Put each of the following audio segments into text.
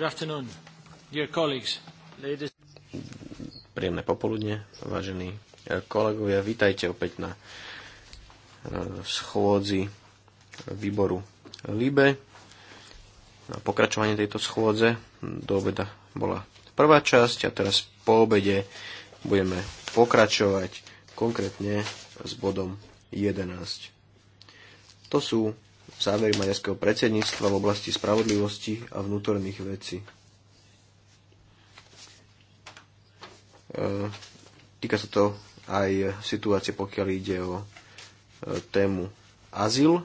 Good afternoon, dear colleagues, ladies. Príjemné popoludne, vážení kolegovia, vítajte opäť na schôdzi výboru LIBE. Na pokračovanie tejto schôdze do obeda bola prvá časť a teraz po obede budeme pokračovať konkrétne s bodom 11. To sú závery maďarského predsedníctva v oblasti spravodlivosti a vnútorných vecí. E, týka sa to aj situácie, pokiaľ ide o e, tému azyl.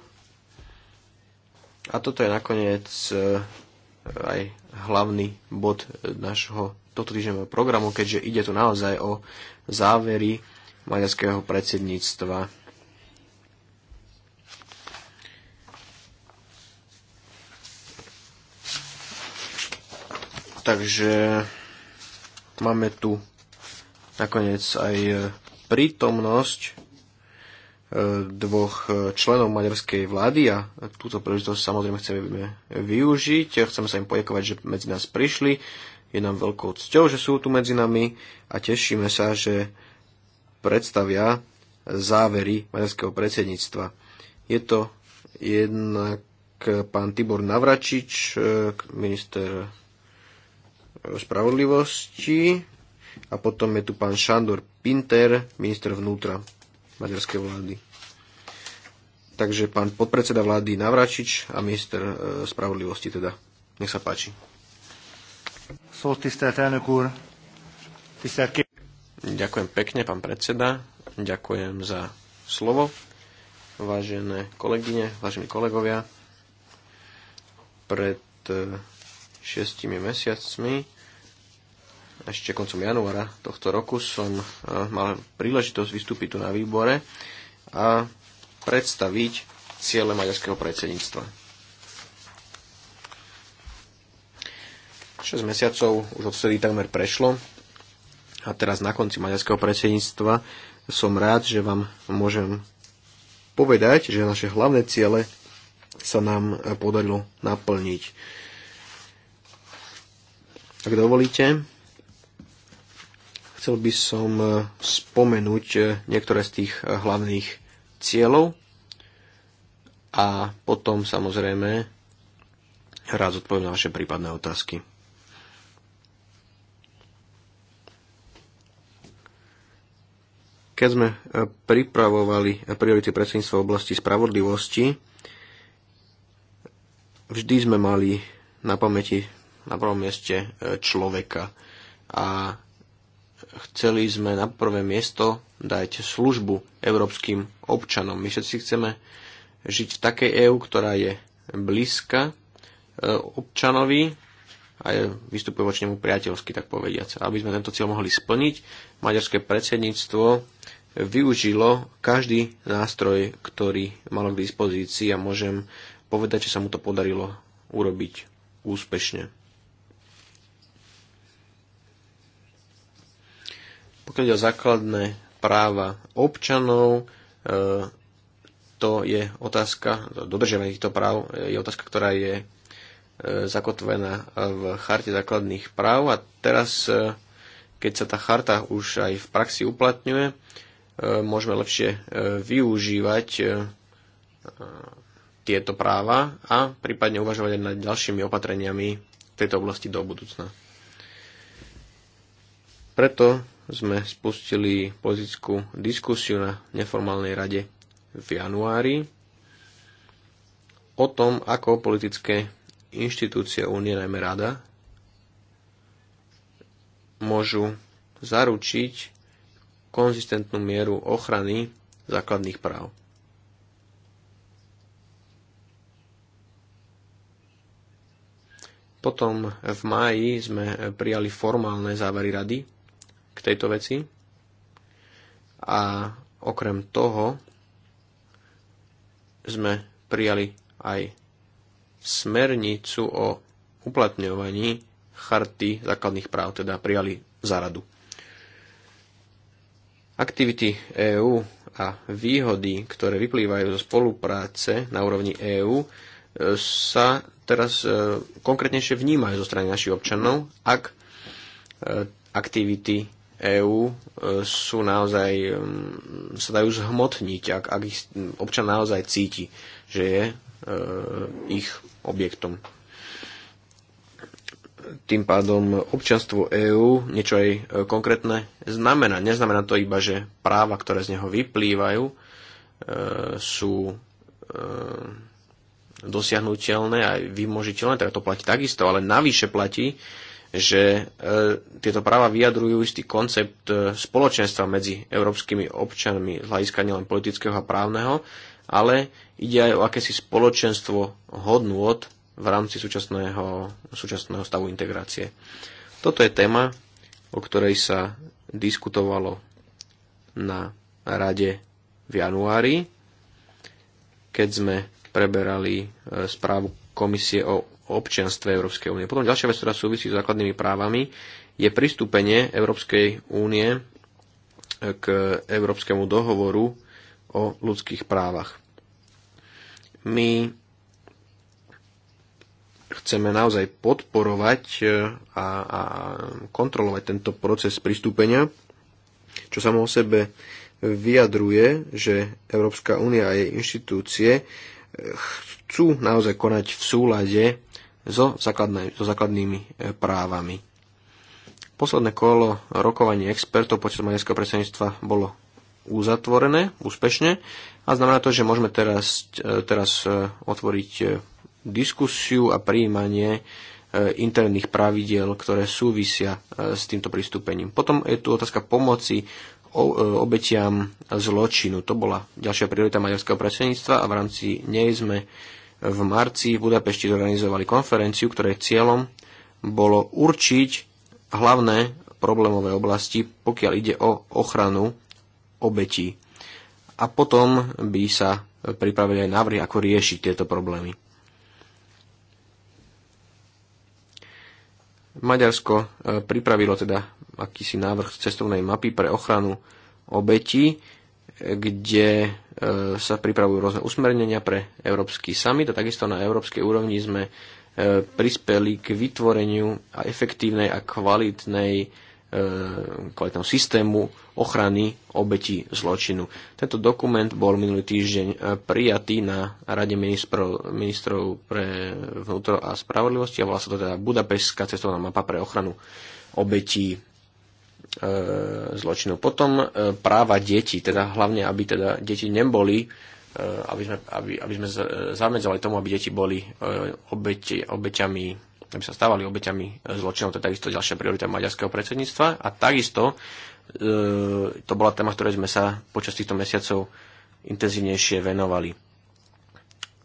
A toto je nakoniec e, aj hlavný bod našho tohto týždňového programu, keďže ide tu naozaj o závery maďarského predsedníctva takže máme tu nakoniec aj e, prítomnosť e, dvoch e, členov maďarskej vlády a túto príležitosť samozrejme chceme využiť. Chceme sa im poďakovať, že medzi nás prišli. Je nám veľkou cťou, že sú tu medzi nami a tešíme sa, že predstavia závery maďarského predsedníctva. Je to jednak pán Tibor Navračič, minister spravodlivosti a potom je tu pán Šandor Pinter, minister vnútra maďarskej vlády. Takže pán podpredseda vlády Navračič a minister e, spravodlivosti teda. Nech sa páči. Ďakujem pekne, pán predseda. Ďakujem za slovo. Vážené kolegyne, vážení kolegovia, pred e, šiestimi mesiacmi ešte koncom januára tohto roku som e, mal príležitosť vystúpiť tu na výbore a predstaviť ciele maďarského predsedníctva. 6 mesiacov už odvtedy takmer prešlo a teraz na konci maďarského predsedníctva som rád, že vám môžem povedať, že naše hlavné ciele sa nám e, podarilo naplniť. Ak dovolíte, Chcel by som e, spomenúť e, niektoré z tých e, hlavných cieľov a potom samozrejme rád zodpoviem na vaše prípadné otázky. Keď sme pripravovali priority predsedníctva v oblasti spravodlivosti, vždy sme mali na pamäti na prvom mieste človeka. A Chceli sme na prvé miesto dať službu európskym občanom. My všetci chceme žiť v takej EÚ, ktorá je blízka e, občanovi a je, vystupuje voči nemu priateľsky, tak povediac. Aby sme tento cieľ mohli splniť, maďarské predsedníctvo využilo každý nástroj, ktorý malo k dispozícii a môžem povedať, že sa mu to podarilo urobiť úspešne. Pokiaľ ide o základné práva občanov, e, to je otázka, dodržiavanie týchto práv je otázka, ktorá je e, zakotvená v charte základných práv a teraz, e, keď sa tá charta už aj v praxi uplatňuje, môžeme lepšie využívať tieto práva a prípadne uvažovať aj nad ďalšími opatreniami v tejto oblasti do budúcna. Preto sme spustili politickú diskusiu na neformálnej rade v januári o tom, ako politické inštitúcie únie, najmä rada, môžu zaručiť konzistentnú mieru ochrany základných práv. Potom v máji sme prijali formálne závery rady tejto veci. A okrem toho sme prijali aj smernicu o uplatňovaní charty základných práv, teda prijali záradu. Aktivity EÚ a výhody, ktoré vyplývajú zo spolupráce na úrovni EÚ, e, sa teraz e, konkrétnejšie vnímajú zo strany našich občanov, ak e, aktivity EÚ e, sú naozaj, mm, sa dajú zhmotniť, ak, ak ich občan naozaj cíti, že je e, ich objektom. Tým pádom občanstvo EÚ niečo aj e, konkrétne znamená. Neznamená to iba, že práva, ktoré z neho vyplývajú, e, sú e, dosiahnutelné a vymožiteľné, teda to platí takisto, ale navyše platí, že e, tieto práva vyjadrujú istý koncept e, spoločenstva medzi európskymi občanmi z hľadiska nielen politického a právneho, ale ide aj o akési spoločenstvo hodnôt v rámci súčasného, súčasného stavu integrácie. Toto je téma, o ktorej sa diskutovalo na rade v januári, keď sme preberali e, správu Komisie o občianstve Európskej únie. Potom ďalšia vec, ktorá súvisí s základnými právami, je pristúpenie Európskej únie e, k Európskemu dohovoru o ľudských právach. My chceme naozaj podporovať e, a, a kontrolovať tento proces pristúpenia, čo samo o sebe vyjadruje, že Európska únia a jej inštitúcie e, chcú naozaj konať v súlade so, základné, so základnými e, právami. Posledné kolo rokovanie expertov počas maďarského predsedníctva bolo uzatvorené úspešne a znamená to, že môžeme teraz, e, teraz e, otvoriť diskusiu a príjmanie interných pravidiel, ktoré súvisia s týmto pristúpením. Potom je tu otázka pomoci obetiam zločinu. To bola ďalšia priorita maďarského predsedníctva a v rámci nej sme v marci v Budapešti zorganizovali konferenciu, ktorej cieľom bolo určiť hlavné problémové oblasti, pokiaľ ide o ochranu obetí. A potom by sa pripravili aj návrhy, ako riešiť tieto problémy. Maďarsko e, pripravilo teda akýsi návrh cestovnej mapy pre ochranu obetí, e, kde E, sa pripravujú rôzne usmernenia pre Európsky summit a takisto na európskej úrovni sme e, prispeli k vytvoreniu a efektívnej a kvalitnej e, kvalitného systému ochrany obetí zločinu. Tento dokument bol minulý týždeň prijatý na Rade ministrov, ministrov pre vnútro a spravodlivosti a volá sa to teda Budapešská cestovná mapa pre ochranu obetí E, zločinu. Potom e, práva detí, teda hlavne, aby teda deti neboli, e, aby sme, aby, aby sme zamedzovali tomu, aby deti boli e, obeťami, aby sa stávali obeťami zločinov, to je takisto ďalšia priorita maďarského predsedníctva. A takisto to bola téma, ktorej sme sa počas týchto mesiacov intenzívnejšie venovali.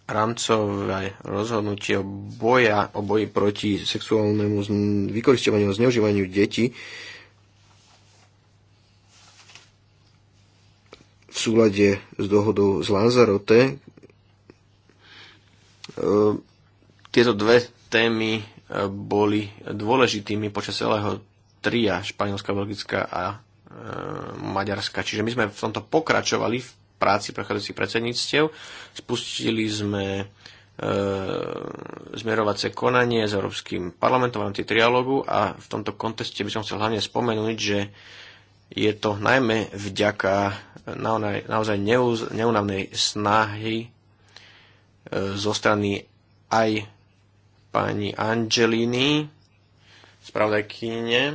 Rámcové rozhodnutie boja o boji proti sexuálnemu vykoristovaniu a zneužívaniu detí v súlade s dohodou z Lanzarote. E, tieto dve témy e, boli dôležitými počas celého tria Španielska, Belgická a e, Maďarska. Čiže my sme v tomto pokračovali v práci prechádzajúcich predsedníctiev. Spustili sme e, zmerovacie konanie s Európskym parlamentom v trialogu a v tomto konteste by som chcel hlavne spomenúť, že e, je to najmä vďaka naozaj neunavnej snahy e, zo strany aj pani Angeliny, spravodajkyne e,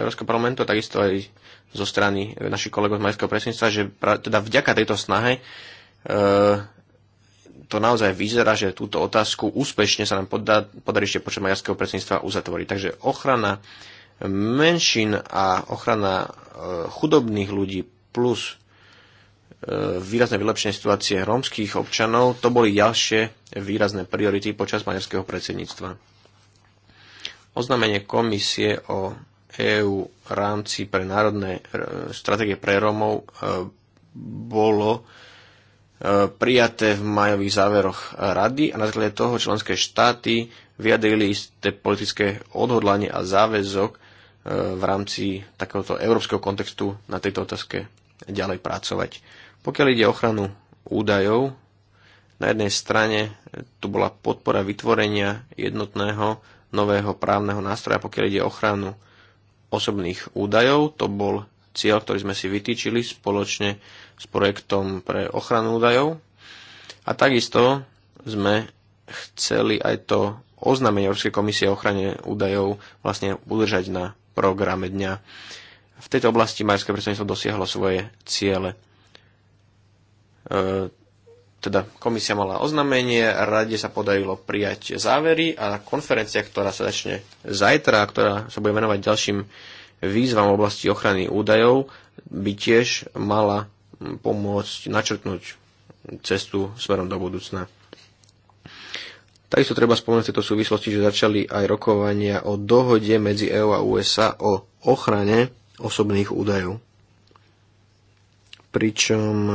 Európskeho parlamentu, a takisto aj zo strany našich kolegov z Majského presenstva, že pra, teda vďaka tejto snahe e, to naozaj vyzerá, že túto otázku úspešne sa nám podarí ešte počas Majského presenstva uzatvoriť. Takže ochrana e, menšin a ochrana e, chudobných ľudí plus e, výrazné vylepšenie situácie rómskych občanov, to boli ďalšie výrazné priority počas maďarského predsedníctva. Oznámenie komisie o EU rámci pre národné e, stratégie pre Rómov bolo prijaté v majových záveroch rady a na základe toho členské štáty vyjadrili isté politické odhodlanie a záväzok v rámci takéhoto európskeho kontextu na tejto otázke ďalej pracovať. Pokiaľ ide o ochranu údajov, na jednej strane tu bola podpora vytvorenia jednotného nového právneho nástroja, pokiaľ ide o ochranu osobných údajov. To bol cieľ, ktorý sme si vytýčili spoločne s projektom pre ochranu údajov. A takisto sme chceli aj to oznámenie Európskej komisie o ochrane údajov vlastne udržať na programe dňa. V tejto oblasti majerské predsedníctvo dosiahlo svoje ciele. E, teda komisia mala oznámenie, rade sa podarilo prijať závery a konferencia, ktorá sa začne zajtra, ktorá sa bude venovať ďalším výzvam v oblasti ochrany údajov, by tiež mala pomôcť načrtnúť cestu smerom do budúcna. Takisto treba spomenúť v tejto súvislosti, že začali aj rokovania o dohode medzi EÚ a USA o ochrane osobných údajov. Pričom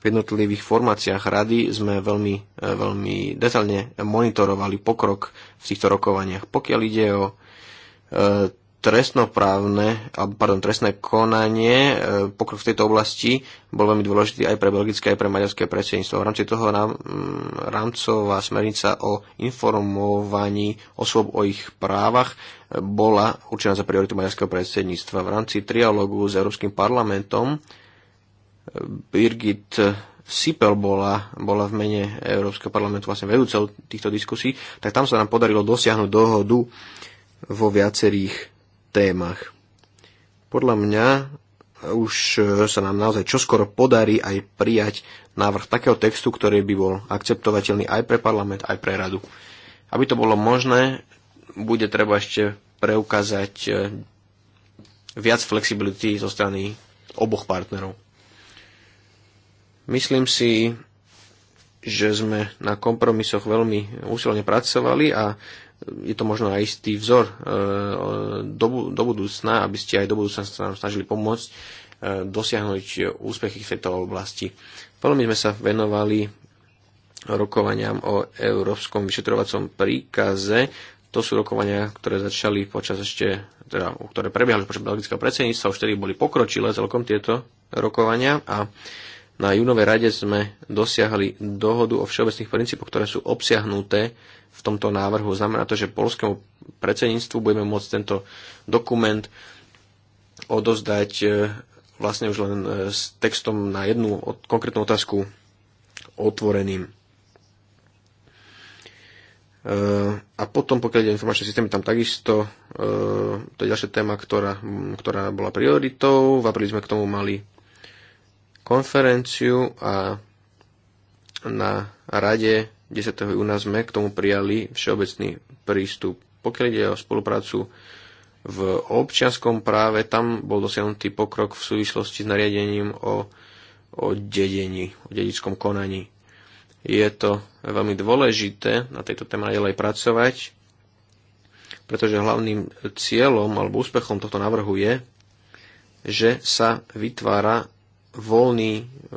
v jednotlivých formáciách rady sme veľmi, e, veľmi detailne monitorovali pokrok v týchto rokovaniach. Pokiaľ ide o e, trestnoprávne, pardon, trestné konanie, e, pokrok v tejto oblasti bol veľmi dôležitý aj pre belgické, aj pre maďarské predsedníctvo. V rámci toho nám mm, rámcová smernica o informovaní osôb o ich právach e, bola určená za prioritu maďarského predsedníctva. V rámci trialógu s Európskym parlamentom e, Birgit Sipel bola, bola v mene Európskeho parlamentu vlastne vedúcou týchto diskusí, tak tam sa nám podarilo dosiahnuť dohodu vo viacerých témach. Podľa mňa už e, sa nám naozaj čoskoro podarí aj prijať návrh takého textu, ktorý by bol akceptovateľný aj pre parlament, aj pre radu. Aby to bolo možné, bude treba ešte preukázať e, viac flexibility zo strany oboch partnerov. Myslím si, že sme na kompromisoch veľmi úsilne pracovali a je to možno aj istý vzor e, do, do budúcna, aby ste aj do budúcna sa nám snažili pomôcť e, dosiahnuť úspechy v tejto oblasti. Veľmi sme sa venovali rokovaniam o Európskom vyšetrovacom príkaze. To sú rokovania, ktoré začali počas ešte, teda, ktoré prebiehali počas belgického predsedníctva, už tedy boli pokročilé celkom tieto rokovania a na júnovej rade sme dosiahli dohodu o všeobecných princípoch, ktoré sú obsiahnuté v tomto návrhu. Znamená to, že polskému predsedníctvu budeme môcť tento dokument odozdať e, vlastne už len e, s textom na jednu konkrétnu otázku otvoreným. E, a potom, pokiaľ ide informačné systémy, tam takisto, to je ďalšia téma, ktorá, ktorá bola prioritou. V apríli sme k tomu mali konferenciu a na rade 10. júna sme k tomu prijali všeobecný prístup. Pokiaľ ide o spoluprácu v občianskom práve, tam bol dosiahnutý pokrok v súvislosti s nariadením o, o dedení, o dedickom konaní. Je to veľmi dôležité na tejto téme ďalej pracovať, pretože hlavným cieľom alebo úspechom tohto návrhu je, že sa vytvára voľný, e,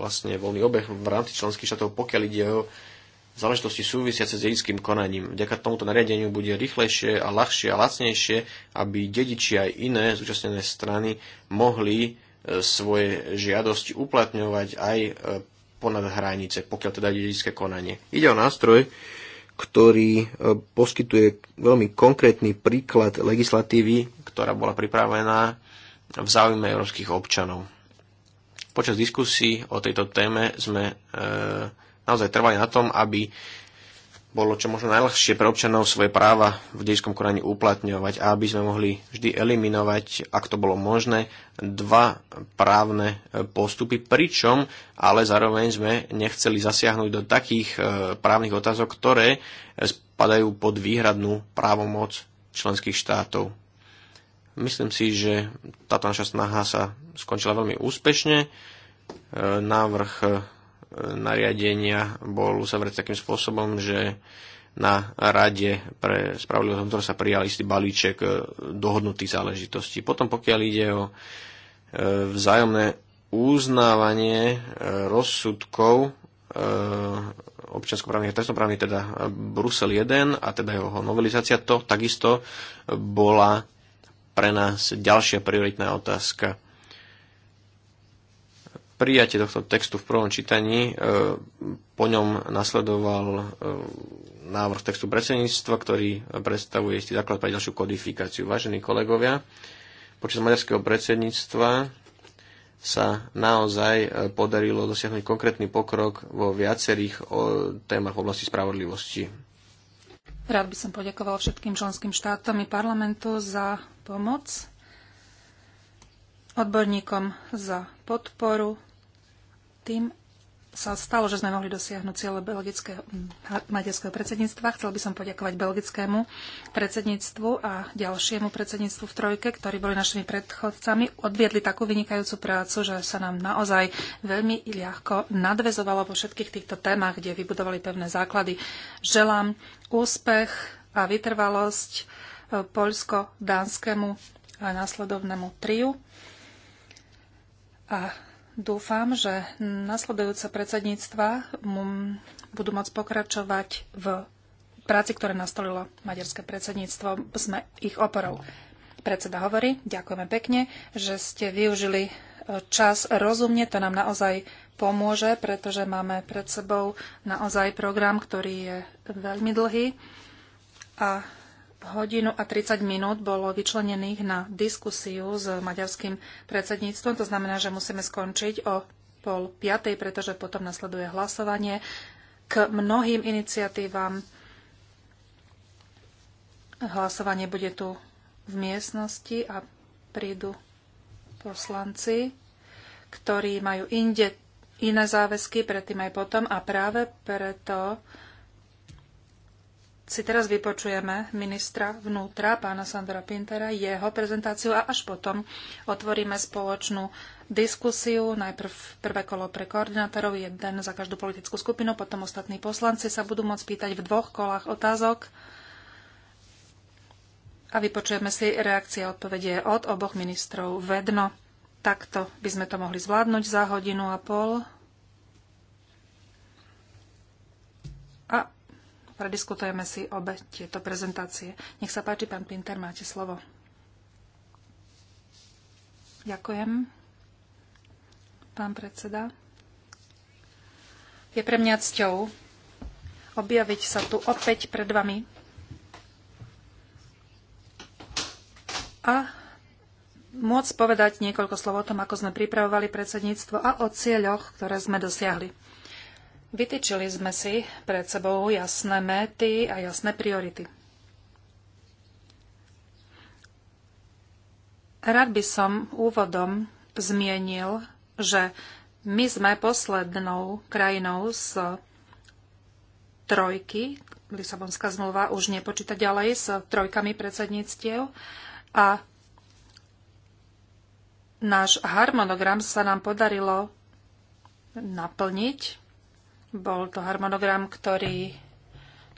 vlastne voľný obeh v rámci členských štátov, pokiaľ ide o záležitosti súvisiace s dedickým konaním. Vďaka tomuto nariadeniu bude rýchlejšie a ľahšie a lacnejšie, aby dediči aj iné zúčastnené strany mohli e, svoje žiadosti uplatňovať aj e, ponad hranice, pokiaľ teda dedické konanie. Ide o nástroj, ktorý poskytuje veľmi konkrétny príklad legislatívy, ktorá bola pripravená v záujme európskych občanov. Počas diskusí o tejto téme sme e, naozaj trvali na tom, aby bolo čo možno najľahšie pre občanov svoje práva v dejskom konaní uplatňovať a aby sme mohli vždy eliminovať, ak to bolo možné, dva právne e, postupy, pričom ale zároveň sme nechceli zasiahnuť do takých e, právnych otázok, ktoré spadajú pod výhradnú právomoc členských štátov. Myslím si, že táto naša snaha sa skončila veľmi úspešne. E, návrh e, nariadenia bol uzavretý takým spôsobom, že na Rade pre spravodlivosť kontrol sa prijal istý balíček e, dohodnutých záležitostí. Potom pokiaľ ide o vzájomné uznávanie rozsudkov občianskoprávnych a trestnoprávnych, teda Brusel 1 a teda jeho novelizácia, to takisto bola pre nás ďalšia prioritná otázka. Prijatie tohto textu v prvom čítaní, e, po ňom nasledoval e, návrh textu predsedníctva, ktorý predstavuje istý základ pre ďalšiu kodifikáciu. Vážení kolegovia, počas maďarského predsedníctva sa naozaj e, podarilo dosiahnuť konkrétny pokrok vo viacerých témach v oblasti spravodlivosti Rád by som poďakoval všetkým členským štátom i parlamentu za pomoc, odborníkom za podporu, tým sa stalo, že sme mohli dosiahnuť cieľe belgického materského predsedníctva. Chcel by som poďakovať belgickému predsedníctvu a ďalšiemu predsedníctvu v Trojke, ktorí boli našimi predchodcami. Odviedli takú vynikajúcu prácu, že sa nám naozaj veľmi ľahko nadvezovalo vo všetkých týchto témach, kde vybudovali pevné základy. Želám úspech a vytrvalosť e, poľsko-dánskému a následovnému triu. A Dúfam, že nasledujúce predsedníctva budú môcť pokračovať v práci, ktoré nastolilo maďarské predsedníctvo. Sme ich oporou. Predseda hovorí, ďakujeme pekne, že ste využili e, čas rozumne. To nám naozaj pomôže, pretože máme pred sebou naozaj program, ktorý je veľmi dlhý. A hodinu a 30 minút bolo vyčlenených na diskusiu s maďarským predsedníctvom. To znamená, že musíme skončiť o pol piatej, pretože potom nasleduje hlasovanie k mnohým iniciatívam. Hlasovanie bude tu v miestnosti a prídu poslanci, ktorí majú inde iné záväzky, predtým aj potom a práve preto si teraz vypočujeme ministra vnútra, pána Sandra Pintera, jeho prezentáciu a až potom otvoríme spoločnú diskusiu. Najprv prvé kolo pre koordinátorov, jeden za každú politickú skupinu, potom ostatní poslanci sa budú môcť pýtať v dvoch kolách otázok a vypočujeme si reakcie a odpovede od oboch ministrov vedno. Takto by sme to mohli zvládnuť za hodinu a pol. A prediskutujeme si obe tieto prezentácie. Nech sa páči, pán Pinter, máte slovo. Ďakujem, pán predseda. Je pre mňa cťou objaviť sa tu opäť pred vami a môcť povedať niekoľko slov o tom, ako sme pripravovali predsedníctvo a o cieľoch, ktoré sme dosiahli. Vytýčili sme si pred sebou jasné méty a jasné priority. Rád by som úvodom zmienil, že my sme poslednou krajinou z trojky, Lisabonská zmluva už nepočíta ďalej s trojkami predsedníctiev a náš harmonogram sa nám podarilo naplniť bol to harmonogram, ktorý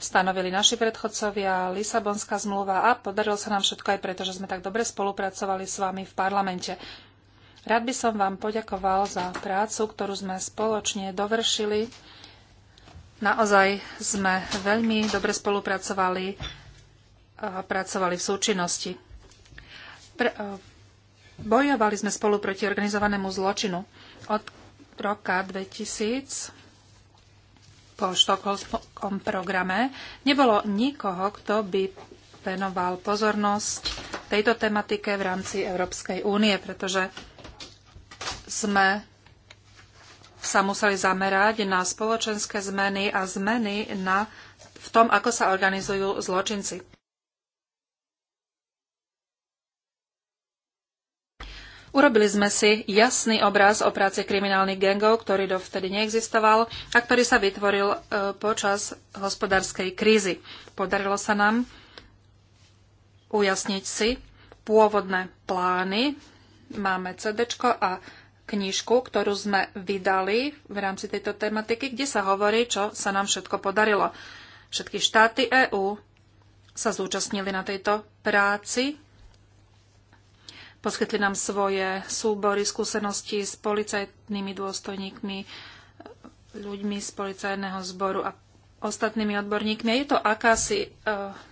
stanovili naši predchodcovia, Lisabonská zmluva a podarilo sa nám všetko aj preto, že sme tak dobre spolupracovali s vami v parlamente. Rád by som vám poďakoval za prácu, ktorú sme spoločne dovršili. Naozaj sme veľmi dobre spolupracovali a pracovali v súčinnosti. Pre, e, bojovali sme spolu proti organizovanému zločinu. Od roka 2000 po štokholmskom programe nebolo nikoho, kto by venoval pozornosť tejto tematike v rámci Európskej únie, pretože sme sa museli zamerať na spoločenské zmeny a zmeny na, v tom, ako sa organizujú zločinci. Urobili sme si jasný obraz o práci kriminálnych gengov, ktorý dovtedy neexistoval a ktorý sa vytvoril e, počas hospodárskej krízy. Podarilo sa nám ujasniť si pôvodné plány. Máme CD a knižku, ktorú sme vydali v rámci tejto tematiky, kde sa hovorí, čo sa nám všetko podarilo. Všetky štáty EÚ sa zúčastnili na tejto práci poskytli nám svoje súbory skúsenosti s policajnými dôstojníkmi, ľuďmi z policajného zboru a ostatnými odborníkmi. Je to akási e,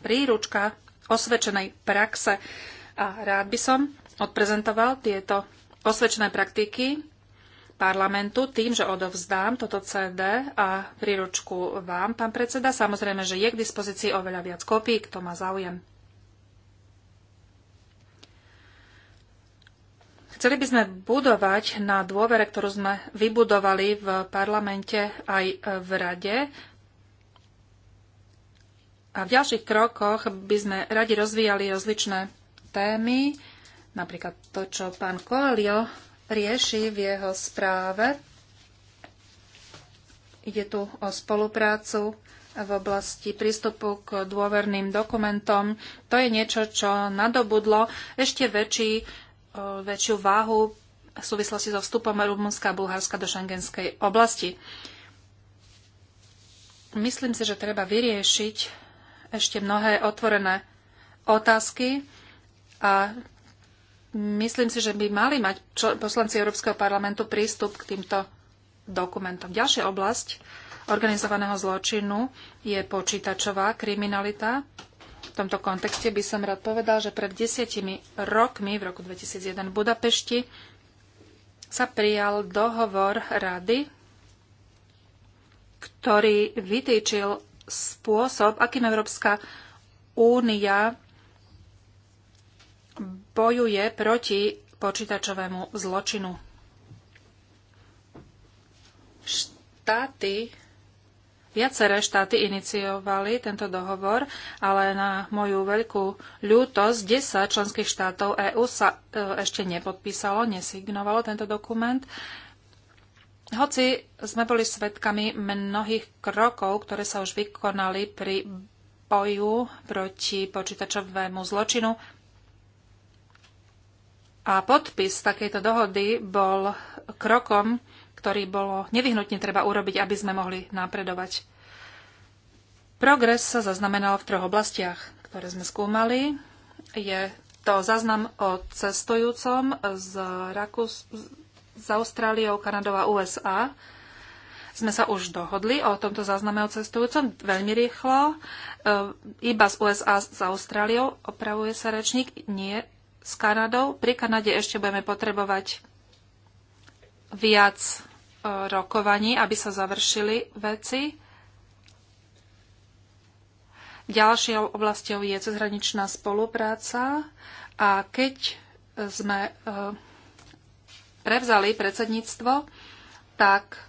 príručka osvedčenej praxe a rád by som odprezentoval tieto osvedčené praktiky parlamentu tým, že odovzdám toto CD a príručku vám, pán predseda. Samozrejme, že je k dispozícii oveľa viac kopí, kto má záujem. Chceli by sme budovať na dôvere, ktorú sme vybudovali v parlamente aj v rade. A v ďalších krokoch by sme radi rozvíjali rozličné témy, napríklad to, čo pán Koelio rieši v jeho správe. Ide tu o spoluprácu v oblasti prístupu k dôverným dokumentom. To je niečo, čo nadobudlo ešte väčší väčšiu váhu v súvislosti so vstupom Rumunska a Bulharska do šengenskej oblasti. Myslím si, že treba vyriešiť ešte mnohé otvorené otázky a myslím si, že by mali mať poslanci Európskeho parlamentu prístup k týmto dokumentom. Ďalšia oblasť organizovaného zločinu je počítačová kriminalita v tomto kontexte by som rád povedal, že pred desiatimi rokmi, v roku 2001 v Budapešti, sa prijal dohovor rady, ktorý vytýčil spôsob, akým Európska únia bojuje proti počítačovému zločinu. Štáty Viaceré štáty iniciovali tento dohovor, ale na moju veľkú ľútosť 10 členských štátov EÚ sa e, ešte nepodpísalo, nesignovalo tento dokument. Hoci sme boli svedkami mnohých krokov, ktoré sa už vykonali pri boju proti počítačovému zločinu, a podpis takejto dohody bol krokom ktorý bolo nevyhnutne treba urobiť, aby sme mohli napredovať. Progres sa zaznamenal v troch oblastiach, ktoré sme skúmali. Je to záznam o cestujúcom z, Rakus, z Austráliou, Kanadou a USA. Sme sa už dohodli o tomto zázname o cestujúcom veľmi rýchlo. E, iba z USA s Austráliou opravuje sa rečník, nie s Kanadou. Pri Kanade ešte budeme potrebovať viac rokovaní, aby sa završili veci. Ďalšou oblasťou je cezhraničná spolupráca a keď sme e, prevzali predsedníctvo, tak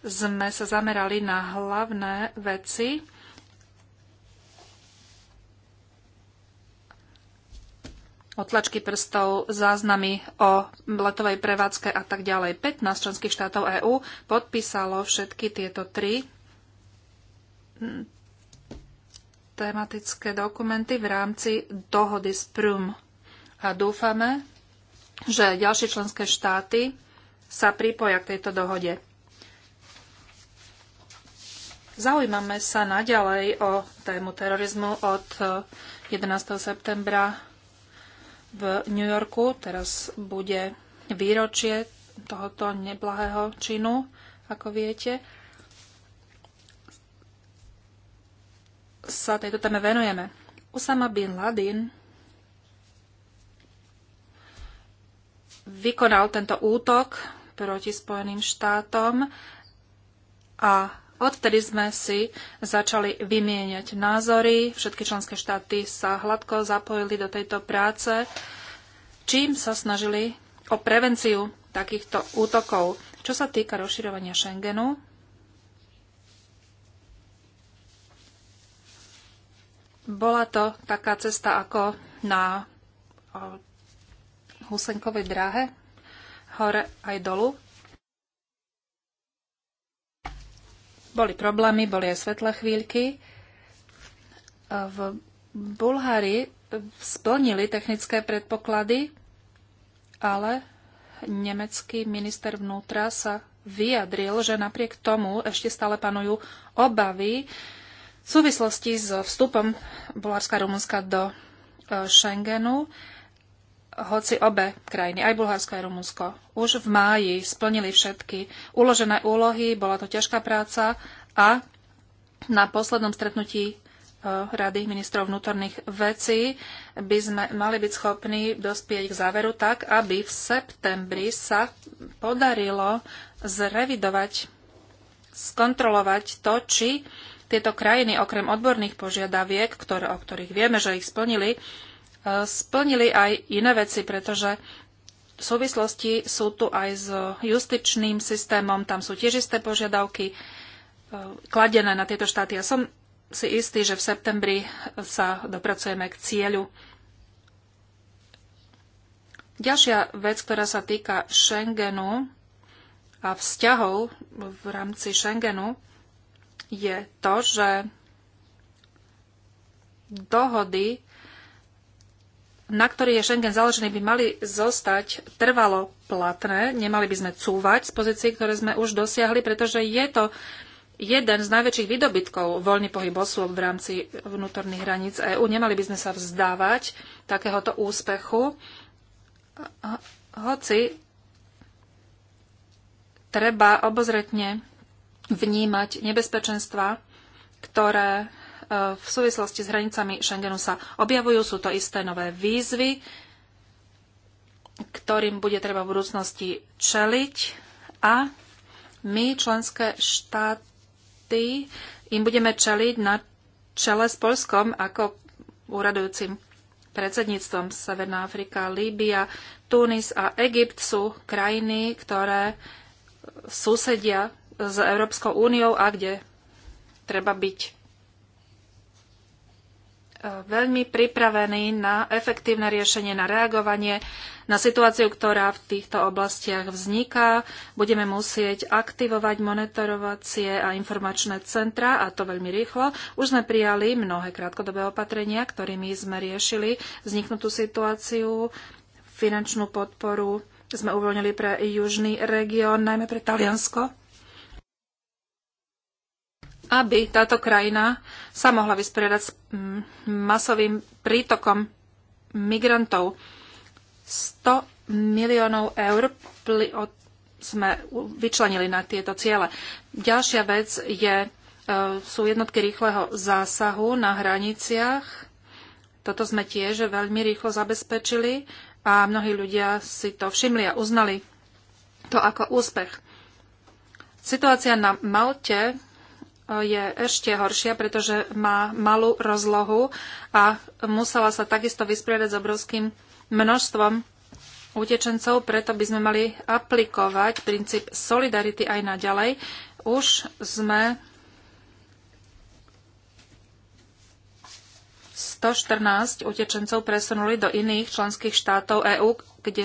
sme sa zamerali na hlavné veci, otlačky prstov, záznamy o letovej prevádzke a tak ďalej. 15 členských štátov EÚ podpísalo všetky tieto tri hm, tematické dokumenty v rámci dohody s Prum. A dúfame, že ďalšie členské štáty sa pripoja k tejto dohode. Zaujímame sa naďalej o tému terorizmu od 11. Eh, septembra v New Yorku. Teraz bude výročie tohoto neblahého činu, ako viete. Sa tejto téme venujeme. Usama bin Laden vykonal tento útok proti Spojeným štátom a Odtedy sme si začali vymieňať názory. Všetky členské štáty sa hladko zapojili do tejto práce, čím sa snažili o prevenciu takýchto útokov. Čo sa týka rozširovania Schengenu, bola to taká cesta ako na husenkovej dráhe, hore aj dolu. Boli problémy, boli aj svetlé chvíľky. V Bulhári splnili technické predpoklady, ale nemecký minister vnútra sa vyjadril, že napriek tomu ešte stále panujú obavy v súvislosti so vstupom Bulharska a Rumunska do e, Schengenu hoci obe krajiny, aj Bulharsko, aj Rumunsko, už v máji splnili všetky uložené úlohy, bola to ťažká práca a na poslednom stretnutí e, Rady ministrov vnútorných vecí by sme mali byť schopní dospieť k záveru tak, aby v septembri sa podarilo zrevidovať, skontrolovať to, či tieto krajiny okrem odborných požiadaviek, ktoré, o ktorých vieme, že ich splnili, splnili aj iné veci, pretože v súvislosti sú tu aj s justičným systémom, tam sú tiež isté požiadavky e, kladené na tieto štáty. Ja som si istý, že v septembri sa dopracujeme k cieľu. Ďalšia vec, ktorá sa týka Schengenu a vzťahov v rámci Schengenu, je to, že dohody na ktorý je Schengen založený, by mali zostať trvalo platné. Nemali by sme cúvať z pozícií, ktoré sme už dosiahli, pretože je to jeden z najväčších výdobytkov voľný pohyb osôb v rámci vnútorných hraníc EÚ. Nemali by sme sa vzdávať takéhoto úspechu, hoci treba obozretne vnímať nebezpečenstva, ktoré E, v súvislosti s hranicami Schengenu sa objavujú. Sú to isté nové výzvy, ktorým bude treba v budúcnosti čeliť a my, členské štáty, im budeme čeliť na čele s Polskom ako úradujúcim predsedníctvom Severná Afrika, Líbia, Tunis a Egypt sú krajiny, ktoré susedia s Európskou úniou a kde treba byť veľmi pripravení na efektívne riešenie, na reagovanie na situáciu, ktorá v týchto oblastiach vzniká. Budeme musieť aktivovať monitorovacie a informačné centra, a to veľmi rýchlo. Už sme prijali mnohé krátkodobé opatrenia, ktorými sme riešili vzniknutú situáciu, finančnú podporu sme uvoľnili pre južný región, najmä pre Taliansko aby táto krajina sa mohla vysporiadať s mm, masovým prítokom migrantov. 100 miliónov eur sme vyčlenili na tieto ciele. Ďalšia vec je, e, sú jednotky rýchleho zásahu na hraniciach. Toto sme tiež veľmi rýchlo zabezpečili a mnohí ľudia si to všimli a uznali to ako úspech. Situácia na Malte je ešte horšia, pretože má malú rozlohu a musela sa takisto vysporiadať s obrovským množstvom utečencov, preto by sme mali aplikovať princíp solidarity aj naďalej. Už sme 114 utečencov presunuli do iných členských štátov EÚ, kde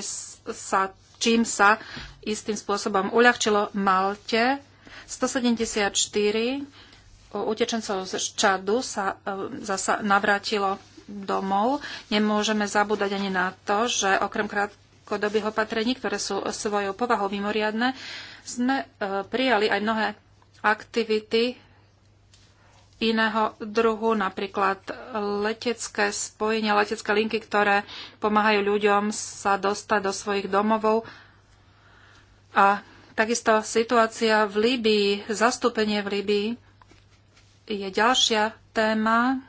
sa, čím sa istým spôsobom uľahčilo Malte 174 e, utečencov z Čadu sa e, zasa navrátilo domov. Nemôžeme zabúdať ani na to, že okrem krátkodobých opatrení, ktoré sú svojou povahou mimoriadne, sme e, prijali aj mnohé aktivity iného druhu, napríklad letecké spojenia, letecké linky, ktoré pomáhajú ľuďom sa dostať do svojich domovov a Takisto situácia v Líbii, zastúpenie v Líbii je ďalšia téma.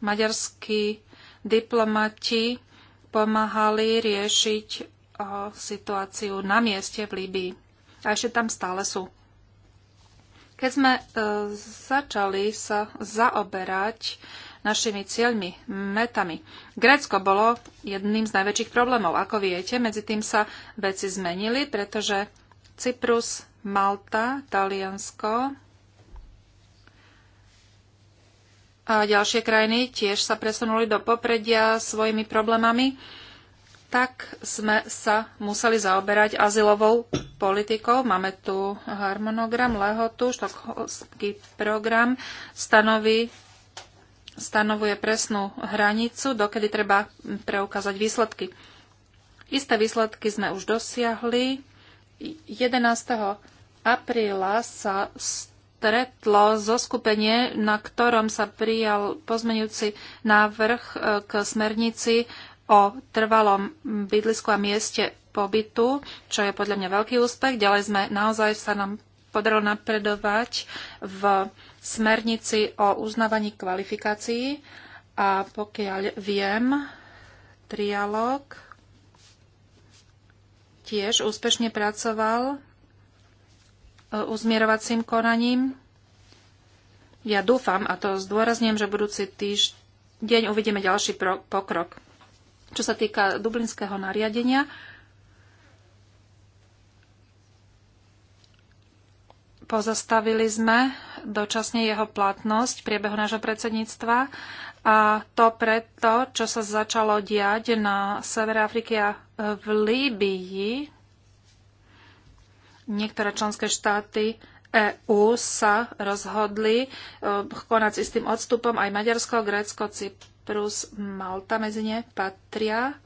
Maďarskí diplomati pomáhali riešiť situáciu na mieste v Líbii. A ešte tam stále sú. Keď sme e, začali sa zaoberať našimi cieľmi, metami. Grécko bolo jedným z najväčších problémov. Ako viete, medzi tým sa veci zmenili, pretože Cyprus, Malta, Taliansko a ďalšie krajiny tiež sa presunuli do popredia svojimi problémami, tak sme sa museli zaoberať azylovou politikou. Máme tu harmonogram lehotu, štokholský program stanoví stanovuje presnú hranicu, dokedy treba preukázať výsledky. Isté výsledky sme už dosiahli. 11. apríla sa stretlo zoskupenie, na ktorom sa prijal pozmenujúci návrh e, k smernici o trvalom bydlisku a mieste pobytu, čo je podľa mňa veľký úspech. Ďalej sme naozaj sa nám podarilo napredovať v smernici o uznávaní kvalifikácií a pokiaľ viem, trialog tiež úspešne pracoval e, uzmierovacím konaním. Ja dúfam, a to zdôrazňujem, že budúci týždeň uvidíme ďalší pokrok. Čo sa týka dublinského nariadenia, pozastavili sme dočasne jeho platnosť v priebehu nášho predsedníctva a to preto, čo sa začalo diať na severe Afriky a v Líbii niektoré členské štáty EÚ sa rozhodli e, konať s istým odstupom aj Maďarsko, Grécko, Cyprus, Malta medzi ne patria.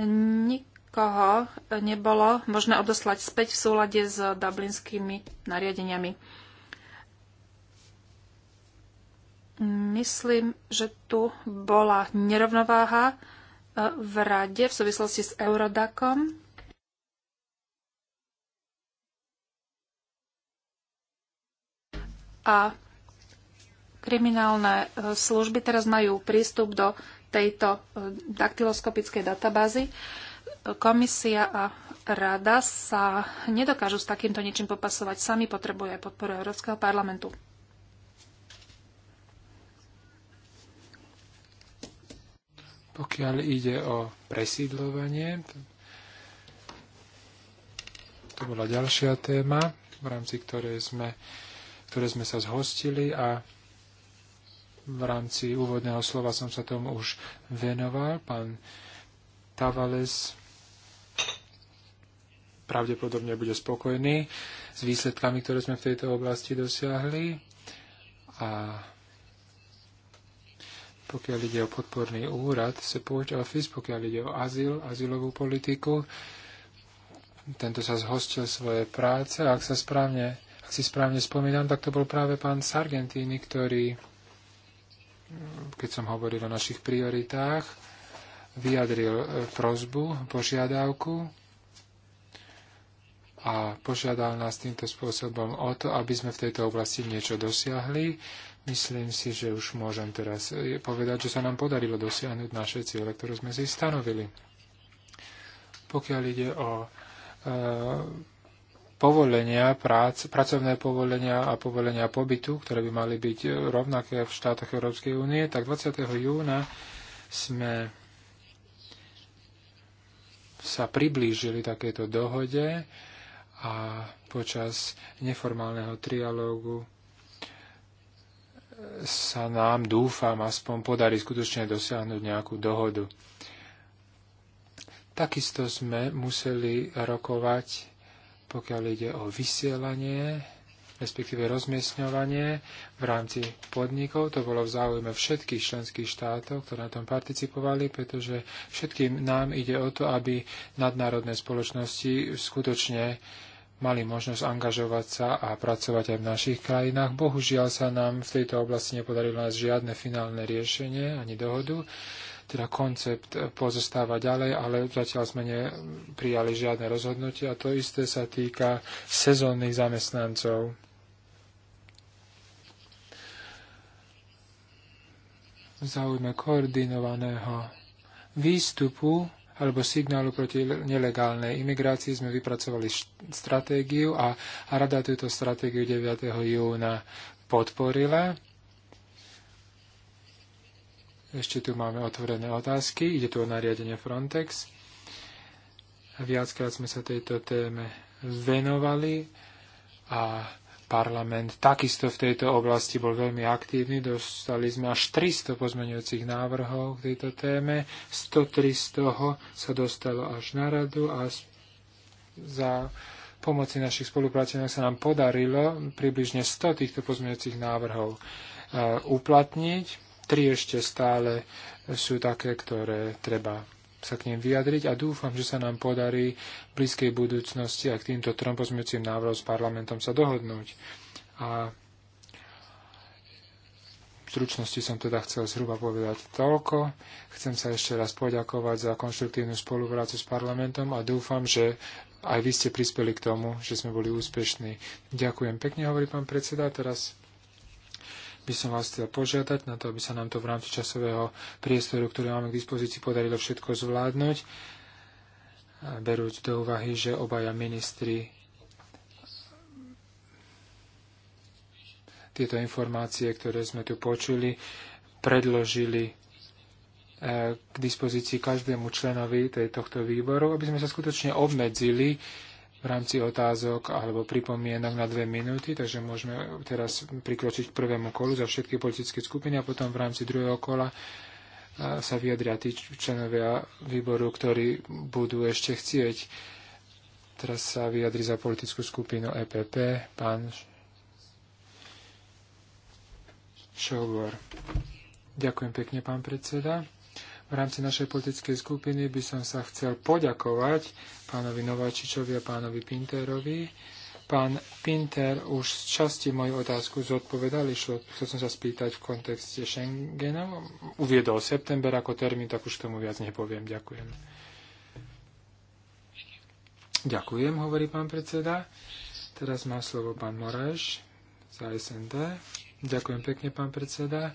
Nikoho nebolo možné odoslať späť v súlade s dublinskými nariadeniami. Myslím, že tu bola nerovnováha v rade v súvislosti s Eurodakom. A kriminálne e, služby teraz majú prístup do tejto e, daktyloskopickej databázy. E, komisia a rada sa nedokážu s takýmto niečím popasovať. Sami potrebuje podporu Európskeho parlamentu. Pokiaľ ide o presídlovanie, to bola ďalšia téma, v rámci ktorej sme, ktoré sme sa zhostili a v rámci úvodného slova som sa tomu už venoval. Pán Tavales pravdepodobne bude spokojný s výsledkami, ktoré sme v tejto oblasti dosiahli. A pokiaľ ide o podporný úrad, Support Office, pokiaľ ide o azyl, azylovú politiku. Tento sa zhostil svoje práce a ak, sa správne, ak si správne spomínam, tak to bol práve pán Sargentini, ktorý, keď som hovoril o našich prioritách, vyjadril e, prozbu, požiadavku a požiadal nás týmto spôsobom o to, aby sme v tejto oblasti niečo dosiahli. Myslím si, že už môžem teraz eh, povedať, že sa nám podarilo dosiahnuť naše ciele, ktoré sme si stanovili. Pokiaľ ide o e, povolenia, prác, pracovné povolenia a povolenia pobytu, ktoré by mali byť eh, rovnaké v štátoch Európskej únie, tak 20. júna sme sa priblížili takéto dohode a počas neformálneho trialógu sa nám, dúfam, aspoň podarí skutočne dosiahnuť nejakú dohodu. Takisto sme museli rokovať, pokiaľ ide o vysielanie, respektíve rozmiestňovanie v rámci podnikov. To bolo v záujme všetkých členských štátov, ktoré na tom participovali, pretože všetkým nám ide o to, aby nadnárodné spoločnosti skutočne mali možnosť angažovať sa a pracovať aj v našich krajinách. Bohužiaľ sa nám v tejto oblasti nepodarilo nájsť žiadne finálne riešenie ani dohodu. Teda koncept pozostáva ďalej, ale zatiaľ sme neprijali žiadne rozhodnutie a to isté sa týka sezónnych zamestnancov. V záujme koordinovaného výstupu alebo signálu proti nelegálnej imigrácii sme vypracovali stratégiu a, a rada túto stratégiu 9. júna podporila. Ešte tu máme otvorené otázky. Ide tu o nariadenie Frontex. Viackrát sme sa tejto téme venovali a Parlament takisto v tejto oblasti bol veľmi aktívny. Dostali sme až 300 pozmeňujúcich návrhov k tejto téme. 103 z toho sa dostalo až na radu a za pomoci našich spolupracovníkov sa nám podarilo približne 100 týchto pozmeňujúcich návrhov eh, uplatniť. Tri ešte stále sú také, ktoré treba sa k nim vyjadriť a dúfam, že sa nám podarí v blízkej budúcnosti a k týmto trom pozmeňujúcim návrhom s parlamentom sa dohodnúť. A v stručnosti som teda chcel zhruba povedať toľko. Chcem sa ešte raz poďakovať za konštruktívnu spoluprácu s parlamentom a dúfam, že aj vy ste prispeli k tomu, že sme boli úspešní. Ďakujem pekne, hovorí pán predseda. Teraz by som vás chcel požiadať na to, aby sa nám to v rámci časového priestoru, ktorý máme k dispozícii, podarilo všetko zvládnuť, berúť do úvahy, že obaja ministri tieto informácie, ktoré sme tu počuli, predložili e, k dispozícii každému členovi tohto výboru, aby sme sa skutočne obmedzili v rámci otázok alebo pripomienok na dve minúty, takže môžeme teraz prikročiť k prvému kolu za všetky politické skupiny a potom v rámci druhého kola sa vyjadria tí členovia výboru, ktorí budú ešte chcieť. Teraz sa vyjadri za politickú skupinu EPP pán Šogor. Ďakujem pekne, pán predseda. V rámci našej politickej skupiny by som sa chcel poďakovať pánovi Nováčičovi a pánovi Pinterovi. Pán Pinter už z časti moju otázku zodpovedal, išlo, chcel som sa spýtať v kontexte Schengena. Uviedol september ako termín, tak už tomu viac nepoviem. Ďakujem. Ďakujem, hovorí pán predseda. Teraz má slovo pán Moraš za SND. Ďakujem pekne, pán predseda.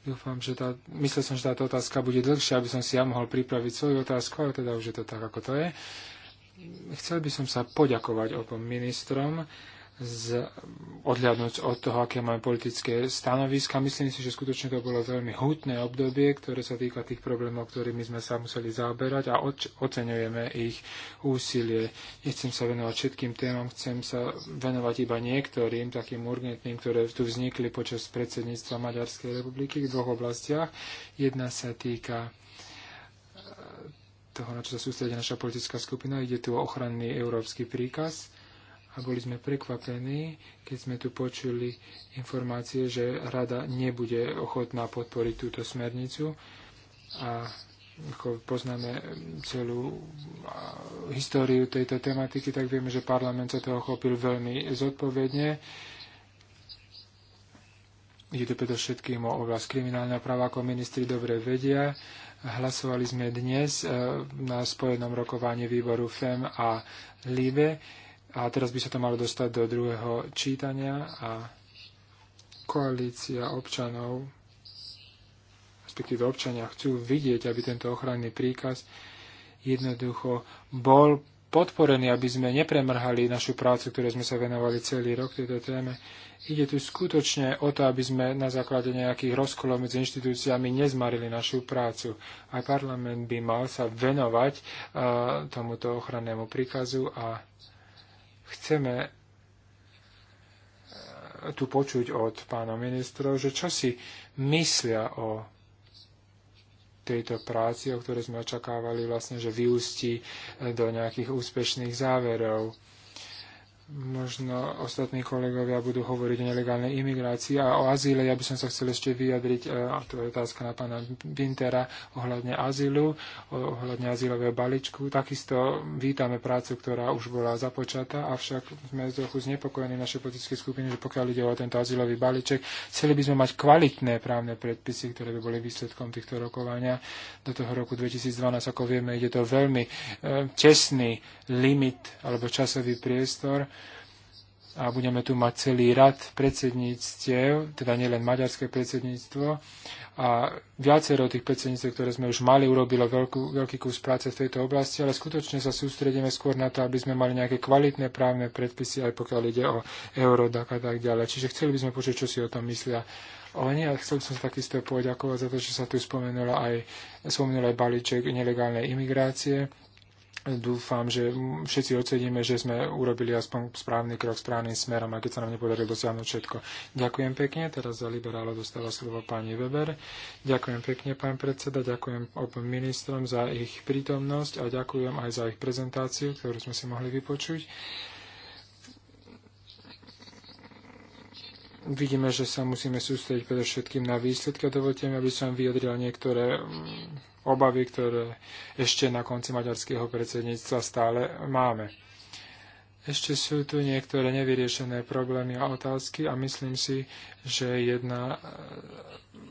Dúfam, že tá, myslel som, že táto otázka bude dlhšia, aby som si ja mohol pripraviť svoju otázku, ale teda už je to tak, ako to je. Chcel by som sa poďakovať obom ministrom z, odhľadnúť od toho, aké máme politické stanoviska. Myslím si, že skutočne to bolo veľmi hutné obdobie, ktoré sa týka tých problémov, ktorými sme sa museli zaoberať a oč, oceňujeme ich úsilie. Nechcem sa venovať všetkým témam, chcem sa venovať iba niektorým takým urgentným, ktoré tu vznikli počas predsedníctva Maďarskej republiky v dvoch oblastiach. Jedna sa týka e, toho, na čo sa sústredí naša politická skupina. Ide tu o ochranný európsky príkaz a boli sme prekvapení, keď sme tu počuli informácie, že rada nebude ochotná podporiť túto smernicu a ako poznáme celú históriu tejto tematiky, tak vieme, že parlament sa toho chopil veľmi zodpovedne. Je to predovšetkým o oblasť kriminálneho práva, ako ministri dobre vedia. Hlasovali sme dnes e, na spojenom rokovaní výboru FEM a LIBE a teraz by sa to malo dostať do druhého čítania a koalícia občanov, respektíve občania chcú vidieť, aby tento ochranný príkaz jednoducho bol podporený, aby sme nepremrhali našu prácu, ktoré sme sa venovali celý rok tejto téme. Ide tu skutočne o to, aby sme na základe nejakých rozkolov medzi inštitúciami nezmarili našu prácu. Aj parlament by mal sa venovať uh, tomuto ochrannému príkazu a Chceme e, tu počuť od pána ministra, že čo si myslia o tejto práci, o ktorej sme očakávali vlastne, že vyústi e, do nejakých úspešných záverov možno ostatní kolegovia budú hovoriť o nelegálnej imigrácii a o azíle. Ja by som sa chcel ešte vyjadriť, e, a to je otázka na pána Bintera, ohľadne azylu, ohľadne azylového balíčku. Takisto vítame prácu, ktorá už bola započatá, avšak sme trochu znepokojení naše politické skupiny, že pokiaľ ide o tento azylový balíček, chceli by sme mať kvalitné právne predpisy, ktoré by boli výsledkom týchto rokovania. Do toho roku 2012, ako vieme, je to veľmi česný tesný limit alebo časový priestor a budeme tu mať celý rad predsedníctiev, teda nielen maďarské predsedníctvo. A viacero tých predsedníctiev, ktoré sme už mali, urobilo veľkú, veľký kus práce v tejto oblasti, ale skutočne sa sústredíme skôr na to, aby sme mali nejaké kvalitné právne predpisy, aj pokiaľ ide o eurodak a tak ďalej. Čiže chceli by sme počuť, čo si o tom myslia oni. A chcel som sa takisto poďakovať za to, že sa tu spomenula aj, spomenul aj balíček nelegálnej imigrácie dúfam, že všetci ocenieme, že sme urobili aspoň správny krok správnym smerom, aj keď sa nám nepodarilo dosiahnuť všetko. Ďakujem pekne, teraz za liberálo dostáva slovo pani Weber. Ďakujem pekne, pán predseda, ďakujem obom ministrom za ich prítomnosť a ďakujem aj za ich prezentáciu, ktorú sme si mohli vypočuť. vidíme, že sa musíme sústrediť predovšetkým na výsledky. A dovolte mi, aby som vyjadril niektoré mm, obavy, ktoré ešte na konci maďarského predsedníctva stále máme. Ešte sú tu niektoré nevyriešené problémy a otázky a myslím si, že jedna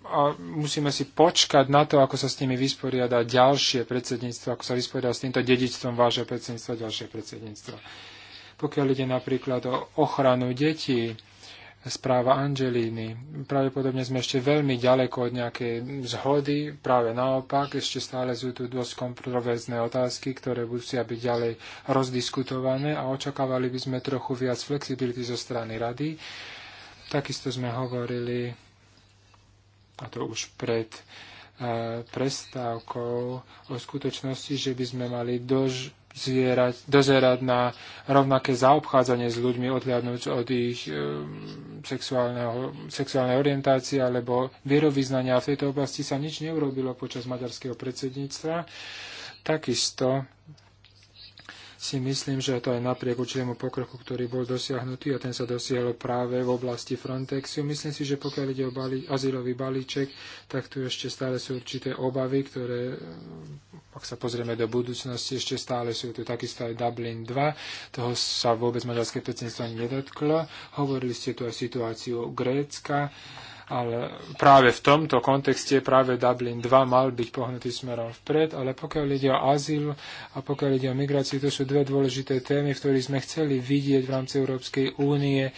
a musíme si počkať na to, ako sa s nimi vysporiada ďalšie predsedníctvo, ako sa vysporiada s týmto dedičstvom vášho predsedníctva, ďalšie predsedníctvo. Pokiaľ ide napríklad o ochranu detí, správa Angelíny. Pravdepodobne sme ešte veľmi ďaleko od nejakej zhody, práve naopak, ešte stále sú tu dosť kontroverzné otázky, ktoré musia byť ďalej rozdiskutované a očakávali by sme trochu viac flexibility zo strany rady. Takisto sme hovorili, a to už pred e, prestávkou o skutočnosti, že by sme mali dož, zvierať, dozerať na rovnaké zaobchádzanie s ľuďmi, odhľadnúť od ich e, sexuálnej orientácie alebo vierovýznania. V tejto oblasti sa nič neurobilo počas maďarského predsedníctva. Takisto si myslím, že to aj napriek určitému pokroku, ktorý bol dosiahnutý a ten sa dosiahol práve v oblasti Frontexu. Myslím si, že pokiaľ ide o balí, azylový balíček, tak tu ešte stále sú určité obavy, ktoré, ak sa pozrieme do budúcnosti, ešte stále sú tu takisto aj Dublin 2. Toho sa vôbec maďarské predsedníctvo nedotklo. Hovorili ste tu aj situáciu Grécka. Ale práve v tomto kontexte práve Dublin 2 mal byť pohnutý smerom vpred, ale pokiaľ ide o azyl a pokiaľ ide o migráciu, to sú dve dôležité témy, v ktorých sme chceli vidieť v rámci Európskej únie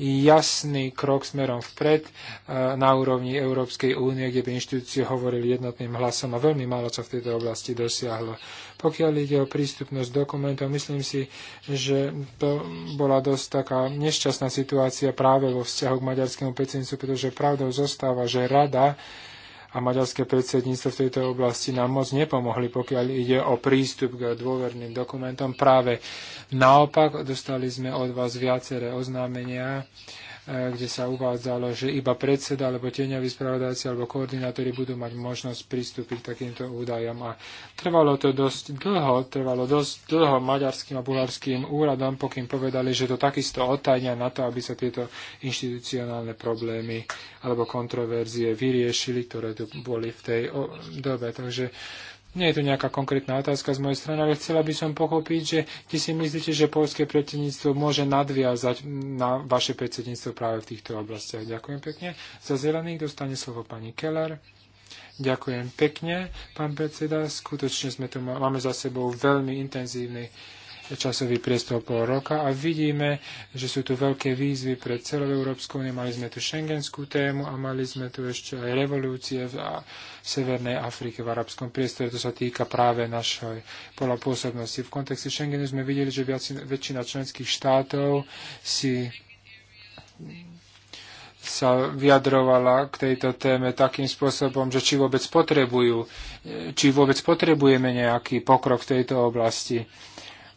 jasný krok smerom vpred e, na úrovni Európskej únie, kde by inštitúcie hovorili jednotným hlasom a veľmi málo sa v tejto oblasti dosiahlo. Pokiaľ ide o prístupnosť dokumentov, myslím si, že to bola dosť taká nešťastná situácia práve vo vzťahu k maďarskému predsednicu, pretože pravdou zostáva, že rada a maďarské predsedníctvo v tejto oblasti nám moc nepomohli, pokiaľ ide o prístup k dôverným dokumentom. Práve naopak dostali sme od vás viaceré oznámenia, kde sa uvádzalo, že iba predseda alebo tieňoví spravodajci alebo koordinátori budú mať možnosť pristúpiť k takýmto údajom. A trvalo to dosť dlho, trvalo dosť dlho maďarským a bulharským úradom, pokým povedali, že to takisto otajňa na to, aby sa tieto inštitucionálne problémy alebo kontroverzie vyriešili, ktoré tu boli v tej dobe. Takže nie je to nejaká konkrétna otázka z mojej strany, ale chcela by som pochopiť, že či si myslíte, že polské predsedníctvo môže nadviazať na vaše predsedníctvo práve v týchto oblastiach. Ďakujem pekne. Za zelených dostane slovo pani Keller. Ďakujem pekne, pán predseda. Skutočne sme tu, máme za sebou veľmi intenzívny časový priestor pol roka a vidíme, že sú tu veľké výzvy pre celú Európsku úniu. Mali sme tu šengenskú tému a mali sme tu ešte aj revolúcie v, Severnej Afrike, v arabskom priestore. To sa týka práve našej polopôsobnosti. V kontexte Schengenu sme videli, že viac, väčšina členských štátov si sa vyjadrovala k tejto téme takým spôsobom, že či vôbec potrebujú, či vôbec potrebujeme nejaký pokrok v tejto oblasti.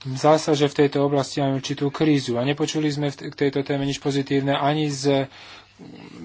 Zdá sa, že v tejto oblasti máme určitú krízu a nepočuli sme k tejto téme nič pozitívne ani z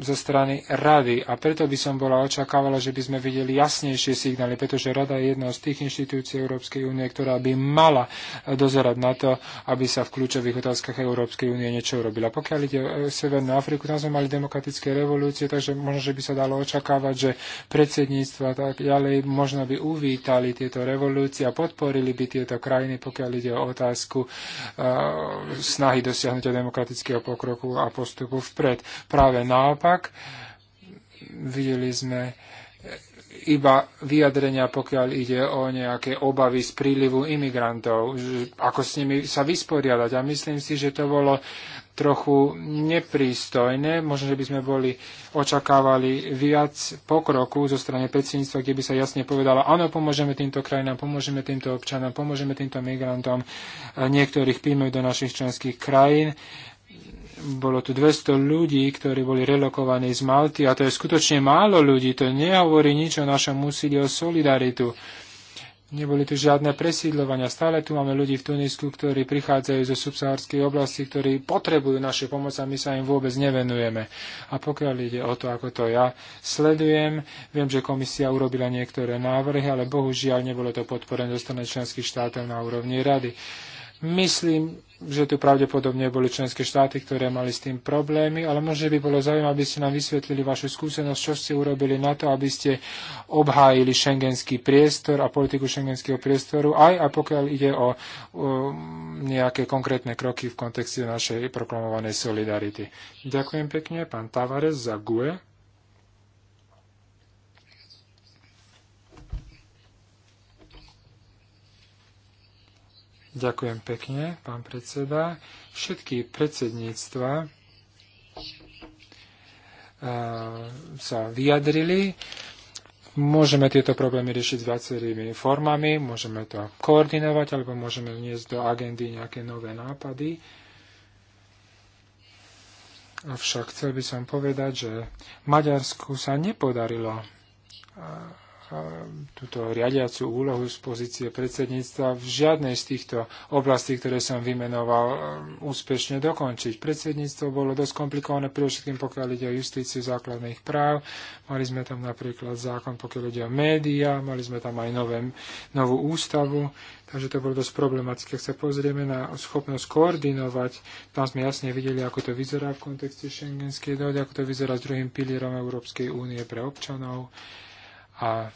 zo strany rady. A preto by som bola očakávala, že by sme videli jasnejšie signály, pretože rada je jedna z tých inštitúcií Európskej únie, ktorá by mala dozerať na to, aby sa v kľúčových otázkach Európskej únie niečo urobila. Pokiaľ ide o e, Severnú Afriku, tam sme mali demokratické revolúcie, takže možno, že by sa dalo očakávať, že predsedníctva tak ďalej možno by uvítali tieto revolúcie a podporili by tieto krajiny, pokiaľ ide o otázku uh, snahy dosiahnutia demokratického pokroku a postupu vpred. Práve ale naopak. Videli sme iba vyjadrenia, pokiaľ ide o nejaké obavy z prílivu imigrantov, ako s nimi sa vysporiadať. A myslím si, že to bolo trochu neprístojné. Možno, že by sme boli očakávali viac pokroku zo strany predsedníctva, kde by sa jasne povedalo, áno, pomôžeme týmto krajinám, pomôžeme týmto občanom, pomôžeme týmto migrantom. Niektorých príjme do našich členských krajín bolo tu 200 ľudí, ktorí boli relokovaní z Malty a to je skutočne málo ľudí. To nehovorí nič o našom úsilí o solidaritu. Neboli tu žiadne presídľovania. Stále tu máme ľudí v Tunisku, ktorí prichádzajú zo subsahárskej oblasti, ktorí potrebujú našu pomoc a my sa im vôbec nevenujeme. A pokiaľ ide o to, ako to ja sledujem, viem, že komisia urobila niektoré návrhy, ale bohužiaľ nebolo to podporené zo strany členských štátov na úrovni rady. Myslím, že tu pravdepodobne boli členské štáty, ktoré mali s tým problémy, ale možno by bolo zaujímavé, aby ste nám vysvetlili vašu skúsenosť, čo ste urobili na to, aby ste obhájili šengenský priestor a politiku šengenského priestoru, aj a pokiaľ ide o, o nejaké konkrétne kroky v kontexte našej proklamovanej solidarity. Ďakujem pekne, pán Tavares za GUE. Ďakujem pekne, pán predseda. Všetky predsedníctva eh, sa vyjadrili. Môžeme tieto problémy riešiť s viacerými formami, môžeme to koordinovať alebo môžeme vniesť do agendy nejaké nové nápady. Avšak chcel by som povedať, že Maďarsku sa nepodarilo eh, túto riadiacu úlohu z pozície predsedníctva v žiadnej z týchto oblastí, ktoré som vymenoval, um, úspešne dokončiť. Predsedníctvo bolo dosť komplikované, predovšetkým pokiaľ ide o justíciu základných práv. Mali sme tam napríklad zákon, pokiaľ ide o médiá, mali sme tam aj nové, novú ústavu, takže to bolo dosť problematické. Ak sa pozrieme na schopnosť koordinovať, tam sme jasne videli, ako to vyzerá v kontexte šengenskej dohody, ako to vyzerá s druhým pilierom Európskej únie pre občanov. A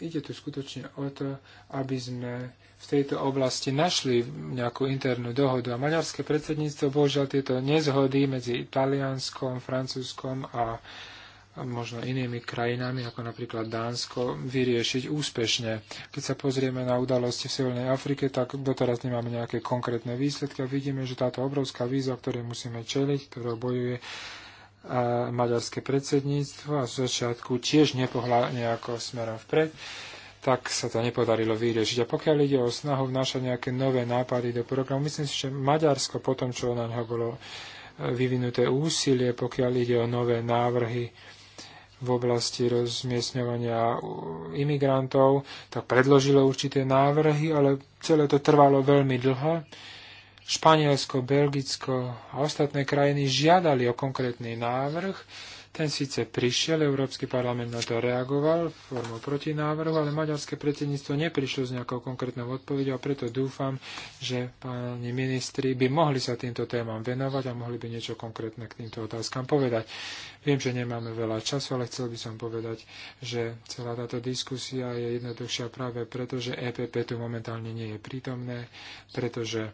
ide tu skutočne o to, aby sme v tejto oblasti našli nejakú internú dohodu. A maďarské predsedníctvo, bohužiaľ, tieto nezhody medzi Talianskom, Francúzskom a možno inými krajinami, ako napríklad Dánsko, vyriešiť úspešne. Keď sa pozrieme na udalosti v Severnej Afrike, tak doteraz nemáme nejaké konkrétne výsledky a vidíme, že táto obrovská víza, ktorej musíme čeliť, ktorou bojuje maďarské predsedníctvo a z začiatku tiež nepohla nejako smerom vpred, tak sa to nepodarilo vyriešiť. A pokiaľ ide o snahu vnášať nejaké nové nápady do programu, myslím si, že Maďarsko po tom, čo na ňoho bolo e, vyvinuté úsilie, pokiaľ ide o nové návrhy v oblasti rozmiestňovania imigrantov, tak predložilo určité návrhy, ale celé to trvalo veľmi dlho Španielsko, Belgicko a ostatné krajiny žiadali o konkrétny návrh. Ten síce prišiel, Európsky parlament na to reagoval formou protinávrhu, ale maďarské predsedníctvo neprišlo s nejakou konkrétnou odpovedou a preto dúfam, že páni ministri by mohli sa týmto témam venovať a mohli by niečo konkrétne k týmto otázkam povedať. Viem, že nemáme veľa času, ale chcel by som povedať, že celá táto diskusia je jednoduchšia práve preto, že EPP tu momentálne nie je prítomné, pretože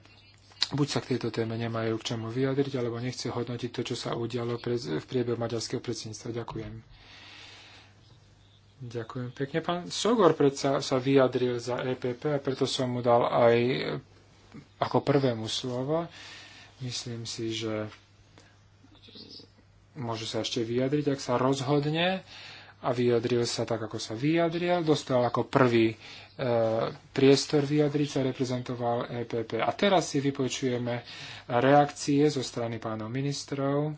buď sa k tejto téme nemajú k čomu vyjadriť, alebo nechce hodnotiť to, čo sa udialo v priebehu maďarského predsedníctva. Ďakujem. Ďakujem pekne. Pán Sogor predsa sa vyjadril za EPP a preto som mu dal aj ako prvému slovo. Myslím si, že môže sa ešte vyjadriť, ak sa rozhodne. Uh, a vyjadril sa tak, ako sa vyjadril. Dostal ako prvý e, priestor vyjadriť sa, reprezentoval EPP. A teraz si vypočujeme reakcie zo strany pánov ministrov.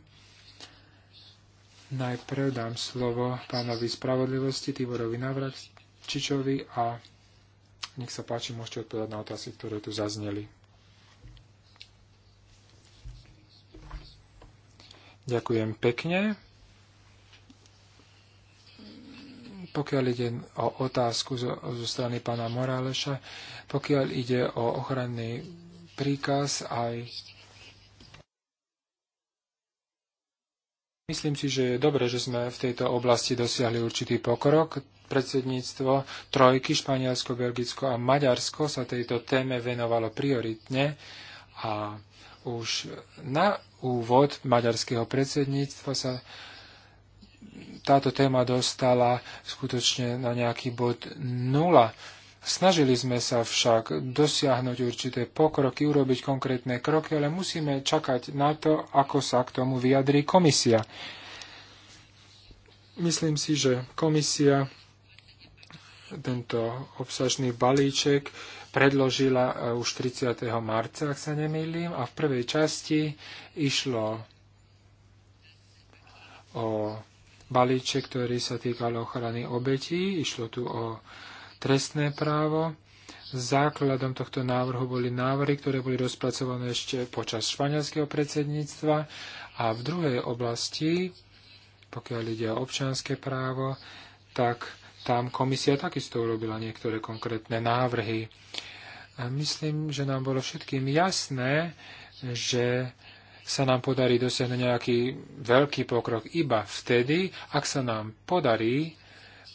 Najprv dám slovo pánovi spravodlivosti Tiborovi Navračičovi a nech sa páči, môžete odpovedať na otázky, ktoré tu zazneli. Ďakujem pekne. Pokiaľ ide o otázku zo, zo strany pána Moráleša, pokiaľ ide o ochranný príkaz aj Myslím si, že je dobre, že sme v tejto oblasti dosiahli určitý pokrok. Predsedníctvo Trojky, Španielsko, Belgicko a Maďarsko sa tejto téme venovalo prioritne a už na úvod maďarského predsedníctva sa táto téma dostala skutočne na nejaký bod nula. Snažili sme sa však dosiahnuť určité pokroky, urobiť konkrétne kroky, ale musíme čakať na to, ako sa k tomu vyjadrí komisia. Myslím si, že komisia tento obsažný balíček predložila e, už 30. marca, ak sa nemýlim, a v prvej časti išlo o balíček, ktorý sa týkal ochrany obetí. Išlo tu o trestné právo. Základom tohto návrhu boli návrhy, ktoré boli rozpracované ešte počas španielského predsedníctva a v druhej oblasti, pokiaľ ide o občianské právo, tak tam komisia takisto urobila niektoré konkrétne návrhy. A myslím, že nám bolo všetkým jasné, že sa nám podarí dosiahnuť nejaký veľký pokrok iba vtedy, ak sa nám podarí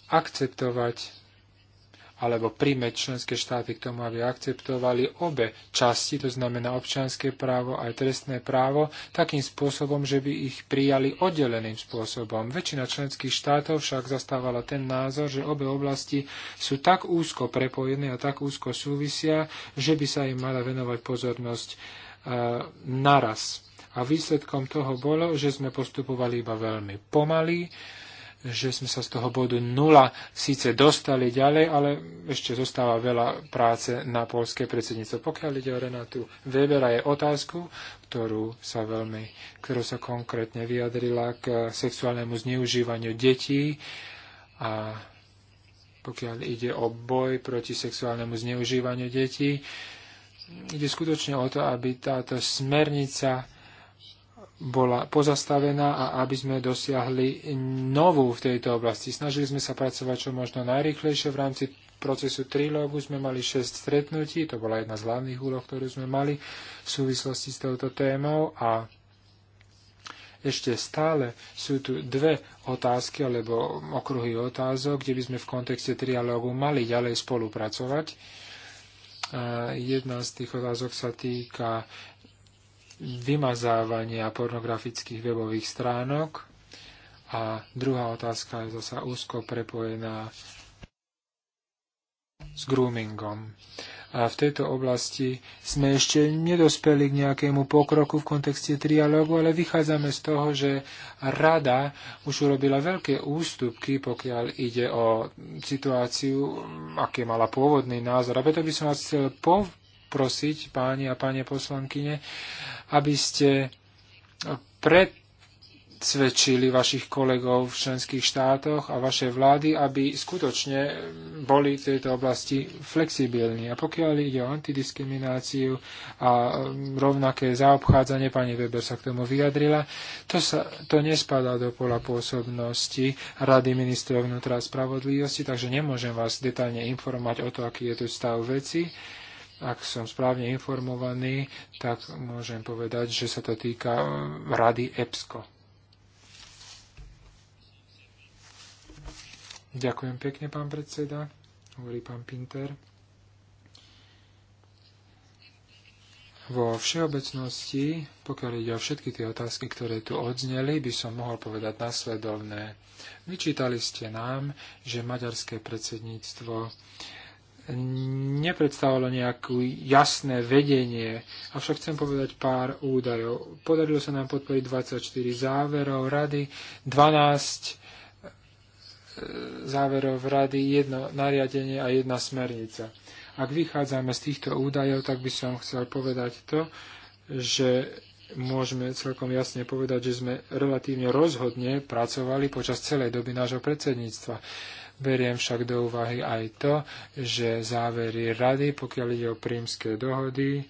akceptovať alebo príjmeť členské štáty k tomu, aby akceptovali obe časti, to znamená občianské právo aj trestné právo, takým spôsobom, že by ich prijali oddeleným spôsobom. Väčšina členských štátov však zastávala ten názor, že obe oblasti sú tak úzko prepojené a tak úzko súvisia, že by sa im mala venovať pozornosť e, naraz. A výsledkom toho bolo, že sme postupovali iba veľmi pomaly, že sme sa z toho bodu nula síce dostali ďalej, ale ešte zostáva veľa práce na polské predsedníctvo. Pokiaľ ide o Renátu Webera, je otázku, ktorú sa veľmi, ktorú sa konkrétne vyjadrila k sexuálnemu zneužívaniu detí a pokiaľ ide o boj proti sexuálnemu zneužívaniu detí, ide skutočne o to, aby táto smernica bola pozastavená a aby sme dosiahli novú v tejto oblasti. Snažili sme sa pracovať čo možno najrychlejšie v rámci procesu trilógu sme mali 6 stretnutí, to bola jedna z hlavných úloh, ktorú sme mali v súvislosti s touto témou a ešte stále sú tu dve otázky alebo okruhy otázok, kde by sme v kontexte trialógu mali ďalej spolupracovať. Jedna z tých otázok sa týka vymazávania pornografických webových stránok. A druhá otázka je zasa úzko prepojená s groomingom. A v tejto oblasti sme ešte nedospeli k nejakému pokroku v kontexte trialógu, ale vychádzame z toho, že rada už urobila veľké ústupky, pokiaľ ide o situáciu, aké mala pôvodný názor. A preto by som vás chcel prosiť, páni a páne poslankyne, aby ste predsvedčili vašich kolegov v členských štátoch a vaše vlády, aby skutočne boli v tejto oblasti flexibilní. A pokiaľ ide o antidiskrimináciu a rovnaké zaobchádzanie, pani Weber sa k tomu vyjadrila, to, sa, to nespadá do pola pôsobnosti Rady ministrov vnútra a spravodlivosti, takže nemôžem vás detálne informovať o to, aký je tu stav veci ak som správne informovaný, tak môžem povedať, že sa to týka e, rady EPSCO. Ďakujem pekne, pán predseda, hovorí pán Pinter. Vo všeobecnosti, pokiaľ ide o všetky tie otázky, ktoré tu odzneli, by som mohol povedať nasledovné. Vyčítali ste nám, že maďarské predsedníctvo nepredstavovalo nejakú jasné vedenie, avšak chcem povedať pár údajov. Podarilo sa nám podporiť 24 záverov rady, 12 e, záverov rady, jedno nariadenie a jedna smernica. Ak vychádzame z týchto údajov, tak by som chcel povedať to, že môžeme celkom jasne povedať, že sme relatívne rozhodne pracovali počas celej doby nášho predsedníctva Beriem však do úvahy aj to, že závery rady, pokiaľ ide o prímske dohody,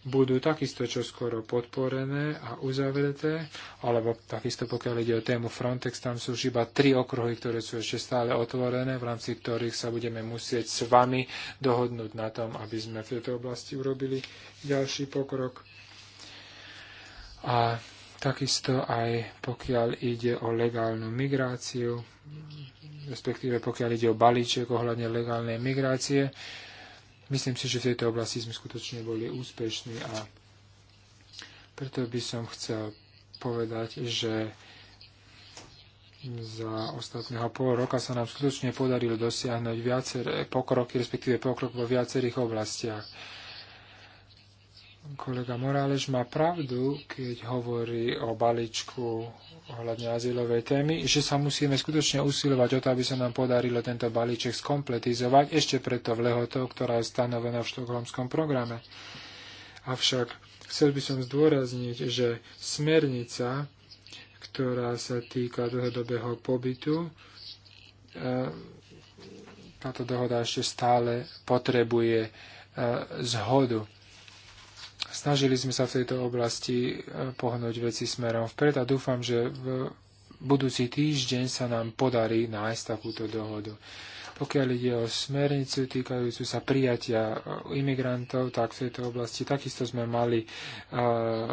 budú takisto čo skoro podporené a uzavreté, alebo takisto pokiaľ ide o tému Frontex, tam sú už iba tri okruhy, ktoré sú ešte stále otvorené, v rámci ktorých sa budeme musieť s vami dohodnúť na tom, aby sme v tejto oblasti urobili ďalší pokrok. A takisto aj pokiaľ ide o legálnu migráciu, respektíve pokiaľ ide o balíček ohľadne legálnej migrácie. Myslím si, že v tejto oblasti sme skutočne boli úspešní a preto by som chcel povedať, že za ostatného pol roka sa nám skutočne podarilo dosiahnuť viaceré pokroky, respektíve pokrok vo viacerých oblastiach. Kolega Moráleš má pravdu, keď hovorí o balíčku ohľadne azylovej témy, že sa musíme skutočne usilovať o to, aby sa nám podarilo tento balíček skompletizovať ešte preto v lehotov, ktorá je stanovená v štokholmskom programe. Avšak chcel by som zdôrazniť, že smernica, ktorá sa týka dlhodobého pobytu, e, táto dohoda ešte stále potrebuje e, zhodu Snažili sme sa v tejto oblasti e, pohnúť veci smerom vpred a dúfam, že v budúci týždeň sa nám podarí nájsť takúto dohodu. Pokiaľ ide o smernicu týkajúcu sa prijatia e, imigrantov, tak v tejto oblasti takisto sme mali uh,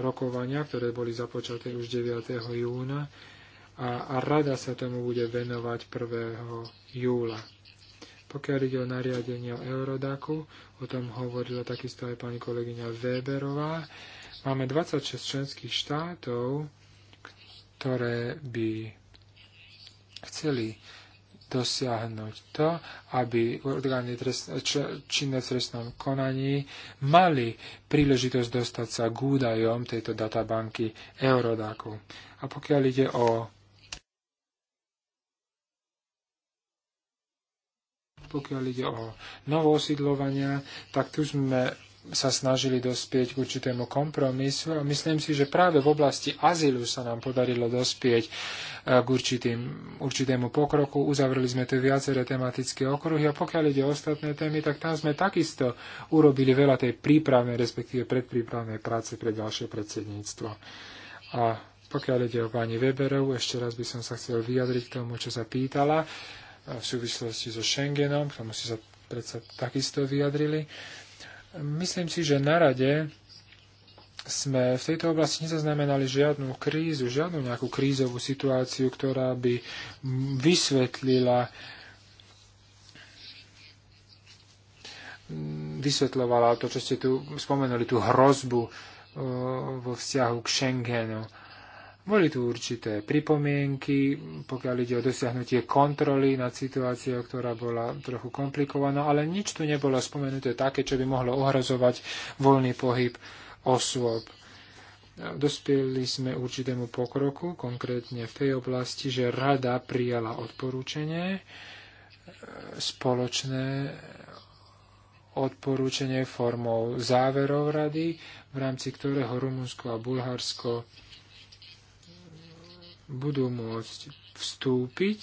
rokovania, ktoré boli započaté už 9. júna a, a rada sa tomu bude venovať 1. júla. Pokiaľ ide o nariadenie o Eurodaku, o tom hovorila takisto aj pani kolegyňa Weberová, máme 26 členských štátov, ktoré by chceli dosiahnuť to, aby orgány trest, činné v trestnom konaní mali príležitosť dostať sa k údajom tejto databanky Eurodaku. A pokiaľ ide o Pokiaľ ide o novoosídlovania, tak tu sme sa snažili dospieť k určitému kompromisu a myslím si, že práve v oblasti azylu sa nám podarilo dospieť eh, k určitým, určitému pokroku. Uzavreli sme tu viaceré tematické okruhy a pokiaľ ide o ostatné témy, tak tam sme takisto urobili veľa tej prípravnej, respektíve predprípravnej práce pre ďalšie predsedníctvo. A pokiaľ ide o pani Weberov, ešte raz by som sa chcel vyjadriť k tomu, čo sa pýtala v súvislosti so Schengenom, k tomu si sa predsa takisto vyjadrili. Myslím si, že na rade sme v tejto oblasti nezaznamenali žiadnu krízu, žiadnu nejakú krízovú situáciu, ktorá by vysvetlila vysvetľovala to, čo ste tu spomenuli, tú hrozbu eh, vo vzťahu k Schengenu boli tu určité pripomienky, pokiaľ ide o dosiahnutie kontroly nad situáciou, ktorá bola trochu komplikovaná, ale nič tu nebolo spomenuté také, čo by mohlo ohrozovať voľný pohyb osôb. Dospieli sme určitému pokroku, konkrétne v tej oblasti, že rada prijala odporúčanie, e, spoločné odporúčanie formou záverov rady, v rámci ktorého Rumunsko a Bulharsko budú môcť vstúpiť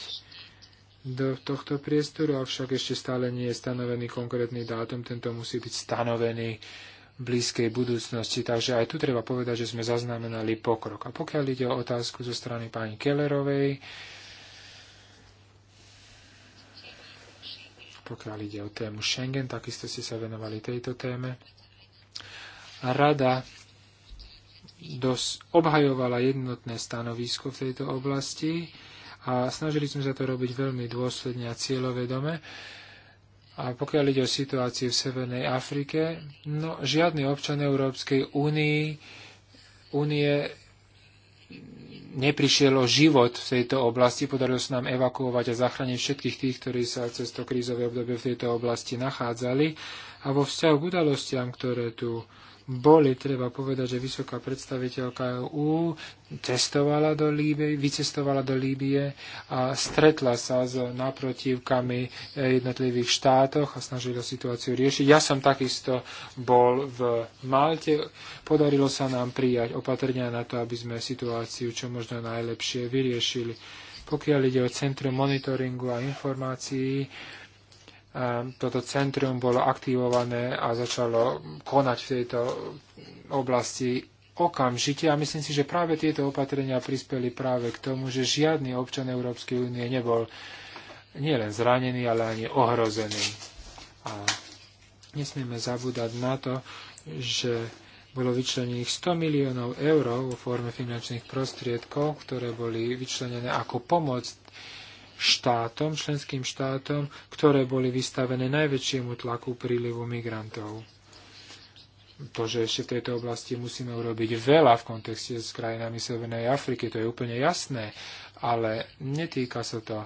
do tohto priestoru, avšak ešte stále nie je stanovený konkrétny dátum, tento musí byť stanovený v blízkej budúcnosti. Takže aj tu treba povedať, že sme zaznamenali pokrok. A pokiaľ ide o otázku zo strany pani Kellerovej, pokiaľ ide o tému Schengen, takisto ste sa venovali tejto téme. Rada dos- obhajovala jednotné stanovisko v tejto oblasti a snažili sme sa to robiť veľmi dôsledne a cieľovedome. A pokiaľ ide o situáciu v Severnej Afrike, no žiadny občan Európskej únie, únie neprišiel o život v tejto oblasti. Podarilo sa nám evakuovať a zachrániť všetkých tých, ktorí sa cez to krízové obdobie v tejto oblasti nachádzali. A vo vzťahu k udalostiam, ktoré tu boli, treba povedať, že vysoká predstaviteľka EU cestovala do Líbie, vycestovala do Líbie a stretla sa s naprotivkami jednotlivých štátoch a snažila situáciu riešiť. Ja som takisto bol v Malte. Podarilo sa nám prijať opatrňa na to, aby sme situáciu čo možno najlepšie vyriešili. Pokiaľ ide o Centrum monitoringu a informácií, toto centrum bolo aktivované a začalo konať v tejto oblasti okamžite a myslím si, že práve tieto opatrenia prispeli práve k tomu, že žiadny občan Európskej únie nebol nielen zranený, ale ani ohrozený. A nesmieme zabúdať na to, že bolo vyčlenených 100 miliónov eur vo forme finančných prostriedkov, ktoré boli vyčlenené ako pomoc štátom, členským štátom, ktoré boli vystavené najväčšiemu tlaku prílivu migrantov. To, že ešte v tejto oblasti musíme urobiť veľa v kontexte s krajinami Severnej Afriky, to je úplne jasné, ale netýka sa to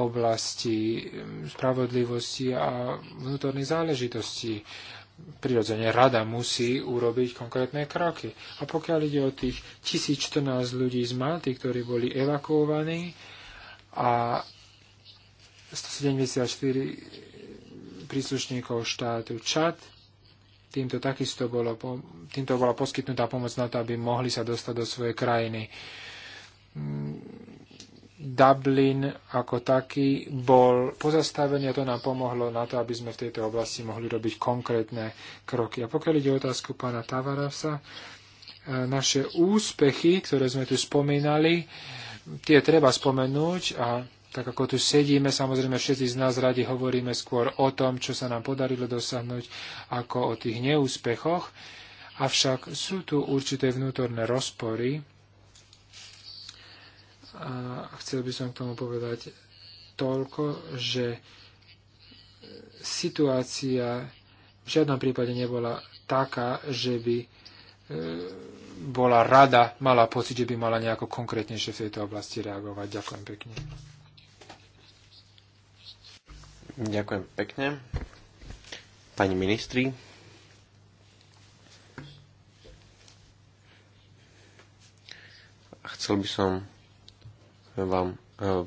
oblasti mm, spravodlivosti a vnútorných záležitostí prirodzene rada musí urobiť konkrétne kroky. A pokiaľ ide o tých 1014 ľudí z Malty, ktorí boli evakuovaní, a 174 príslušníkov štátu Čad. Týmto takisto bolo, týmto bola poskytnutá pomoc na to, aby mohli sa dostať do svojej krajiny. Dublin ako taký bol pozastavený a to nám pomohlo na to, aby sme v tejto oblasti mohli robiť konkrétne kroky. A pokiaľ ide o otázku pána Tavarasa, e, naše úspechy, ktoré sme tu spomínali, tie treba spomenúť a tak ako tu sedíme, samozrejme všetci z nás radi hovoríme skôr o tom, čo sa nám podarilo dosahnuť, ako o tých neúspechoch. Avšak sú tu určité vnútorné rozpory. A chcel by som k tomu povedať toľko, že situácia v žiadnom prípade nebola taká, že by e, bola rada, mala pocit, že by mala nejako konkrétnejšie v tejto oblasti reagovať. Ďakujem pekne. Ďakujem pekne. Pani ministri. Chcel by som vám eh,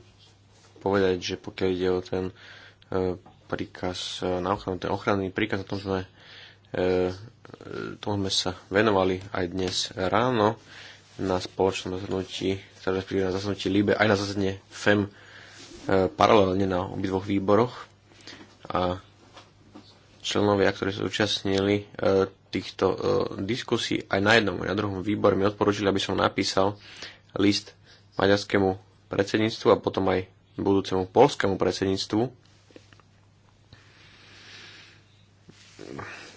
povedať, že pokiaľ ide o ten eh, príkaz eh, na ochranu, ten ochranný príkaz, o tom sme E, e, tomu sme sa venovali aj dnes ráno na spoločnom zasadnutí, teda respektíve na zasadnutí LIBE, aj na zasadne FEM e, paralelne na obidvoch výboroch a členovia, ktorí sa zúčastnili e, týchto e, diskusí aj na jednom, aj na druhom výbore mi odporúčili, aby som napísal list maďarskému predsedníctvu a potom aj budúcemu polskému predsedníctvu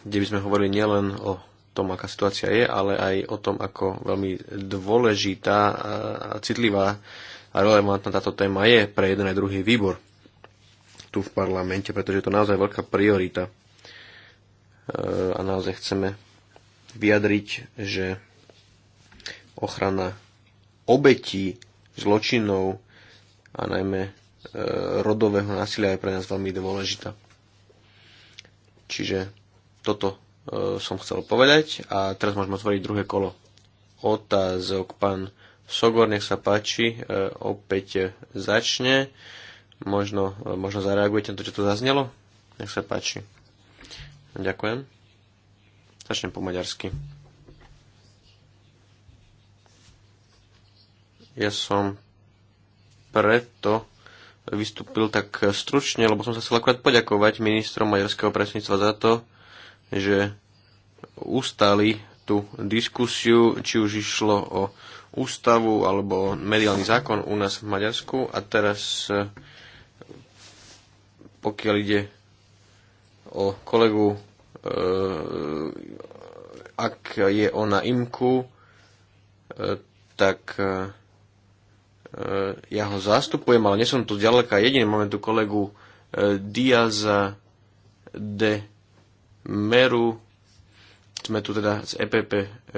kde by sme hovorili nielen o tom, aká situácia je, ale aj o tom, ako veľmi dôležitá a citlivá a relevantná táto téma je pre jeden aj druhý výbor tu v parlamente, pretože je to naozaj veľká priorita. E, a naozaj chceme vyjadriť, že ochrana obetí zločinov a najmä e, rodového násilia je pre nás veľmi dôležitá. Čiže toto e, som chcel povedať a teraz môžeme otvoriť druhé kolo otázok. Pán Sogor, nech sa páči, e, opäť začne. Možno, e, možno zareagujete na to, čo tu zaznelo. Nech sa páči. Ďakujem. Začnem po maďarsky. Ja som preto vystúpil tak stručne, lebo som sa chcel akurát poďakovať ministrom maďarského presníctva za to, že ustali tú diskusiu, či už išlo o ústavu alebo o mediálny zákon u nás v Maďarsku a teraz e, pokiaľ ide o kolegu, e, ak je ona imku, e, tak ja ho zastupujem, ale nie som tu ďaleka jediný. Máme tu kolegu Diaza de Meru sme tu teda z EPP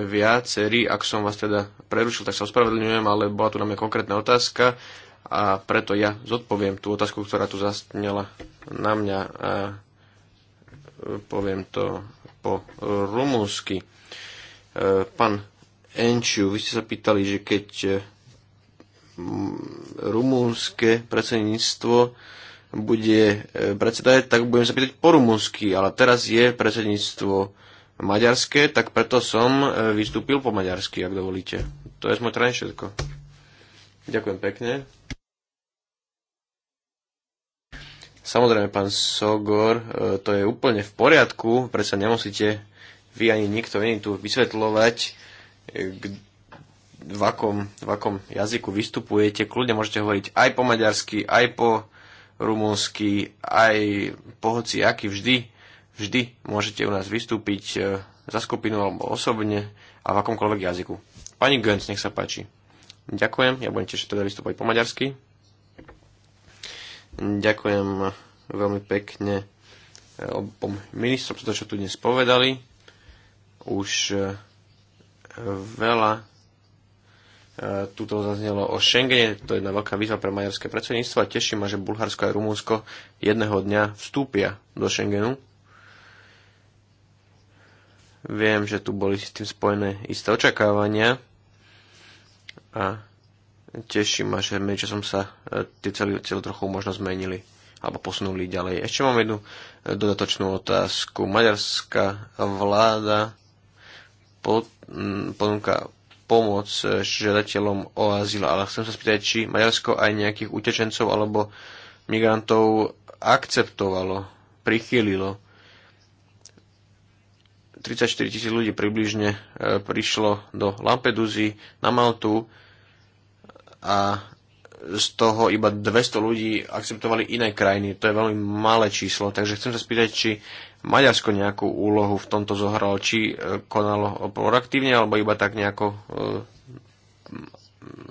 viacerí. Ak som vás teda prerušil, tak sa ospravedlňujem, ale bola tu na mňa konkrétna otázka a preto ja zodpoviem tú otázku, ktorá tu zastňala na mňa a e, poviem to po rumúnsky. E, pán Enčiu, vy ste sa pýtali, že keď e, rumúnske predsedníctvo bude e, predsedať, tak budem sa pýtať po rumúnsky, ale teraz je predsedníctvo maďarské, tak preto som e, vystúpil po maďarsky, ak dovolíte. To je z mojej všetko. Ďakujem pekne. Samozrejme, pán Sogor, e, to je úplne v poriadku, predsa nemusíte vy ani nikto iný tu vysvetľovať, v akom, v akom jazyku vystupujete. Kľudne môžete hovoriť aj po maďarsky, aj po rumúnsky, aj pohoci aký vždy, vždy môžete u nás vystúpiť e, za skupinu alebo osobne a v akomkoľvek jazyku. Pani Gönc, nech sa páči. Ďakujem, ja budem tiež teda vystúpať po maďarsky. Ďakujem veľmi pekne e, obom ministrom čo tu dnes povedali. Už e, veľa E, Tuto zaznelo o Schengene, to je jedna veľká výzva pre maďarské predsedníctvo a teším ma, že Bulharsko a Rumunsko jedného dňa vstúpia do Schengenu. Viem, že tu boli s tým spojené isté očakávania a teší ma, že som sa e, tie celé, celé trochu možno zmenili alebo posunuli ďalej. Ešte mám jednu e, dodatočnú otázku. Maďarská vláda ponúka pomoc eh, žiadateľom o azyl. Ale chcem sa spýtať, či Maďarsko aj nejakých utečencov alebo migrantov akceptovalo, prichylilo. 34 tisíc ľudí približne eh, prišlo do Lampedusy na Maltu a z toho iba 200 ľudí akceptovali iné krajiny. To je veľmi malé číslo, takže chcem sa spýtať, či Maďarsko nejakú úlohu v tomto zohralo, či e, konalo proaktívne, alebo iba tak nejako e,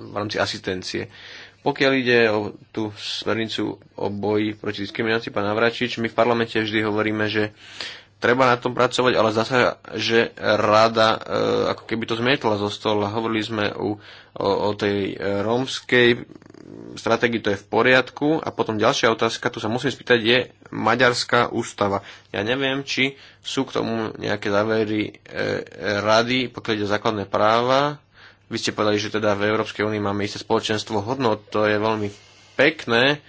v rámci asistencie. Pokiaľ ide o tú smernicu o boji proti diskriminácii, pán Navračič, my v parlamente vždy hovoríme, že treba na tom pracovať, ale zase, sa, že rada e, ako keby to zmietla zo stola. Hovorili sme u, o, o tej rómskej stratégii, to je v poriadku. A potom ďalšia otázka, tu sa musím spýtať, je maďarská ústava. Ja neviem, či sú k tomu nejaké závery e, rady, pokiaľ ide základné práva. Vy ste povedali, že teda v Európskej únii máme isté spoločenstvo hodnot, to je veľmi pekné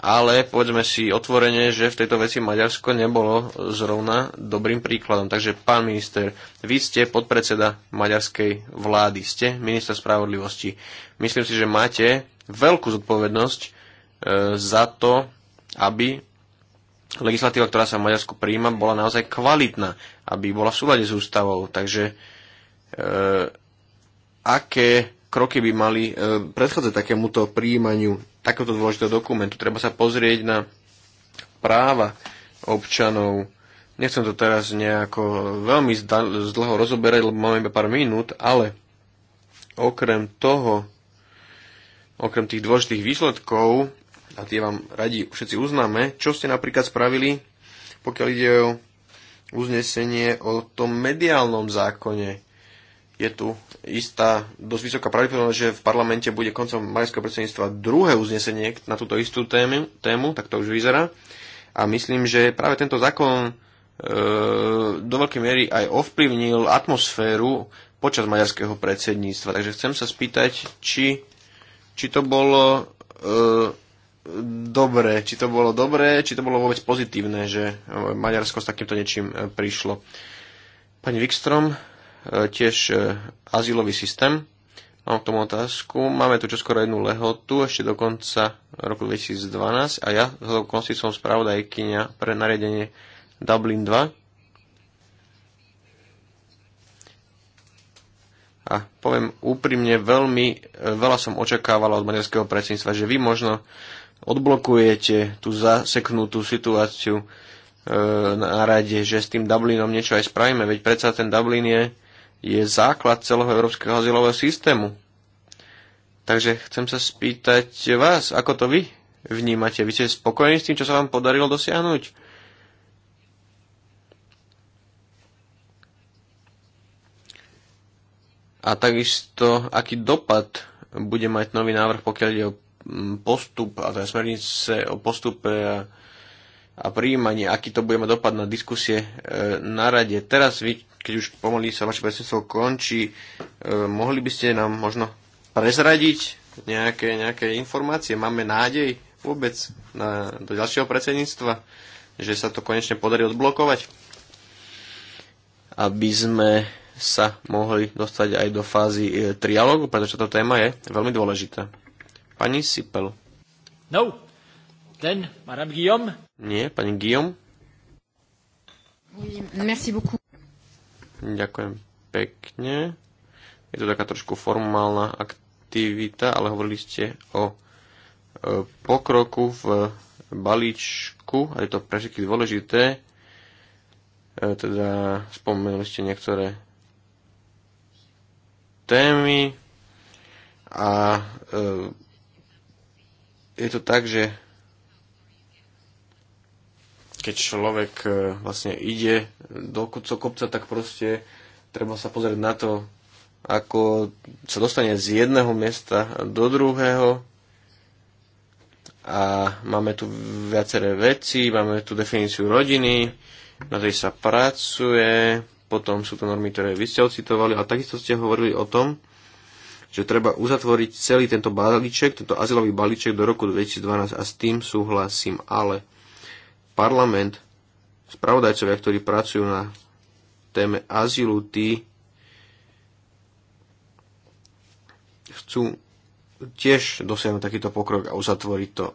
ale povedzme si otvorene, že v tejto veci Maďarsko nebolo zrovna dobrým príkladom. Takže pán minister, vy ste podpredseda maďarskej vlády, ste minister spravodlivosti. Myslím si, že máte veľkú zodpovednosť e, za to, aby legislatíva, ktorá sa v Maďarsku príjma, bola naozaj kvalitná, aby bola v súlade s ústavou. Takže e, aké kroky by mali e, predchádzať takémuto príjmaniu takéhoto dôležitého dokumentu. Treba sa pozrieť na práva občanov. Nechcem to teraz nejako veľmi dlho rozoberať, lebo máme iba pár minút, ale okrem toho, okrem tých dôležitých výsledkov, a tie vám radi všetci uznáme, čo ste napríklad spravili, pokiaľ ide o uznesenie o tom mediálnom zákone. Je tu istá dosť vysoká pravdepodobnosť, že v parlamente bude koncom majského predsedníctva druhé uznesenie na túto istú tému, tému, tak to už vyzerá. A myslím, že práve tento zákon e, do veľkej miery aj ovplyvnil atmosféru počas maďarského predsedníctva. Takže chcem sa spýtať, či, či to bolo e, dobre, či to bolo dobré, či to bolo vôbec pozitívne, že Maďarsko s takýmto niečím e, prišlo. Pani Wikstrom, tiež e, azylový systém. Mám k tomu otázku. Máme tu čoskoro jednu lehotu, ešte do konca roku 2012 a ja z konci som spravodajkynia pre nariadenie Dublin 2. A poviem úprimne, veľmi e, veľa som očakávala od maďarského predsedníctva, že vy možno odblokujete tú zaseknutú situáciu e, na rade, že s tým Dublinom niečo aj spravíme, veď predsa ten Dublin je je základ celého európskeho azylového systému. Takže chcem sa spýtať vás, ako to vy vnímate? Vy ste spokojní s tým, čo sa vám podarilo dosiahnuť? A takisto, aký dopad bude mať nový návrh, pokiaľ je o mm, postup, a teda smernice o postupe a, a príjmanie, aký to bude mať dopad na diskusie e, na rade. Teraz vy keď už pomaly sa vaše predstavstvo končí, e, mohli by ste nám možno prezradiť nejaké, nejaké informácie? Máme nádej vôbec na, do ďalšieho predsedníctva, že sa to konečne podarí odblokovať? Aby sme sa mohli dostať aj do fázy e, trialógu, pretože táto téma je veľmi dôležitá. Pani Sipel. No, ten, Madame Guillaume. Nie, pani Guillaume. Oui, merci beaucoup. Ďakujem pekne. Je to taká trošku formálna aktivita, ale hovorili ste o e, pokroku v balíčku a je to pre všetky dôležité. E, teda spomenuli ste niektoré témy a e, je to tak, že keď človek vlastne ide do kopca, tak proste treba sa pozrieť na to, ako sa dostane z jedného miesta do druhého. A máme tu viaceré veci, máme tu definíciu rodiny, na tej sa pracuje, potom sú to normy, ktoré vy ste ocitovali, a takisto ste hovorili o tom, že treba uzatvoriť celý tento balíček, tento azylový balíček do roku 2012 a s tým súhlasím, ale parlament spravodajcovia, ktorí pracujú na téme azylu, tí chcú tiež dosiahnuť takýto pokrok a uzatvoriť to.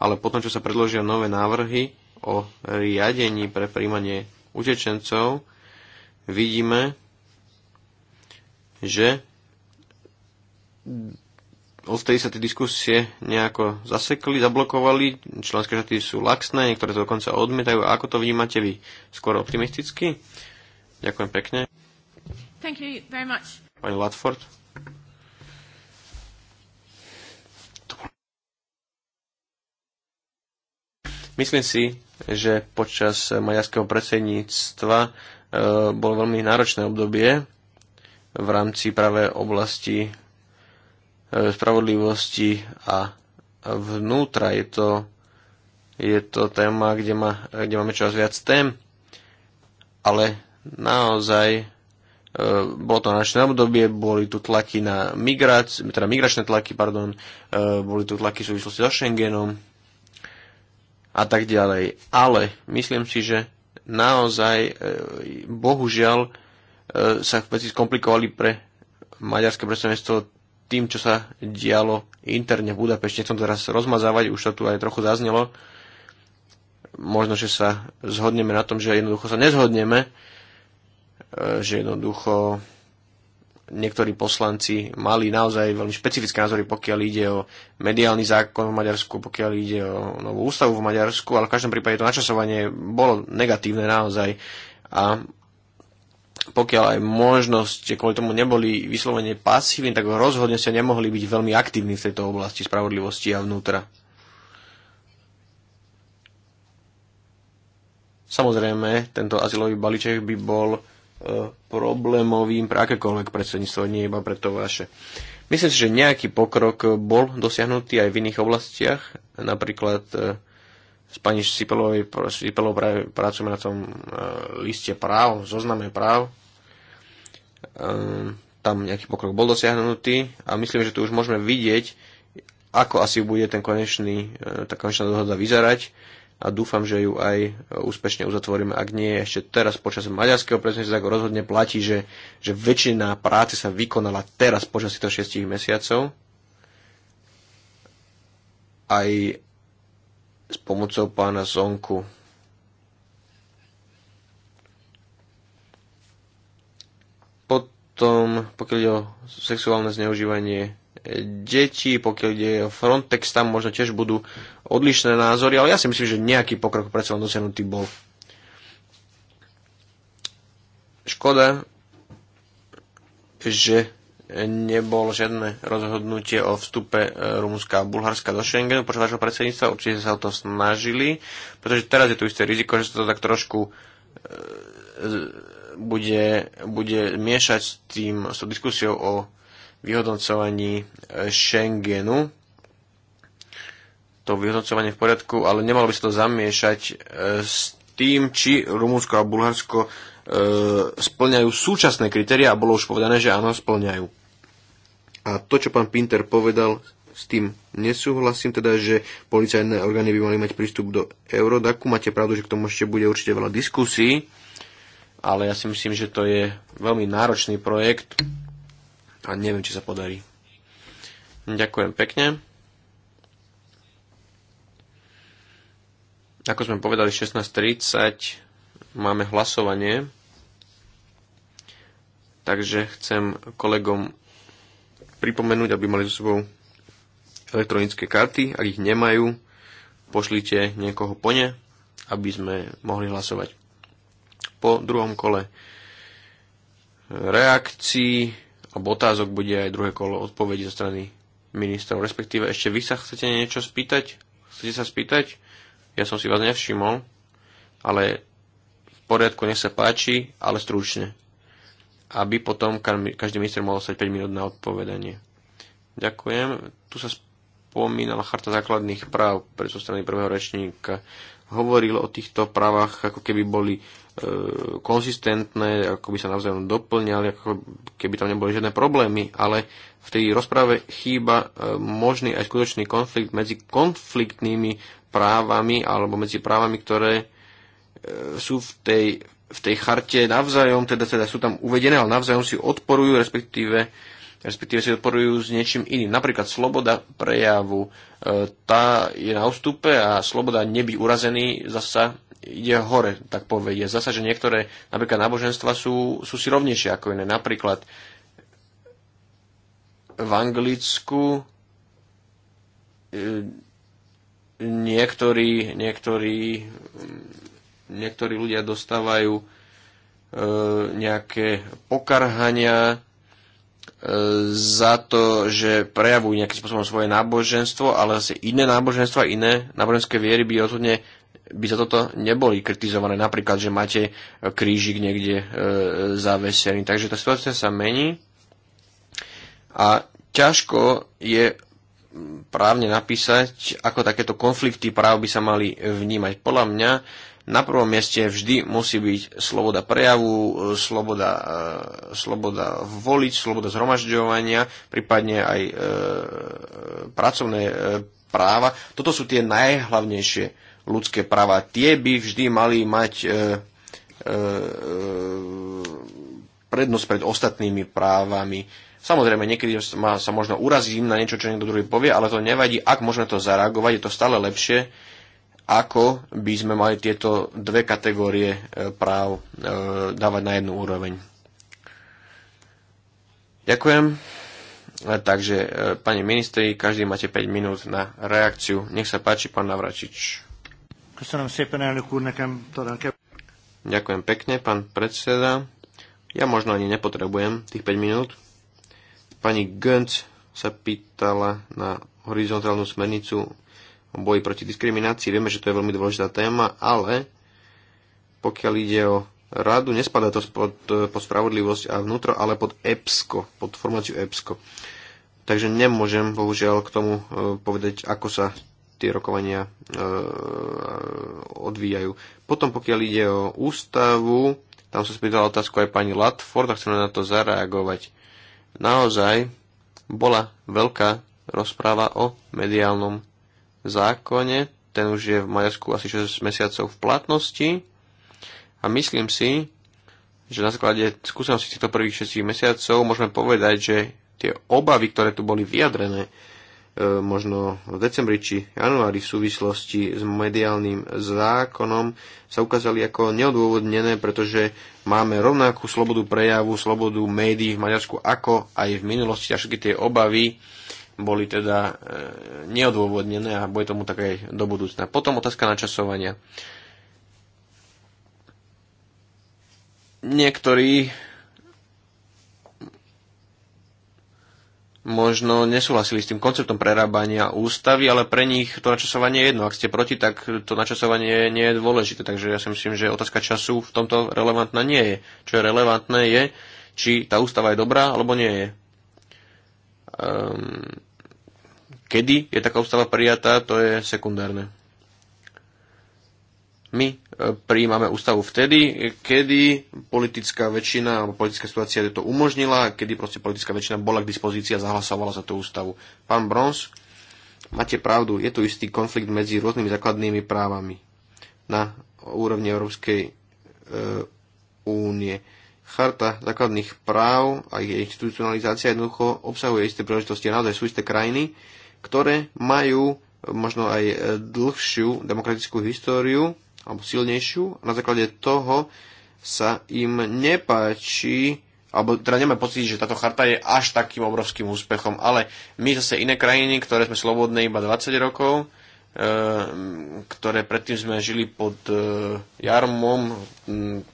Ale potom, čo sa predložia nové návrhy o riadení pre príjmanie utečencov, vidíme, že odtedy sa tie diskusie nejako zasekli, zablokovali, členské štáty sú laxné, niektoré to dokonca odmietajú. Ako to vnímate vy? Skôr optimisticky? Ďakujem pekne. Thank you very much. Pani Latford. Myslím si, že počas maďarského predsedníctva e, bolo veľmi náročné obdobie v rámci práve oblasti E, spravodlivosti a vnútra. Je to, je to téma, kde, má, kde máme čoraz viac tém, ale naozaj e, bolo to náročné obdobie, boli tu tlaky na migrac, teda migračné tlaky, pardon, e, boli tu tlaky v súvislosti so Schengenom a tak ďalej. Ale myslím si, že naozaj, bohužiaľ, sa veci skomplikovali pre maďarské predstavenstvo tým, čo sa dialo interne v Budapešti. Nechcem teraz rozmazávať, už to tu aj trochu zaznelo. Možno, že sa zhodneme na tom, že jednoducho sa nezhodneme, e, že jednoducho niektorí poslanci mali naozaj veľmi špecifické názory, pokiaľ ide o mediálny zákon v Maďarsku, pokiaľ ide o novú ústavu v Maďarsku, ale v každom prípade to načasovanie bolo negatívne naozaj. A pokiaľ aj možnosť, kvôli tomu neboli vyslovene pasívni, tak rozhodne sa nemohli byť veľmi aktívni v tejto oblasti spravodlivosti a vnútra. Samozrejme, tento azylový balíček by bol e, problémovým pre akékoľvek predsedníctvo, nie iba pre to vaše. Myslím si, že nejaký pokrok bol dosiahnutý aj v iných oblastiach, napríklad e, s pani Sipelovou pracujeme na tom e, liste práv, zozname práv. E, tam nejaký pokrok bol dosiahnutý a myslím, že tu už môžeme vidieť, ako asi bude ten konečný, e, tá konečná dohoda vyzerať a dúfam, že ju aj úspešne uzatvoríme. Ak nie, ešte teraz počas maďarského predsedníctva tak rozhodne platí, že, že väčšina práce sa vykonala teraz počas týchto 6 mesiacov. Aj s pomocou pána Zonku. Potom, pokiaľ ide o sexuálne zneužívanie e, detí, pokiaľ ide o Frontex, tam možno tiež budú odlišné názory, ale ja si myslím, že nejaký pokrok predsa len dosiahnutý bol. Škoda, že nebol žiadne rozhodnutie o vstupe e, Rumunska a Bulharska do Schengenu počas vašho predsedníctva. Určite sa o to snažili, pretože teraz je tu isté riziko, že sa to tak trošku e, bude, bude miešať s, tým, s tou diskusiou o vyhodnocovaní e, Schengenu. To vyhodnocovanie v poriadku, ale nemalo by sa to zamiešať s tým, či Rumúnsko a Bulharsko splňajú súčasné kritéria a bolo už povedané, že áno, splňajú. A to, čo pán Pinter povedal, s tým nesúhlasím, teda, že policajné orgány by mali mať prístup do Eurodaku. Máte pravdu, že k tomu ešte bude určite veľa diskusí, ale ja si myslím, že to je veľmi náročný projekt a neviem, či sa podarí. Ďakujem pekne. Ako sme povedali, 16.30 máme hlasovanie, takže chcem kolegom pripomenúť, aby mali so sebou elektronické karty. Ak ich nemajú, pošlite niekoho po ne, aby sme mohli hlasovať. Po druhom kole reakcií alebo otázok bude aj druhé kolo odpovedí zo strany ministrov. Respektíve ešte vy sa chcete niečo spýtať? Chcete sa spýtať? Ja som si vás nevšimol, ale v poriadku, nech sa páči, ale stručne aby potom každý minister mohol stať 5 minút na odpovedanie. Ďakujem. Tu sa spomínala Charta základných práv pre zo strany prvého rečníka. Hovoril o týchto právach, ako keby boli e, konzistentné, ako by sa navzájom doplňali, ako keby tam neboli žiadne problémy, ale v tej rozprave chýba e, možný aj skutočný konflikt medzi konfliktnými právami alebo medzi právami, ktoré e, sú v tej v tej charte navzájom, teda, teda sú tam uvedené, ale navzájom si odporujú, respektíve, respektíve si odporujú s niečím iným. Napríklad sloboda prejavu, e, tá je na ústupe a sloboda nebyť urazený zasa ide hore, tak povedie. Zasa, že niektoré napríklad náboženstva sú, sú si rovnejšie ako iné. Napríklad v Anglicku e, niektorí, niektorí niektorí ľudia dostávajú e, nejaké pokarhania e, za to, že prejavujú nejakým spôsobom svoje náboženstvo, ale zase iné náboženstva, iné náboženské viery by rozhodne by za toto neboli kritizované. Napríklad, že máte krížik niekde e, zavesený. Takže tá situácia sa mení a ťažko je právne napísať, ako takéto konflikty práv by sa mali vnímať. Podľa mňa na prvom mieste vždy musí byť sloboda prejavu, e, sloboda, e, sloboda voliť, sloboda zhromažďovania, prípadne aj e, pracovné e, práva. Toto sú tie najhlavnejšie ľudské práva. Tie by vždy mali mať e, e, e prednosť pred ostatnými právami. Samozrejme, niekedy sa možno urazím na niečo, čo niekto druhý povie, ale to nevadí. Ak môžeme to zareagovať, je to stále lepšie, ako by sme mali tieto dve kategórie e, práv e, dávať na jednu úroveň. Ďakujem. E, takže, pani ministri, každý máte 5 minút na reakciu. Nech sa páči, pán Navračič. Ďakujem pekne, pán predseda. Ja možno ani nepotrebujem tých 5 minút. Pani Gönc sa pýtala na horizontálnu smernicu boji proti diskriminácii. Vieme, že to je veľmi dôležitá téma, ale pokiaľ ide o radu, nespadá to pod, pod spravodlivosť a vnútro, ale pod EPSCO, pod formáciu EPSCO. Takže nemôžem bohužiaľ k tomu e, povedať, ako sa tie rokovania e, odvíjajú. Potom pokiaľ ide o ústavu, tam sa spýtala otázku aj pani Latford a chceme na to zareagovať. Naozaj bola veľká rozpráva o mediálnom zákone, ten už je v Maďarsku asi 6 mesiacov v platnosti a myslím si, že na základe skúsenosti týchto prvých 6 mesiacov môžeme povedať, že tie obavy, ktoré tu boli vyjadrené, e, možno v decembri či januári v súvislosti s mediálnym zákonom sa ukázali ako neodôvodnené, pretože máme rovnakú slobodu prejavu, slobodu médií v Maďarsku ako aj v minulosti a všetky tie obavy boli teda e, neodôvodnené a bude tomu tak aj do budúcna. Potom otázka načasovania. Niektorí možno nesúhlasili s tým konceptom prerábania ústavy, ale pre nich to načasovanie je jedno. Ak ste proti, tak to načasovanie nie je dôležité. Takže ja si myslím, že otázka času v tomto relevantná nie je. Čo je relevantné je, či tá ústava je dobrá alebo nie je. Um, Kedy je taká ústava prijatá, to je sekundárne. My e, prijímame ústavu vtedy, kedy politická väčšina alebo politická situácia to umožnila, kedy proste politická väčšina bola k dispozícii a zahlasovala za tú ústavu. Pán Brons, máte pravdu, je tu istý konflikt medzi rôznymi základnými právami na úrovni Európskej e, únie. Charta základných práv a ich institucionalizácia jednoducho obsahuje isté príležitosti. Naozaj sú isté krajiny, ktoré majú e, možno aj e, dlhšiu demokratickú históriu, alebo silnejšiu, a na základe toho sa im nepáči, alebo teda nemáme pocit, že táto charta je až takým obrovským úspechom, ale my zase iné krajiny, ktoré sme slobodné iba 20 rokov, e, ktoré predtým sme žili pod jarmom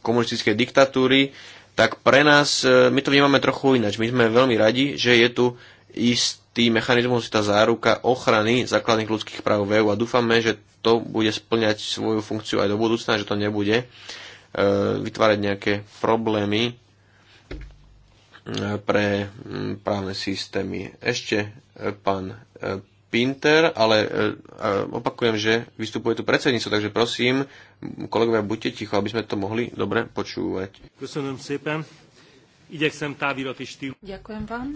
komunistickej diktatúry, tak pre nás, my to vnímame trochu ináč. My sme veľmi radi, že je tu ist Tý mechanizmus, tá záruka ochrany základných ľudských práv v EU a dúfame, že to bude splňať svoju funkciu aj do budúcna, že to nebude e, vytvárať nejaké problémy e, pre právne systémy. Ešte e, pán Pinter, ale opakujem, že vystupuje tu predsedníctvo, takže prosím, kolegovia, buďte ticho, aby sme to mohli dobre počúvať. Ďakujem vám.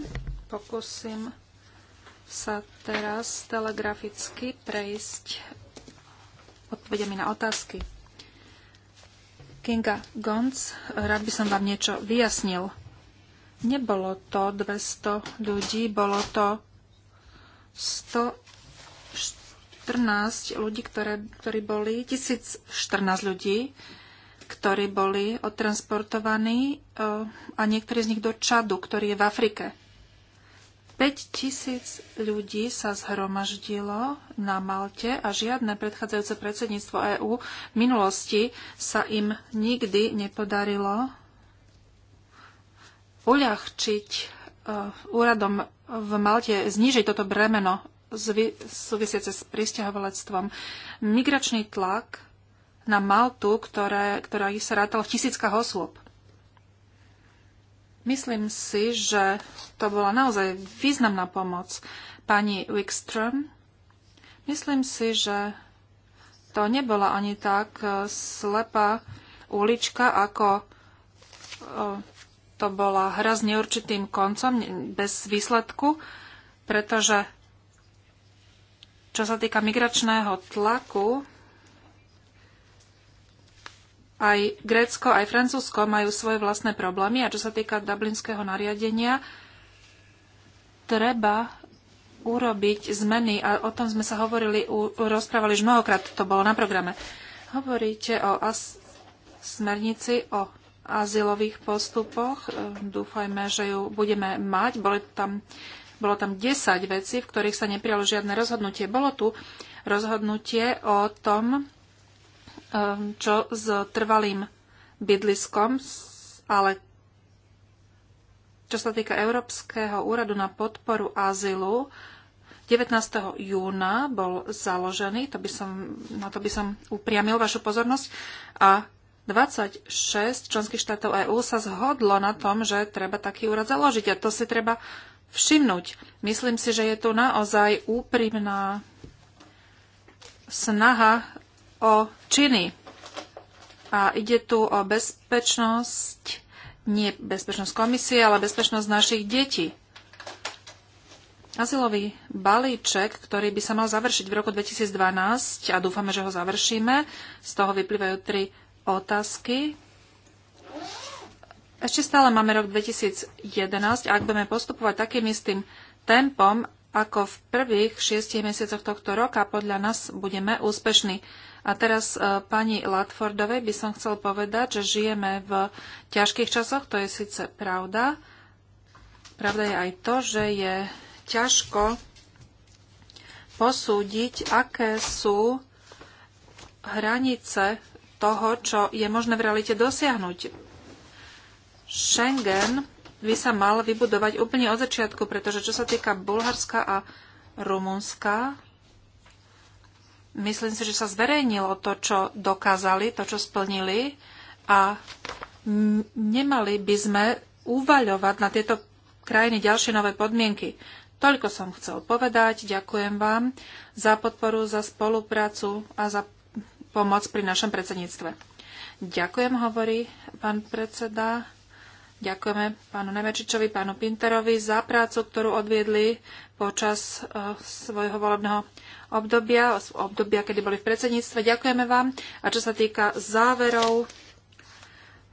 Pokúsim sa teraz telegraficky prejsť odpovediami na otázky. Kinga Gons, rád by som vám niečo vyjasnil. Nebolo to 200 ľudí, bolo to 114 ľudí, ktoré, ktorí boli, 1014 ľudí, ktorí boli odtransportovaní eh, a niektorí z nich do Čadu, ktorý je v Afrike. 5 tisíc ľudí sa zhromaždilo na Malte a žiadne predchádzajúce predsedníctvo EÚ v minulosti sa im nikdy nepodarilo uľahčiť eh, úradom v Malte, znižiť toto bremeno súvisiace s pristahovalectvom. Migračný tlak na Maltu, ktorá ktorá sa rátala v tisíckach osôb. Myslím si, že to bola naozaj významná pomoc pani Wikström. Myslím si, že to nebola ani tak e, slepá ulička, ako e, to bola hra s neurčitým koncom, bez výsledku, pretože čo sa týka migračného tlaku, aj Grécko, aj Francúzsko majú svoje vlastné problémy a čo sa týka dublinského nariadenia, treba urobiť zmeny a o tom sme sa hovorili, u, rozprávali už mnohokrát, to bolo na programe. Hovoríte o as- smernici o azylových postupoch. E, dúfajme, že ju budeme mať. Boli tam, bolo tam 10 vecí, v ktorých sa neprialo žiadne rozhodnutie. Bolo tu rozhodnutie o tom, Ehm, čo s trvalým bydliskom, ale čo sa týka Európskeho úradu na podporu azylu, 19. júna bol založený, to by som, na to by som upriamil vašu pozornosť, a 26 členských štátov EÚ sa zhodlo na tom, že treba taký úrad založiť a to si treba všimnúť. Myslím si, že je tu naozaj úprimná snaha o činy. A ide tu o bezpečnosť, nie bezpečnosť komisie, ale bezpečnosť našich detí. Azylový balíček, ktorý by sa mal završiť v roku 2012 a dúfame, že ho završíme, z toho vyplývajú tri otázky. Ešte stále máme rok 2011 a ak budeme postupovať takým istým tempom, ako v prvých šiestich mesiacoch tohto roka podľa nás budeme úspešní. A teraz e, pani Latfordovej by som chcel povedať, že žijeme v ťažkých časoch, to je síce pravda. Pravda je aj to, že je ťažko posúdiť, aké sú hranice toho, čo je možné v realite dosiahnuť. Schengen by sa mal vybudovať úplne od začiatku, pretože čo sa týka Bulharska a Rumunska, myslím si, že sa zverejnilo to, čo dokázali, to, čo splnili a nemali by sme uvaľovať na tieto krajiny ďalšie nové podmienky. Toľko som chcel povedať. Ďakujem vám za podporu, za spoluprácu a za pomoc pri našom predsedníctve. Ďakujem, hovorí pán predseda. Ďakujeme pánu Nemečičovi, pánu Pinterovi za prácu, ktorú odviedli počas e, svojho volebného obdobia, obdobia, kedy boli v predsedníctve. Ďakujeme vám. A čo sa týka záverov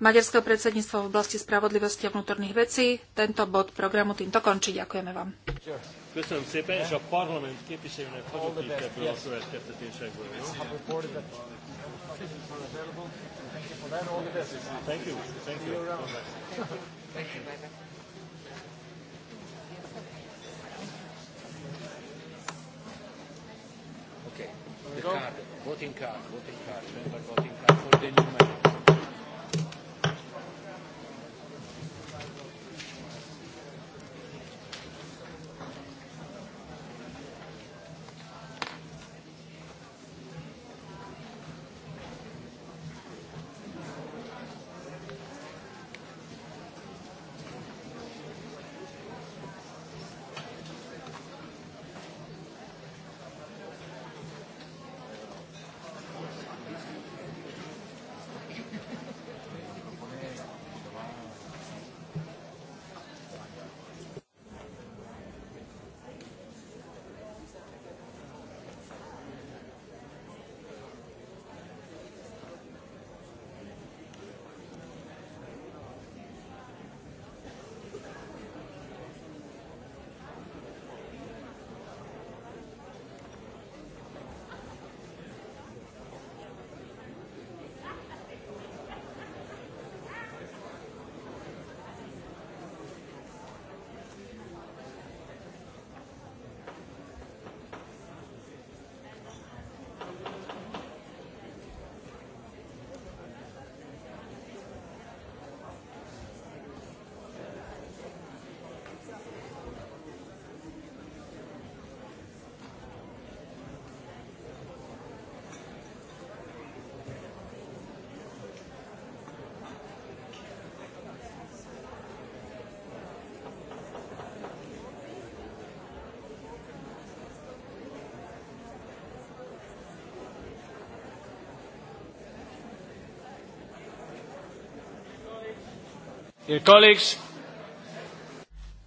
maďarského predsedníctva v oblasti spravodlivosti a vnútorných vecí, tento bod programu týmto končí. Ďakujeme vám. Köszönöm szépen, és a parlament képviselőnek hagyok ebből a következtetésekből. Thank you. Thank you. Thank you. Okay. The card. Voting card. Voting card. Remember voting card for the new members.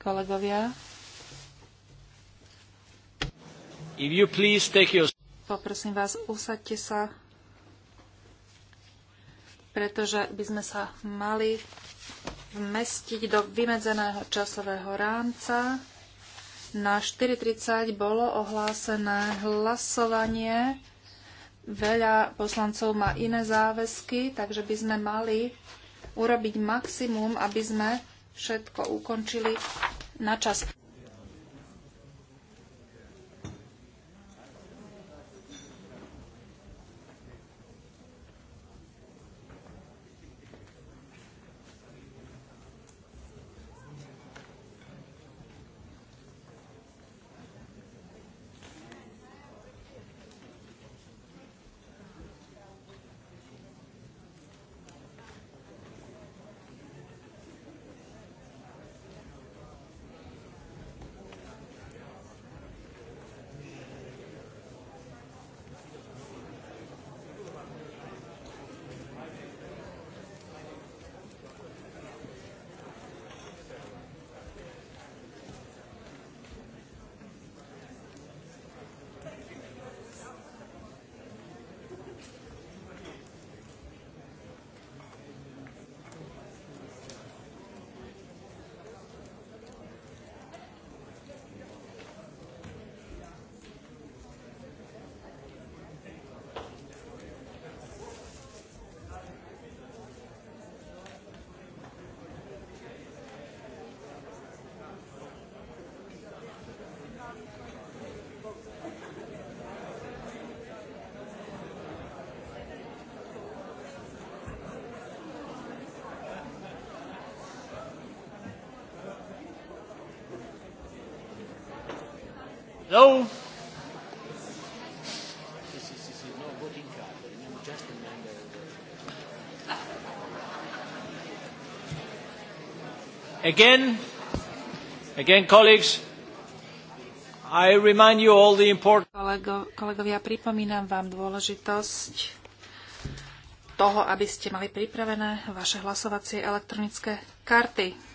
Kolegovia, If you please take your... poprosím vás, usadte sa, pretože by sme sa mali vmestiť do vymedzeného časového rámca. Na 4.30 bolo ohlásené hlasovanie. Veľa poslancov má iné záväzky, takže by sme mali urobiť maximum, aby sme všetko ukončili na čas. No. Sì, sì, sì, sì, no, voti in capo, rimaniamo just in mind. Again, again, colleagues, I remind you all the important... Kolego, kolegovia, pripomínam vám dôležitosť toho, aby ste mali pripravené vaše hlasovacie elektronické karty.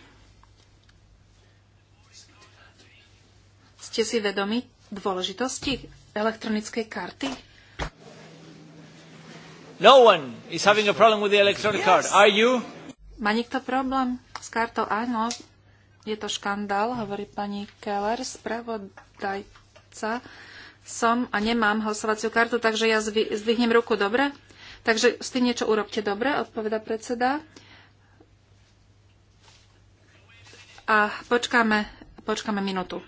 Ste si vedomi dôležitosti elektronickej karty? No one is having a problem with the electronic card. Are you? Má niekto problém s kartou? Áno, je to škandál, hovorí pani Keller, spravodajca. Som a nemám hlasovaciu kartu, takže ja zdvihnem ruku, dobre? Takže s tým niečo urobte, dobre? Odpoveda predseda. A počkáme, počkáme minútu.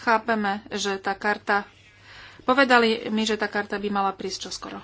Chápeme, že tá karta... Povedali mi, že tá karta by mala prísť čoskoro.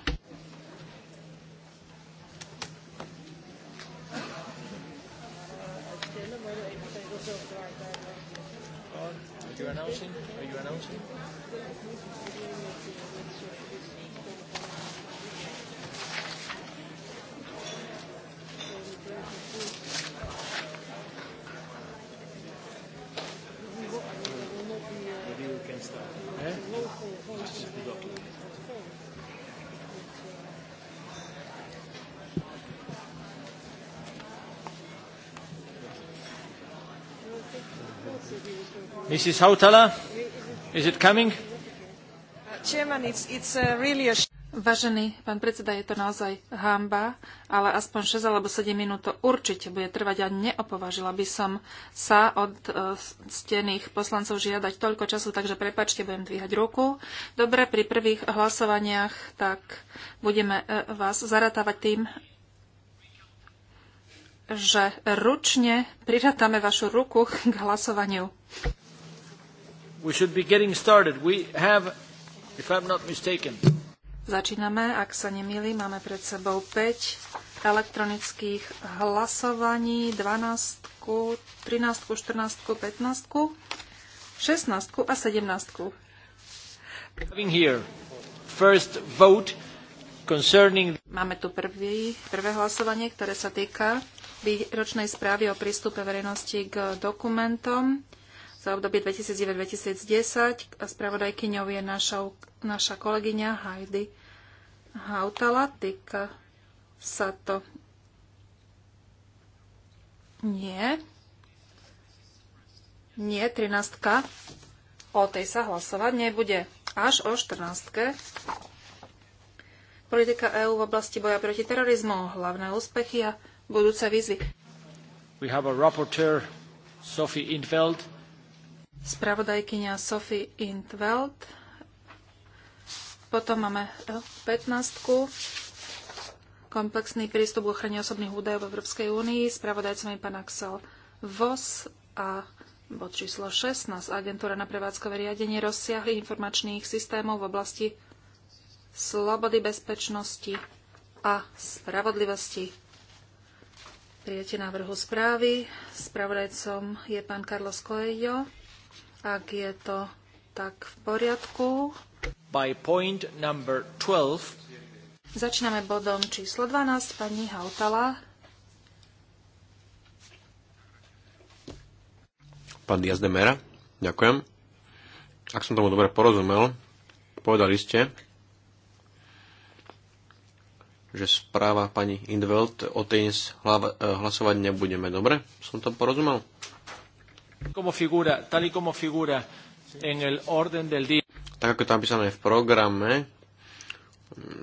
Mrs. Hautala, is it coming? Chairman, it's, it's uh, really a... Vážený pán predseda, je to naozaj hamba, ale aspoň 6 alebo 7 minút to určite bude trvať a neopovažila by som sa od e, uh, stených poslancov žiadať toľko času, takže prepačte, budem dvíhať ruku. Dobre, pri prvých hlasovaniach tak budeme uh, vás zaratávať tým, že ručne priratáme vašu ruku k hlasovaniu. We should be getting started. We have, if I'm not mistaken. Začíname, ak sa nemýlim, máme pred sebou 5 elektronických hlasovaní, 12, 13, 14, 15, 16 a 17. Having here first vote concerning... Máme tu prvý, prvé hlasovanie, ktoré sa týka výročnej správy o prístupe verejnosti k dokumentom za obdobie 2009-2010 a spravodajkyňou je naša, naša kolegyňa Heidi Hautala. Týka sa to nie. Nie, 13. O tej sa hlasovať nebude. Až o 14. Politika EÚ v oblasti boja proti terorizmu, hlavné úspechy a budúce výzvy. We have a rapporteur, Sophie Infeld spravodajkynia Sophie Intveld. Potom máme 15. E, Komplexný prístup k ochrane osobných údajov v Európskej únii. Spravodajcom je pán Axel Vos a bod číslo 16. Agentúra na prevádzkové riadenie rozsiahlých informačných systémov v oblasti slobody, bezpečnosti a spravodlivosti. Prijete návrhu správy. Spravodajcom je pán Carlos Coelho. Ak je to tak v poriadku. By point number 12. Začneme bodom číslo 12, pani Hautala. Pán Jazdemera, ďakujem. Ak som tomu dobre porozumel, povedali ste, že správa pani Indveld o tej eh, hlasovať nebudeme. Dobre? Som to porozumel? Tak ako to napísané v programe,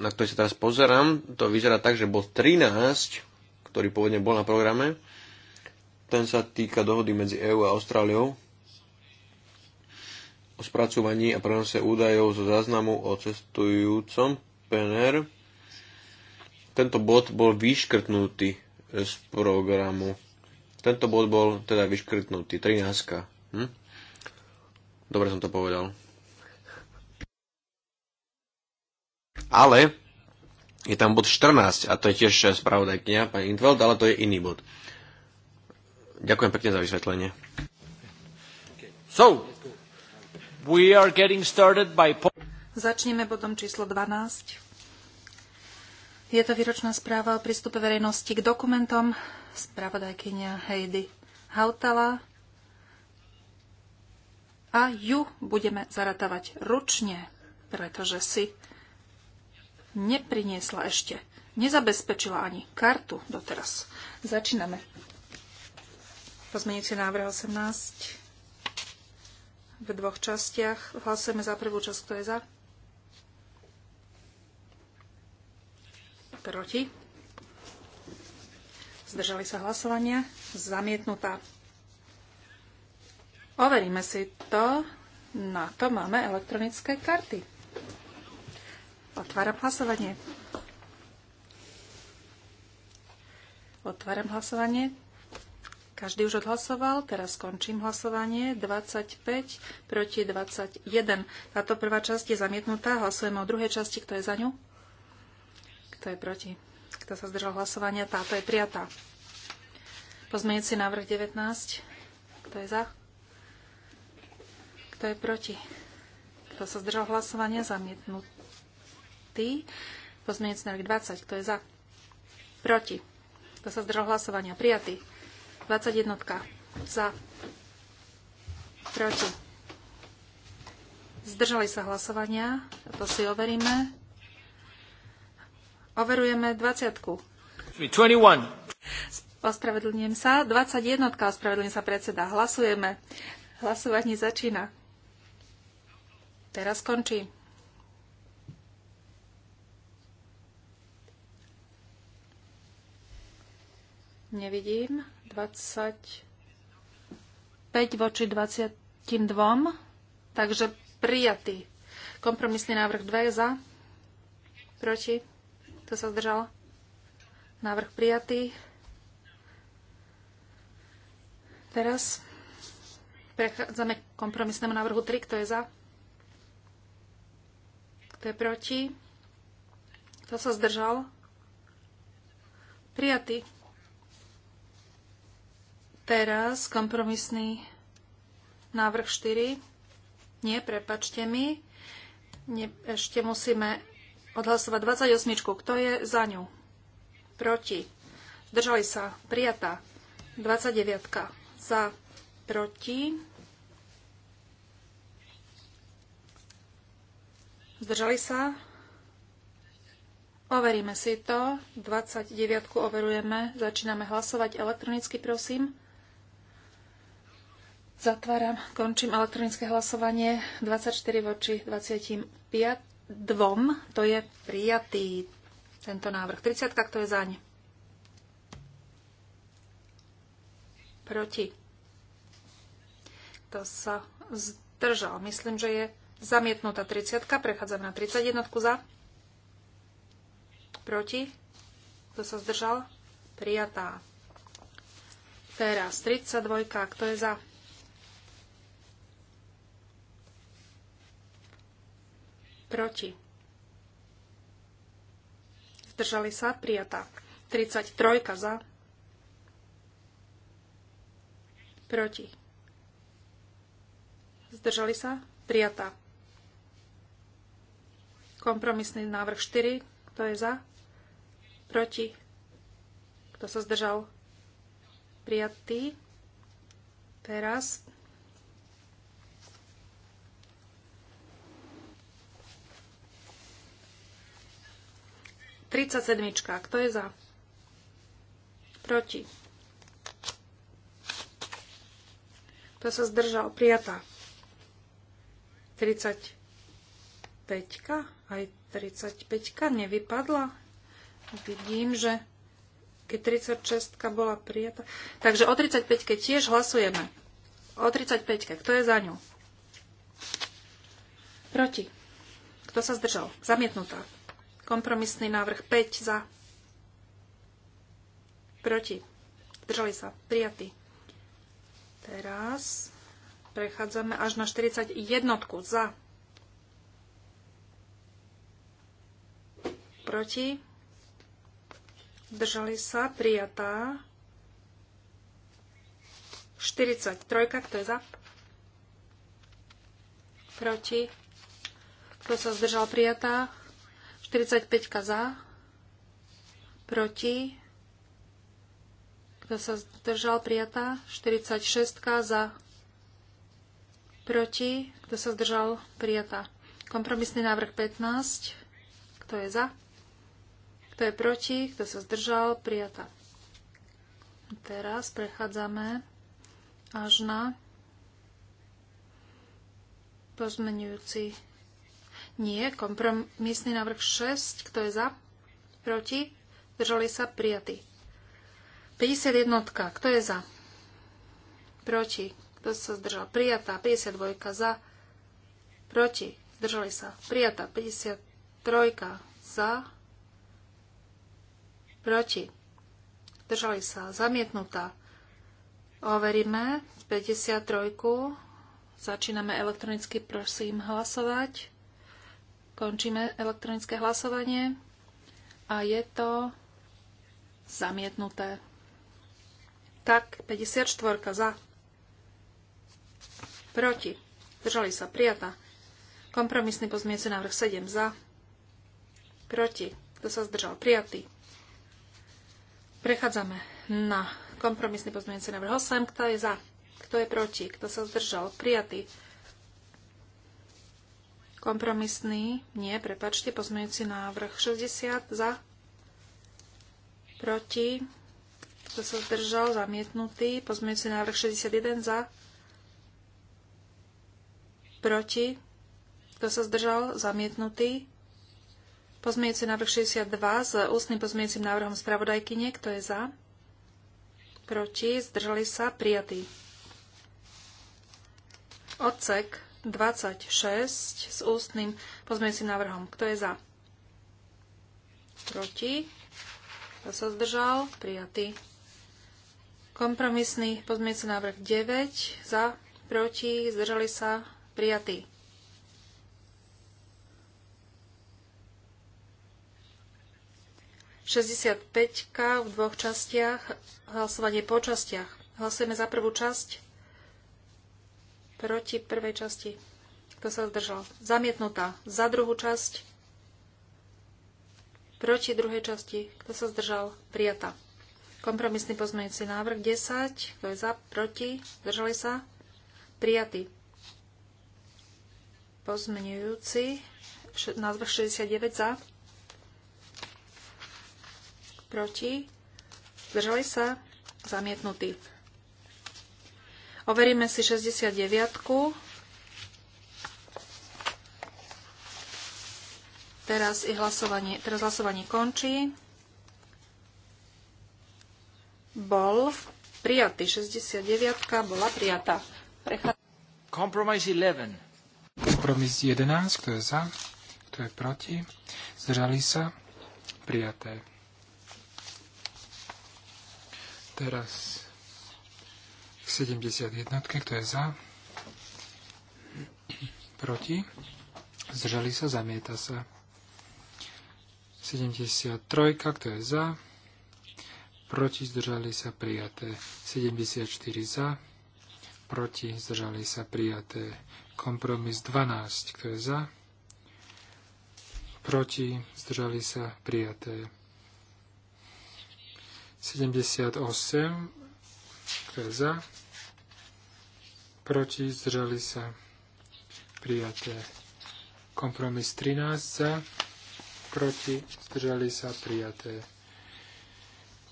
na ktorý sa teraz pozerám, to vyzerá tak, že bod 13, ktorý pôvodne bol na programe, ten sa týka dohody medzi EÚ a Austráliou o spracovaní a prenose údajov zo záznamu o cestujúcom PNR. Tento bod bol vyškrtnutý z programu. Tento bod bol teda vyškrtnutý. 13. Hm? Dobre som to povedal. Ale je tam bod 14 a to je tiež spravodajkňa pani Intveld, ale to je iný bod. Ďakujem pekne za vysvetlenie. So, we are getting started by... Začneme bodom číslo 12. Je to výročná správa o prístupe verejnosti k dokumentom spravodajkynia Heidi Hautala a ju budeme zaratávať ručne, pretože si nepriniesla ešte, nezabezpečila ani kartu doteraz. Začíname. Pozmeníte návrh 18 v dvoch častiach. Hlasujeme za prvú časť, kto je za. Proti. Zdržali sa hlasovania? Zamietnutá. Overíme si to. Na to máme elektronické karty. Otváram hlasovanie. Otváram hlasovanie. Každý už odhlasoval, teraz skončím hlasovanie. 25 proti 21. Táto prvá časť je zamietnutá. Hlasujeme o druhej časti. Kto je za ňu? Kto je proti? Kto sa zdržal hlasovania? Táto je prijatá. Pozmeňujúci návrh 19. Kto je za? Kto je proti? Kto sa zdržal hlasovania? Zamietnutý. Pozmeňujúci návrh 20. Kto je za? Proti. Kto sa zdržal hlasovania? Prijatý. 21. Za. Proti. Zdržali sa hlasovania. To si overíme. Overujeme 20. -ku. 21. Ospravedlňujem sa. 21. Ospravedlňujem sa predseda. Hlasujeme. Hlasovanie začína. Teraz končí. Nevidím. 25 voči 22. Takže prijatý. Kompromisný návrh 2 je za. Proti. Kto sa zdržal? Návrh prijatý. Teraz prechádzame k kompromisnému návrhu 3. Kto je za? Kto je proti? Kto sa zdržal? Prijatý. Teraz kompromisný návrh 4. Nie, prepačte mi. Nie, ešte musíme odhlasovať 28. Kto je za ňu? Proti. Zdržali sa. Prijatá. 29. Za. Proti. Zdržali sa. Overíme si to. 29 overujeme. Začíname hlasovať elektronicky, prosím. Zatváram, končím elektronické hlasovanie 24 voči 25 dvom, to je prijatý tento návrh. 30, kto je zaň? Proti. To sa zdržal? Myslím, že je zamietnutá 30. Prechádzam na 31 za. Proti. Kto sa zdržal? Prijatá. Teraz 32. Kto je za? Proti. Zdržali sa. Prijatá. 33 za. Proti. Zdržali sa. Prijatá. Kompromisný návrh 4. Kto je za? Proti. Kto sa zdržal? Prijatý. Teraz 37. Kto je za? Proti. Kto sa zdržal? Prijatá. 35. Aj 35. Nevypadla. Vidím, že keď 36. bola prijatá. Takže o 35. tiež hlasujeme. O 35. Kto je za ňu? Proti. Kto sa zdržal? Zamietnutá. Kompromisný návrh 5 za. Proti. Zdržali sa. Prijatý. Teraz prechádzame až na 41 za. Proti. držali sa. Prijatá. 43, kto je za? Proti. Kto sa zdržal prijatá? 45 za, proti, kto sa zdržal, prijatá. 46 za, proti, kto sa zdržal, prijatá. Kompromisný návrh 15, kto je za, kto je proti, kto sa zdržal, prijatá. Teraz prechádzame až na pozmenujúci nie. Kompromisný návrh 6. Kto je za? Proti? držali sa? Prijatý. 51. Kto je za? Proti. Kto sa zdržal? Prijatá. 52. Za. Proti. Zdržali sa. Prijatá. 53. Za. Proti. Zdržali sa. Zamietnutá. Overíme 53. Začíname elektronicky, prosím, hlasovať. Končíme elektronické hlasovanie a je to zamietnuté. Tak, 54 za. Proti. Držali sa. prijatá. Kompromisný pozmienci návrh 7 za. Proti. Kto sa zdržal? Prijatý. Prechádzame na kompromisný pozmienci návrh 8. Kto je za? Kto je proti? Kto sa zdržal? Prijatý. Kompromisný, nie, prepačte, pozmeňujúci návrh 60 za, proti, kto sa zdržal, zamietnutý, pozmeňujúci návrh 61 za, proti, kto sa zdržal, zamietnutý, pozmeňujúci návrh 62 s ústnym pozmeňujúcim návrhom nie. kto je za, proti, zdržali sa, prijatý. Odsek 26 s ústnym pozmeňujúcim návrhom. Kto je za? Proti? Kto sa zdržal? Prijatý. Kompromisný pozmeňujúci návrh 9 za, proti, zdržali sa, prijatý. Šesťdesiatpäťka v dvoch častiach, hlasovanie po častiach. Hlasujeme za prvú časť proti prvej časti. Kto sa zdržal? Zamietnutá. Za druhú časť. Proti druhej časti. Kto sa zdržal? Prijatá. Kompromisný pozmeňujúci návrh 10. Kto je za? Proti? Zdržali sa? Prijatý. Pozmeňujúci Názvrh 69 za. Proti? Zdržali sa? Zamietnutý. Overíme si 69. Teraz i hlasovanie, teraz hlasovanie končí. Bol prijatý. 69. bola prijatá. Prechá... Kompromis 11. Kompromis 11. Kto je za? Kto je proti? Zdržali sa? Prijaté. Teraz v 71, kto je za, proti, zdržali sa, zamieta sa. 73, kto je za, proti, zdržali sa, prijaté. 74 za, proti, zdržali sa, prijaté. Kompromis 12, kto je za, proti, zdržali sa, prijaté. 78, kto je za? Proti? Zdržali sa? Prijaté. Kompromis 13 za? Proti? Zdržali sa? Prijaté.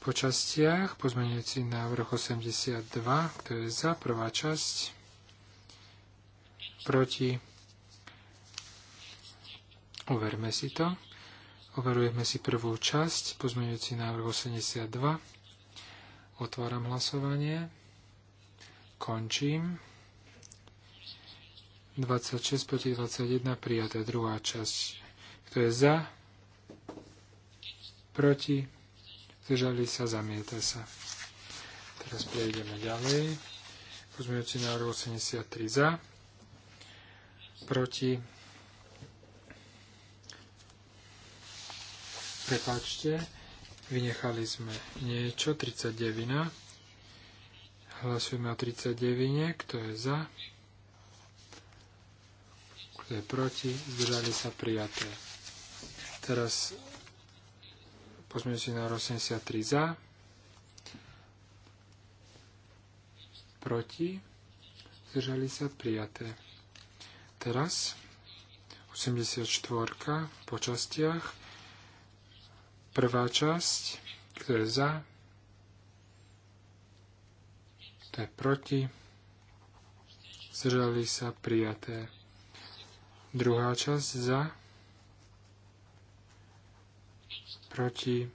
Po častiach pozmeňujúci návrh 82. Kto je za? Prvá časť. Proti? Overme si to. Overujeme si prvú časť, pozmeňujúci návrh 82. Otváram hlasovanie. Končím. 26 proti 21 prijaté. Druhá časť. Kto je za? Proti? Zdržali sa, zamieta sa. Teraz prejdeme ďalej. Pozmeňujúci návrh 83 za. Proti? Prepačte. Vynechali sme niečo, 39. Hlasujeme o 39. Kto je za? Kto je proti? Zdržali sa prijaté. Teraz si na 83 za. Proti? Zdržali sa prijaté. Teraz 84 po častiach Prvá časť, kto je za, kto je proti, zdržali sa prijaté. Druhá časť za, proti,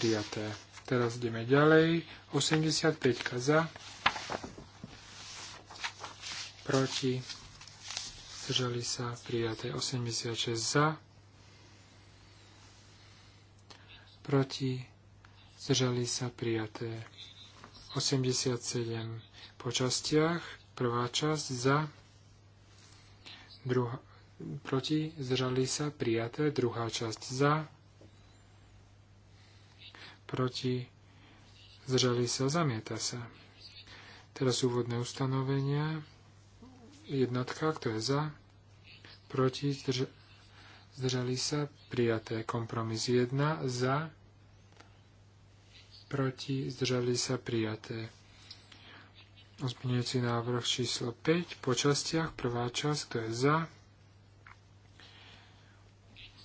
prijaté. Teraz ideme ďalej. 85 za, proti, zdržali sa prijaté. 86 za, proti, zdržali sa prijaté. 87 po častiach, prvá časť za, druhá, proti, zdržali sa prijaté, druhá časť za, proti, zdržali sa, zamieta sa. Teraz úvodné ustanovenia. Jednotka, kto je za, proti, zdržali sa, prijaté. Kompromis 1, za, proti, zdržali sa prijaté. Ospňujúci návrh číslo 5 po častiach, prvá časť, kto je za,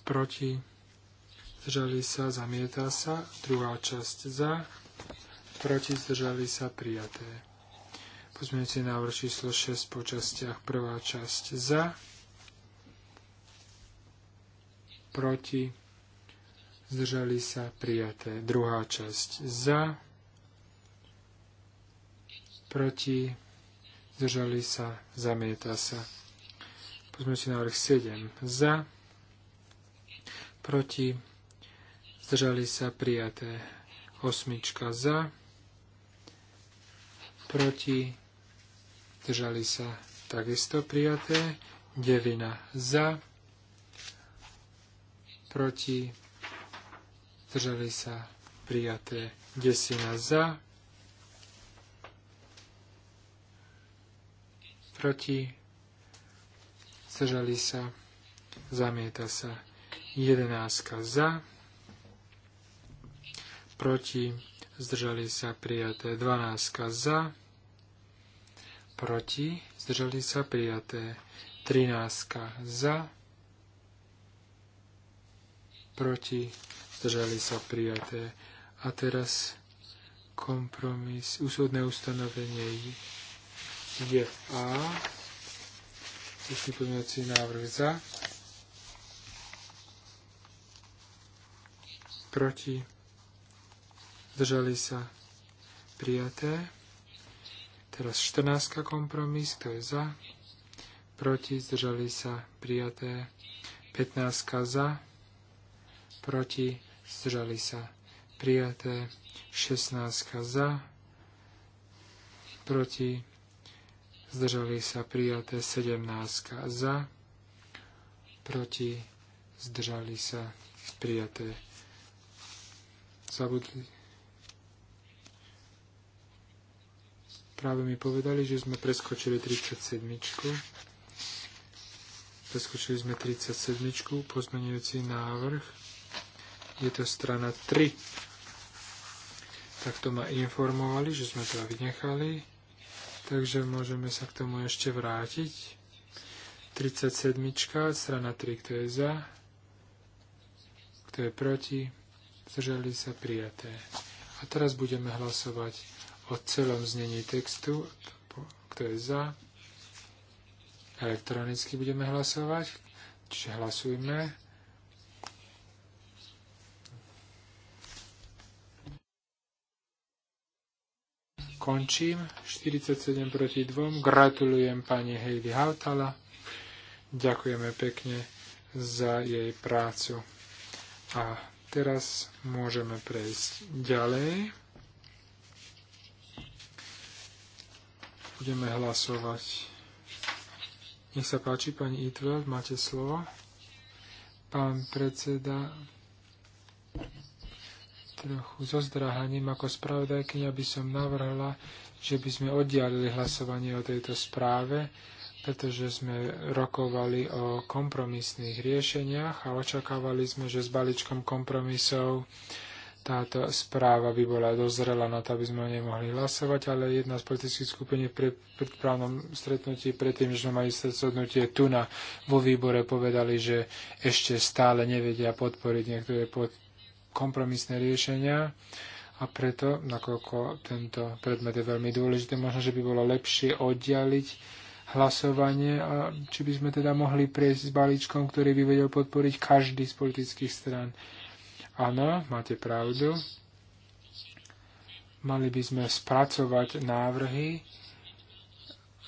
proti, zdržali sa, zamieta sa, druhá časť za, proti, zdržali sa, prijaté. Pozmeňujúci návrh číslo 6 po častiach, prvá časť za, proti, zdržali sa prijaté. Druhá časť za, proti, zdržali sa, zamieta sa. si návrh 7 za, proti, zdržali sa prijaté. Osmička za, proti, zdržali sa takisto prijaté. Devina za, proti, zdržali sa prijaté desina za, proti, zdržali sa, zamieta sa jedenáska za, proti, zdržali sa prijaté dvanáska za, proti, zdržali sa prijaté trináctka za, proti, zdržali sa prijaté. A teraz kompromis, úsodné ustanovenie je v A. Ešte pozmeňovací návrh za. Proti. Zdržali sa prijaté. Teraz 14. kompromis, kto je za. Proti. Zdržali sa prijaté. 15. za. Proti zdržali sa prijaté, 16 za, proti, zdržali sa prijaté, 17 za, proti, zdržali sa prijaté. Zabudli. Práve mi povedali, že sme preskočili 37. Preskočili sme 37. pozmenujúci návrh je to strana 3. Takto ma informovali, že sme to vynechali, takže môžeme sa k tomu ešte vrátiť. 37. strana 3, kto je za, kto je proti, zdržali sa prijaté. A teraz budeme hlasovať o celom znení textu, kto je za. Elektronicky budeme hlasovať, čiže hlasujme. Končím. 47 proti 2. Gratulujem pani Heidi Hautala. Ďakujeme pekne za jej prácu. A teraz môžeme prejsť ďalej. Budeme hlasovať. Nech sa páči, pani Itveld, máte slovo. Pán predseda, trochu so zdráhaním ako spravodajkyňa by som navrhla, že by sme oddialili hlasovanie o tejto správe, pretože sme rokovali o kompromisných riešeniach a očakávali sme, že s balíčkom kompromisov táto správa by bola dozrela na to, aby sme o nej mohli hlasovať, ale jedna z politických skupín pri predprávnom stretnutí, predtým, že sme mali stretnutie tu na, vo výbore, povedali, že ešte stále nevedia podporiť niektoré pod, kompromisné riešenia a preto, nakoľko tento predmet je veľmi dôležitý, možno, že by bolo lepšie oddialiť hlasovanie a či by sme teda mohli prejsť s balíčkom, ktorý by vedel podporiť každý z politických strán. Áno, máte pravdu. Mali by sme spracovať návrhy,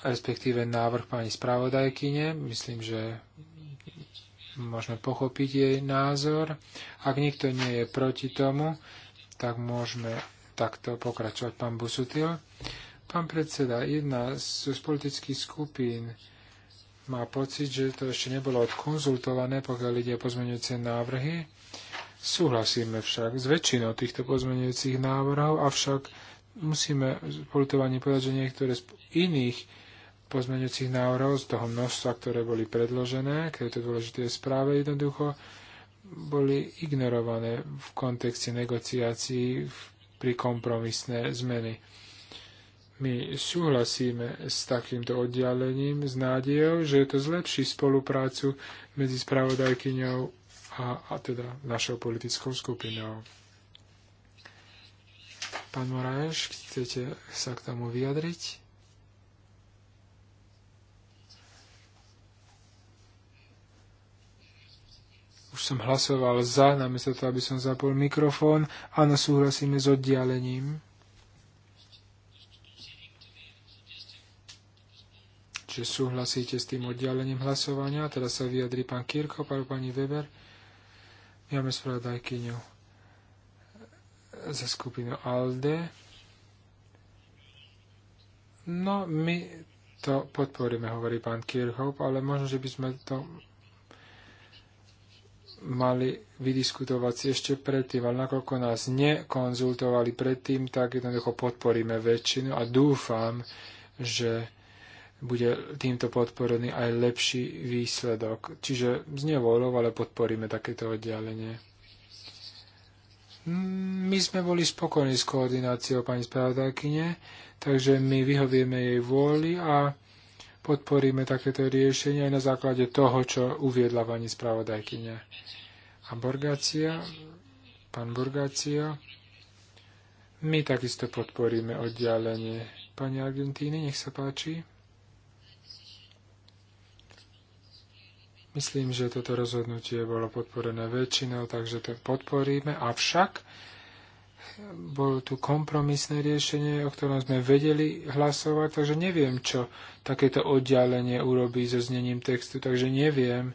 respektíve návrh pani spravodajkyne. Myslím, že Môžeme pochopiť jej názor. Ak nikto nie je proti tomu, tak môžeme takto pokračovať. Pán Busutil. Pán predseda, jedna z, politických skupín má pocit, že to ešte nebolo odkonzultované, pokiaľ ide o pozmeňujúce návrhy. Súhlasíme však s väčšinou týchto pozmeňujúcich návrhov, avšak musíme politovanie povedať, že niektoré z iných pozmeňujúcich návrhov z toho množstva, ktoré boli predložené k tejto dôležité správe jednoducho boli ignorované v kontexte negociácií pri kompromisné zmeny. My súhlasíme s takýmto oddialením s nádejou, že to zlepší spoluprácu medzi spravodajkyňou a, a teda našou politickou skupinou. Pán Moráš, chcete sa k tomu vyjadriť? Už som hlasoval za, namiesto toho, aby som zapol mikrofón. Áno, súhlasíme s oddialením. Čiže súhlasíte s tým oddialením hlasovania. Teraz sa vyjadrí pán Kirko, pán pani Weber. máme spravodajkyňu za skupinu ALDE. No, my to podporíme, hovorí pán Kirchhoff, ale možno, že by sme to mali vydiskutovať si ešte predtým, ale nakoľko nás nekonzultovali predtým, tak jednoducho podporíme väčšinu a dúfam, že bude týmto podporený aj lepší výsledok. Čiže z nevolov, ale podporíme takéto oddialenie. Mm, my sme boli spokojní s koordináciou pani spravodajkyne, takže my vyhovieme jej vôli a podporíme takéto riešenie aj na základe toho, čo uviedla pani spravodajkyňa. A Borgácia, pán Borgácia, my takisto podporíme oddialenie. Pani Argentíny, nech sa páči. Myslím, že toto rozhodnutie bolo podporené väčšinou, takže to podporíme. Avšak bolo tu kompromisné riešenie, o ktorom sme vedeli hlasovať, takže neviem, čo takéto oddialenie urobí so znením textu, takže neviem,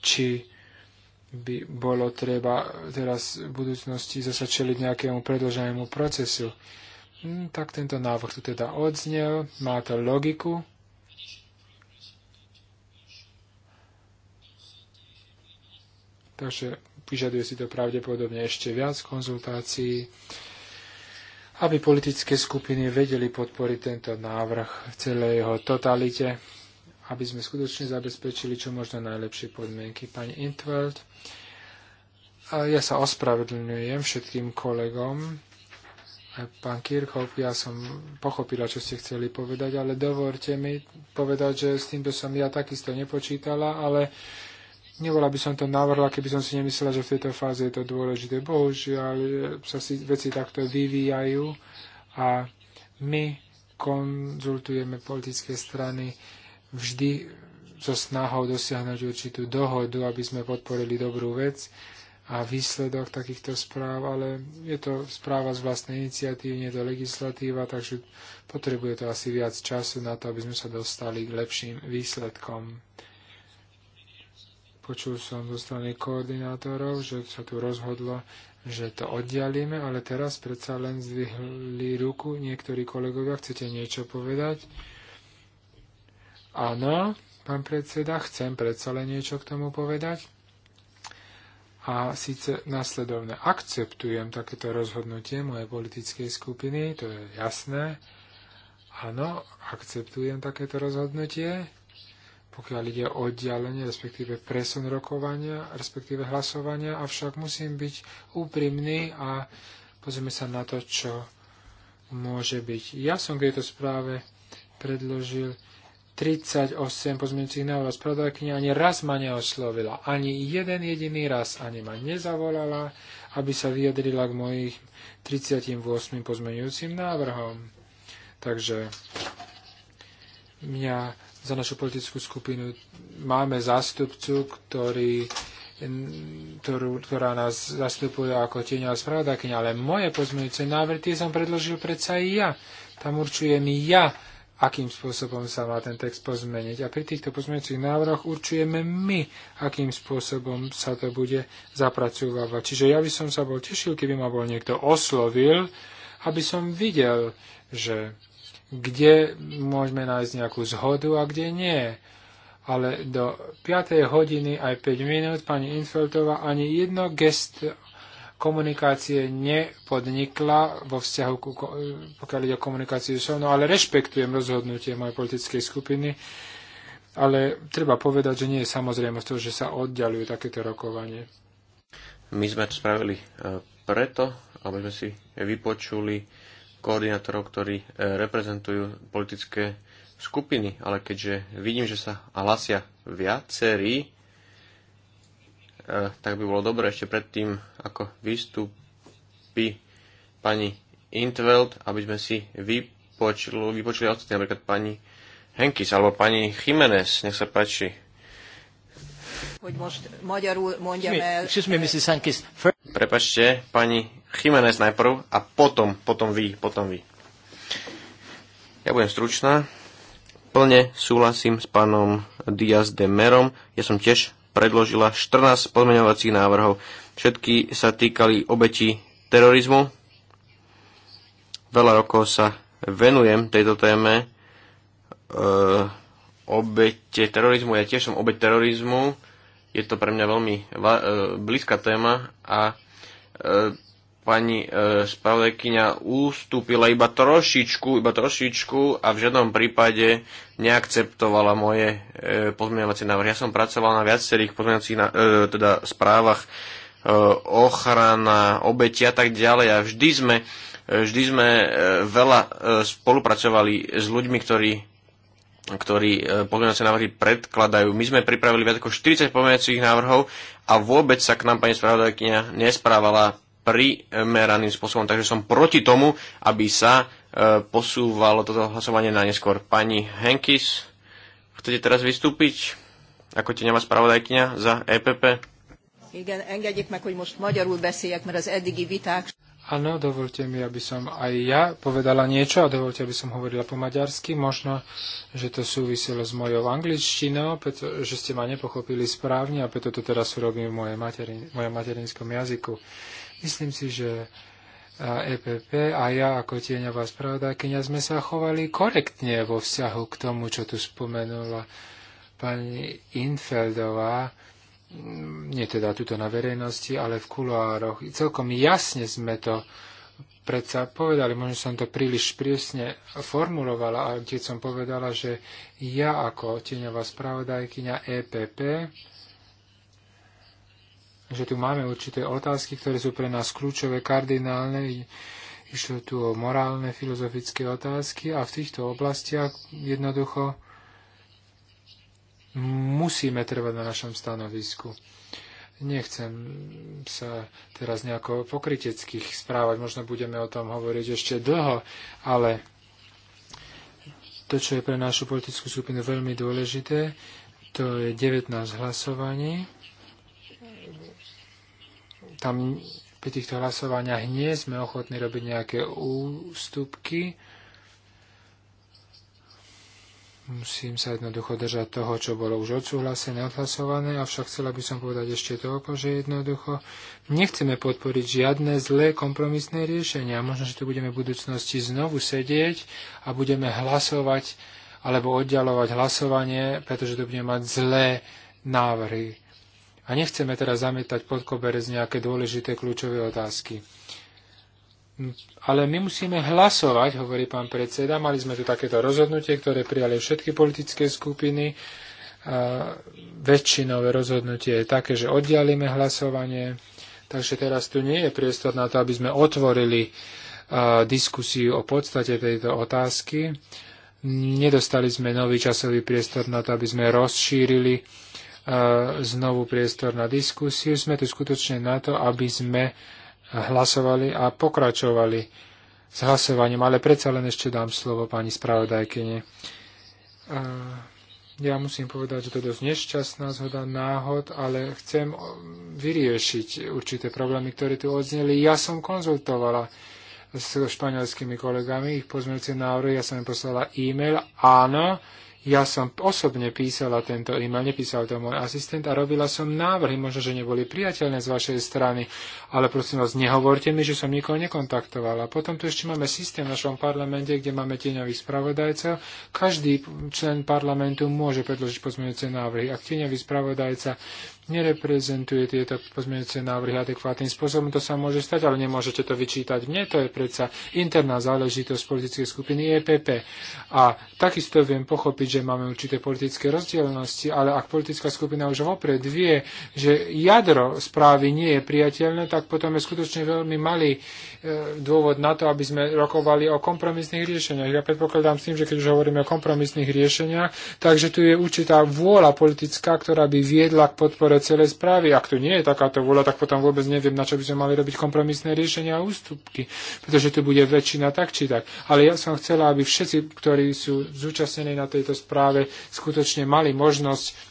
či by bolo treba teraz v budúcnosti zasa čeliť nejakému predlženému procesu. Hm, tak tento návrh tu teda odznel, má to logiku. Takže vyžaduje si to pravdepodobne ešte viac konzultácií, aby politické skupiny vedeli podporiť tento návrh v celej jeho totalite, aby sme skutočne zabezpečili čo možno najlepšie podmienky. Pani Intveld, ja sa ospravedlňujem všetkým kolegom, Pán Kirchhoff, ja som pochopila, čo ste chceli povedať, ale dovolte mi povedať, že s týmto som ja takisto nepočítala, ale Nebola by som to navrhla, keby som si nemyslela, že v tejto fáze je to dôležité. Bohužiaľ, sa si veci takto vyvíjajú a my konzultujeme politické strany vždy so snahou dosiahnuť určitú dohodu, aby sme podporili dobrú vec a výsledok takýchto správ, ale je to správa z vlastnej iniciatívy, nie je to legislatíva, takže potrebuje to asi viac času na to, aby sme sa dostali k lepším výsledkom. Počul som zo strany koordinátorov, že sa tu rozhodlo, že to oddialíme, ale teraz predsa len zvyhli ruku niektorí kolegovia. Chcete niečo povedať? Áno, pán predseda, chcem predsa len niečo k tomu povedať. A síce nasledovne akceptujem takéto rozhodnutie mojej politickej skupiny, to je jasné. Áno, akceptujem takéto rozhodnutie, pokiaľ ide o oddialenie, respektíve presun rokovania, respektíve hlasovania, avšak musím byť úprimný a pozrieme sa na to, čo môže byť. Ja som k tejto správe predložil 38 pozmeňujúcich návrhov spravodajkyňa ani raz ma neoslovila. Ani jeden jediný raz ani ma nezavolala, aby sa vyjadrila k mojich 38 pozmeňujúcim návrhom. Takže mňa za našu politickú skupinu máme zástupcu, ktorý, ktorú, ktorá nás zastupuje ako tieňová spravodajkyňa, ale moje pozmeňujúce návrhy tie som predložil predsa i ja. Tam určujem ja, akým spôsobom sa má ten text pozmeniť. A pri týchto pozmeňujúcich návrhoch určujeme my, akým spôsobom sa to bude zapracovávať. Čiže ja by som sa bol tešil, keby ma bol niekto oslovil, aby som videl, že kde môžeme nájsť nejakú zhodu a kde nie. Ale do 5. hodiny aj 5 minút pani Infeltová ani jedno gest komunikácie nepodnikla vo vzťahu, ku, pokiaľ ide o komunikáciu so mnou, ale rešpektujem rozhodnutie mojej politickej skupiny, ale treba povedať, že nie je samozrejme to, že sa oddialujú takéto rokovanie. My sme to spravili eh, preto, aby sme si vypočuli koordinátorov, ktorí e, reprezentujú politické skupiny, ale keďže vidím, že sa hlasia viacerí, e, tak by bolo dobré ešte predtým, ako vystúpi pani Intveld, aby sme si vypočuli, vypočuli ostatní, napríklad pani Henkis alebo pani Jiménez, nech sa páči. Hogy most magyarul mondjam el... Prepačte, pani Chimenez najprv a potom, potom vy, potom vy. Ja budem stručná. Plne súhlasím s pánom Diaz de Merom. Ja som tiež predložila 14 pozmeňovacích návrhov. Všetky sa týkali obeti terorizmu. Veľa rokov sa venujem tejto téme. E, obete terorizmu, ja tiež som obeť terorizmu. Je to pre mňa veľmi e, blízka téma a e, pani e, spravodajkyňa ústúpila iba trošičku, iba trošičku a v žiadnom prípade neakceptovala moje e, pozmeňovacie návrhy. Ja som pracoval na viacerých pozmeňovacích e, teda správach e, ochrana, obeti a tak ďalej a vždy sme, e, vždy sme e, veľa e, spolupracovali s ľuďmi, ktorí ktorí e, pozmeňovacie návrhy predkladajú. My sme pripravili viac ako 40 pozmeňovacích návrhov a vôbec sa k nám pani spravodajkynia nesprávala primeraným spôsobom. Takže som proti tomu, aby sa e, posúvalo toto hlasovanie na neskôr. Pani Henkis, chcete teraz vystúpiť ako nemá spravodajkňa za EPP? Igen, engedjék meg, hogy most magyarul beszéljek, mert az eddigi viták... Áno, dovolte mi, aby som aj ja povedala niečo a dovolte, aby som hovorila po maďarsky. Možno, že to súviselo s mojou angličtinou, pretože že ste ma nepochopili správne a preto to teraz urobím v mojej materi- mojom materinskom jazyku. Myslím si, že EPP a ja ako tieňová spravodajkynia sme sa chovali korektne vo vzťahu k tomu, čo tu spomenula pani Infeldová, mm, nie teda tuto na verejnosti, ale v kuloároch. Celkom jasne sme to predsa povedali, možno som to príliš prísne formulovala, ale keď som povedala, že ja ako tieňová spravodajkyňa EPP že tu máme určité otázky, ktoré sú pre nás kľúčové, kardinálne. Išlo tu o morálne, filozofické otázky a v týchto oblastiach jednoducho musíme trvať na našom stanovisku. Nechcem sa teraz nejako pokriteckých správať, možno budeme o tom hovoriť ešte dlho, ale to, čo je pre našu politickú skupinu veľmi dôležité, to je 19 hlasovaní tam pri týchto hlasovaniach nie sme ochotní robiť nejaké ústupky. Musím sa jednoducho držať toho, čo bolo už odsúhlasené, odhlasované, avšak chcela by som povedať ešte toľko, že jednoducho nechceme podporiť žiadne zlé kompromisné riešenia. Možno, že tu budeme v budúcnosti znovu sedieť a budeme hlasovať alebo oddialovať hlasovanie, pretože to bude mať zlé návrhy. A nechceme teraz zamietať pod koberec nejaké dôležité kľúčové otázky. Ale my musíme hlasovať, hovorí pán predseda. Mali sme tu takéto rozhodnutie, ktoré prijali všetky politické skupiny. A väčšinové rozhodnutie je také, že oddialíme hlasovanie. Takže teraz tu nie je priestor na to, aby sme otvorili a, diskusiu o podstate tejto otázky. Nedostali sme nový časový priestor na to, aby sme rozšírili znovu priestor na diskusiu. Sme tu skutočne na to, aby sme hlasovali a pokračovali s hlasovaním, ale predsa len ešte dám slovo pani spravodajkyne. Ja musím povedať, že to je dosť nešťastná zhoda náhod, ale chcem vyriešiť určité problémy, ktoré tu odzneli. Ja som konzultovala s španielskými kolegami ich pozmeňujúce návrhy, ja som im poslala e-mail. Áno, ja som osobne písala tento e-mail, nepísal to môj asistent a robila som návrhy, možno, že neboli priateľné z vašej strany, ale prosím vás, nehovorte mi, že som nikoho nekontaktovala. Potom tu ešte máme systém v našom parlamente, kde máme tieňových spravodajcov. Každý člen parlamentu môže predložiť pozmeňujúce návrhy. Ak tieňový spravodajca nereprezentuje tieto pozmeňujúce návrhy adekvátnym spôsobom. To sa môže stať, ale nemôžete to vyčítať mne. To je predsa interná záležitosť politickej skupiny EPP. A takisto viem pochopiť, že máme určité politické rozdielnosti, ale ak politická skupina už vopred vie, že jadro správy nie je priateľné, tak potom je skutočne veľmi malý e, dôvod na to, aby sme rokovali o kompromisných riešeniach. Ja predpokladám s tým, že keď už hovoríme o kompromisných riešeniach, takže tu je určitá vôľa politická, ktorá by viedla k podpore ciele celej správy. Ak to nie je takáto vôľa, tak potom vôbec neviem, na čo by sme mali robiť kompromisné riešenia a ústupky, pretože tu bude väčšina tak či tak. Ale ja som chcela, aby všetci, ktorí sú zúčastnení na tejto správe, skutočne mali možnosť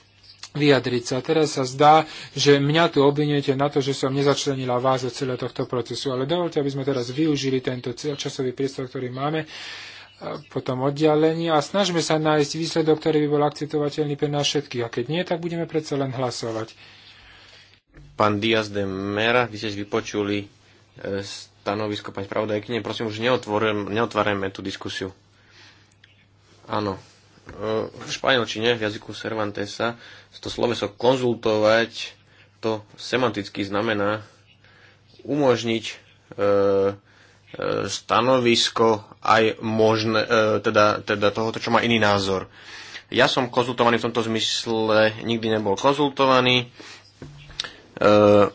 vyjadriť sa. Teraz sa zdá, že mňa tu obvinujete na to, že som nezačlenila vás do celého tohto procesu, ale dovolte, aby sme teraz využili tento časový priestor, ktorý máme potom oddialení a snažme sa nájsť výsledok, ktorý by bol akceptovateľný pre nás všetkých. A keď nie, tak budeme predsa len hlasovať. Pán Diaz de Mera, vy ste vypočuli e, stanovisko pani spravodajkyne. Prosím, už neotvárajme tú diskusiu. Áno. E, v španielčine, v jazyku Cervantesa, to sloveso konzultovať, to semanticky znamená umožniť e, e stanovisko aj možné, e, teda, teda tohoto, čo má iný názor. Ja som konzultovaný v tomto zmysle, nikdy nebol konzultovaný. E,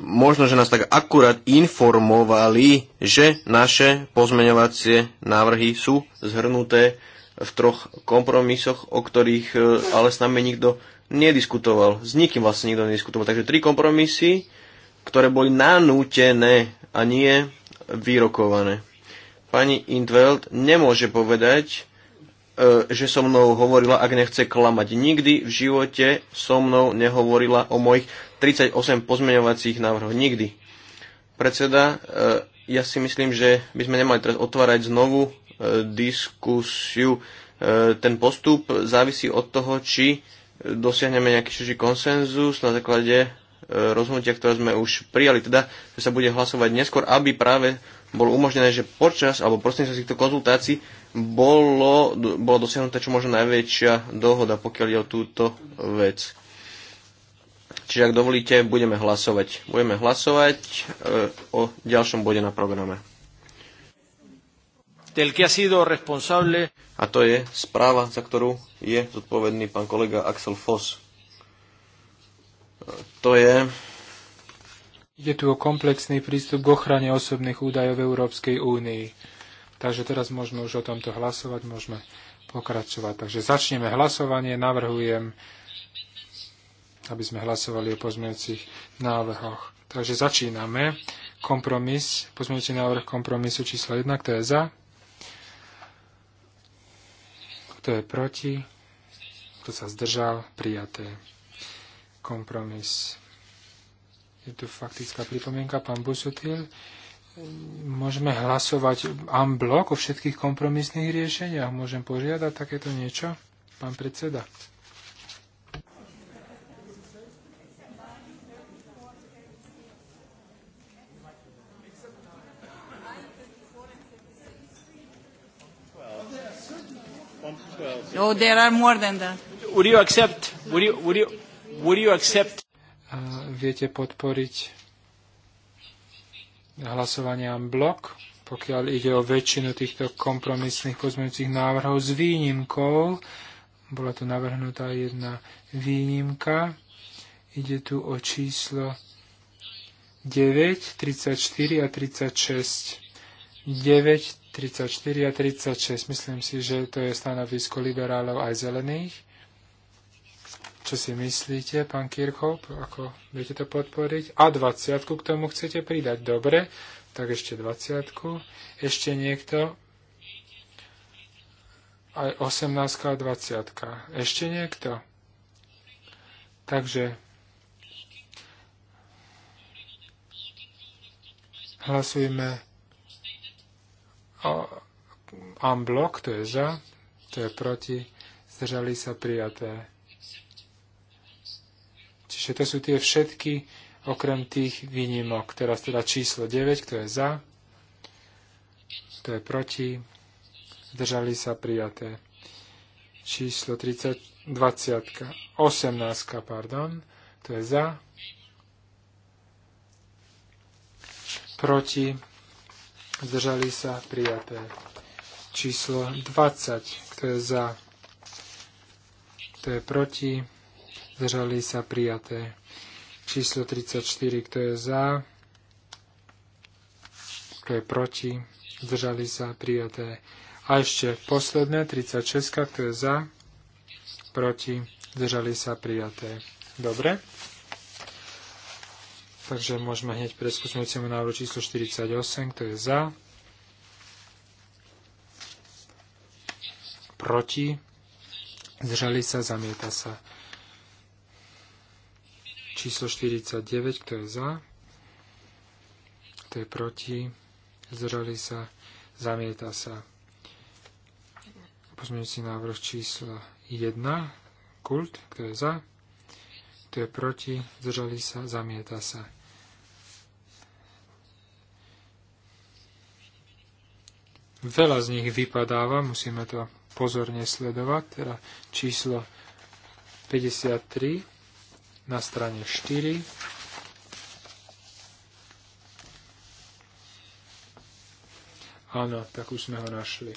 možno, že nás tak akurát informovali, že naše pozmeňovacie návrhy sú zhrnuté v troch kompromisoch, o ktorých e, ale s nami nikto nediskutoval. S nikým vlastne nikto nediskutoval. Takže tri kompromisy, ktoré boli nanútené a nie vyrokované. Pani Intveld nemôže povedať, e, že so mnou hovorila, ak nechce klamať. Nikdy v živote so mnou nehovorila o mojich 38 pozmeňovacích návrhoch. Nikdy. Predseda, e, ja si myslím, že by sme nemali teraz otvárať znovu e, diskusiu. Ten postup závisí od toho, či dosiahneme nejaký širší konsenzus na základe rozhodnutia, ktoré sme už prijali, teda, že sa bude hlasovať neskôr, aby práve bolo umožnené, že počas alebo prostredníctvom týchto konzultácií bolo, bola dosiahnutá čo možno najväčšia dohoda, pokiaľ je o túto vec. Čiže ak dovolíte, budeme hlasovať. Budeme hlasovať e, o ďalšom bode na programe. Del que ha sido responsable... A to je správa, za ktorú je zodpovedný pán kolega Axel Foss. E, to je Ide tu o komplexný prístup k ochrane osobných údajov v Európskej únii. Takže teraz môžeme už o tomto hlasovať, môžeme pokračovať. Takže začneme hlasovanie. Navrhujem, aby sme hlasovali o pozmeňujúcich návrhoch. Takže začíname. Kompromis, pozmeňujúci návrh kompromisu číslo 1, kto je za? Kto je proti? Kto sa zdržal? Prijaté. Kompromis je tu faktická pripomienka, pán Busutil. Môžeme hlasovať en bloc o všetkých kompromisných riešeniach. Môžem požiadať takéto niečo, pán predseda? No, there are more than that. Would you accept? Would you? Would you? Would you accept? viete podporiť hlasovania blok, pokiaľ ide o väčšinu týchto kompromisných pozmeňujúcich návrhov s výnimkou. Bola tu navrhnutá jedna výnimka. Ide tu o číslo 9, 34 a 36. 9, 34 a 36. Myslím si, že to je stanovisko liberálov aj zelených. Čo si myslíte, pán Kirchhoff, ako budete to podporiť? A 20 k tomu chcete pridať. Dobre, tak ešte 20. -ku. Ešte niekto? Aj 18 a 20. -ka. Ešte niekto? Takže hlasujme o unblock, to je za, to je proti, zdržali sa prijaté. Čiže to sú tie všetky, okrem tých výnimok. Teraz teda číslo 9, kto je za, kto je proti, zdržali sa prijaté. Číslo 30, 20, 18, pardon, kto je za, proti, zdržali sa prijaté. Číslo 20, kto je za, kto je proti, zdržali sa prijaté. Číslo 34, kto je za, kto je proti, zdržali sa prijaté. A ešte posledné, 36, kto je za, proti, zdržali sa prijaté. Dobre. Takže môžeme hneď mu návrhu číslo 48, kto je za, proti, zdržali sa, zamieta sa číslo 49, kto je za, kto je proti, zdržali sa, zamieta sa. Pozmeňujúci návrh číslo 1, kult, kto je za, kto je proti, zdržali sa, zamieta sa. Veľa z nich vypadáva, musíme to pozorne sledovať, teda číslo 53, na strane 4. Áno, tak už sme ho našli.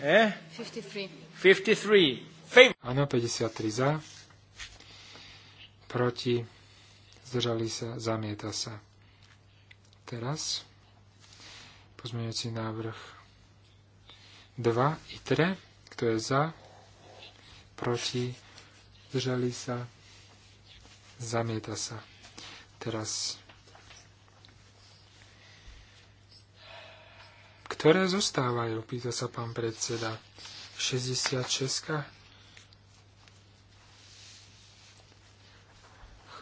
Eh? 53. 53. Áno, 53 za. Proti. Zdržali sa. Zamieta sa. Teraz pozmeňujúci návrh 2 i 3. Kto je za? proti, zdržali sa, zamieta sa. Teraz, ktoré zostávajú, pýta sa pán predseda. 66.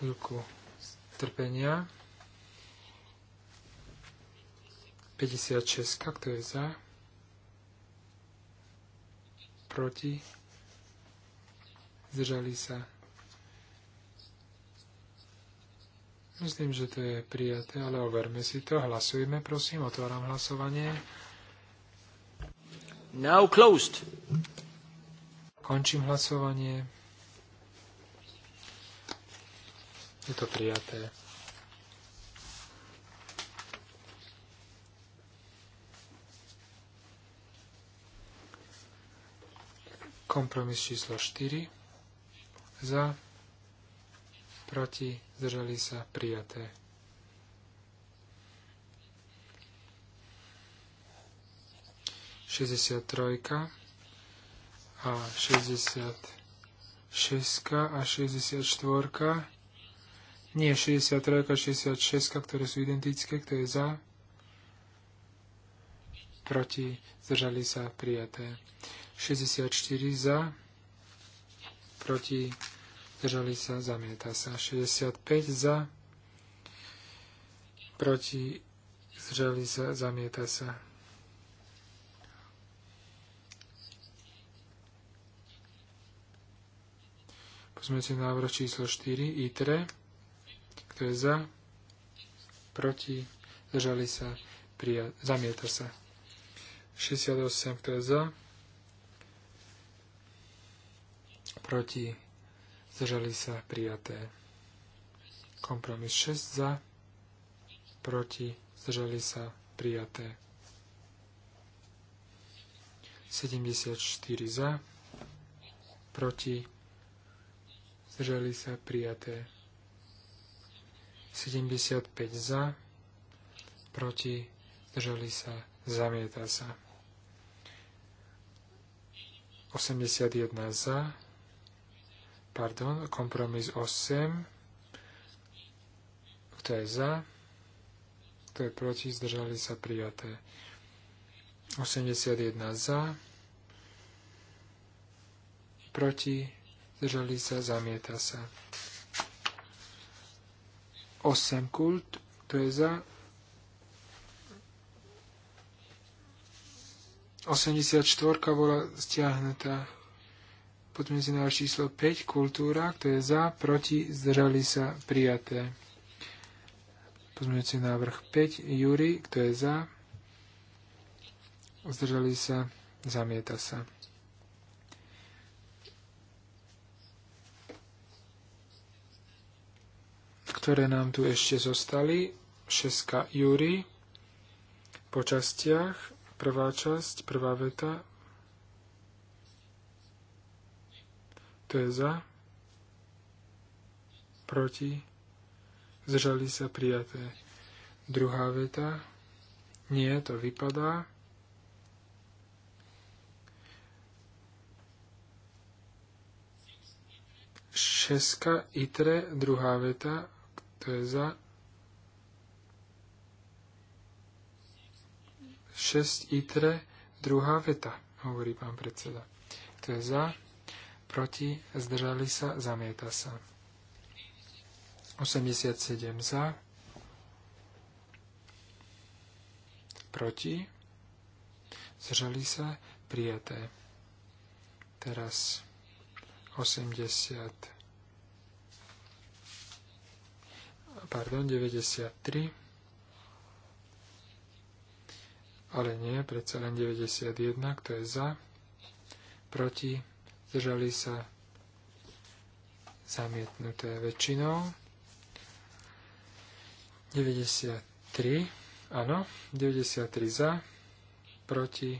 Chvíľku trpenia. 56, kto je za? Proti? zdržali sa. Myslím, že to je prijaté, ale overme si to. Hlasujme, prosím. Otváram hlasovanie. Now closed. Končím hlasovanie. Je to prijaté. Kompromis číslo 4 za, proti, zdržali sa, prijaté. Šesťdesiat trojka a šesťdesiat šestka a šesťdesiat štvorka. Nie, 63 a 66, ktoré sú identické, kto je za, proti, zdržali sa, prijaté. 64 za, proti, zdržali sa, zamieta sa. 65 za, proti, zdržali sa, zamieta sa. Pozme si návrh číslo 4, ITRE, kto je za, proti, zdržali sa, prija- zamieta sa. 68, kto je za, proti, zdržali sa prijaté. Kompromis 6 za, proti, zdržali sa prijaté. 74 za, proti, zdržali sa prijaté. 75 za, proti, zdržali sa, zamieta sa. 81 za, pardon, kompromis 8, kto je za, kto je proti, zdržali sa prijaté. 81 za, proti, zdržali sa, zamieta sa. 8 kult, kto je za 84 bola stiahnutá. Poďme si na číslo 5, kultúra, kto je za, proti, zdržali sa, prijaté. Pozmeňujúci návrh 5, Júri, kto je za, zdržali sa, zamieta sa. ktoré nám tu ešte zostali. 6. Júri po častiach. Prvá časť, prvá veta, Kto je za? Proti? Zdržali sa prijaté. Druhá veta. Nie, to vypadá. Šeska, itre, druhá veta. to je za? Šest itre, druhá veta, hovorí pán predseda. To je za? proti, zdržali sa, zamieta sa. 87 za, proti, zdržali sa, prijaté. Teraz 80, pardon, 93, ale nie, predsa len 91, kto je za, proti, zdržali sa zamietnuté väčšinou. 93, áno, 93 za, proti,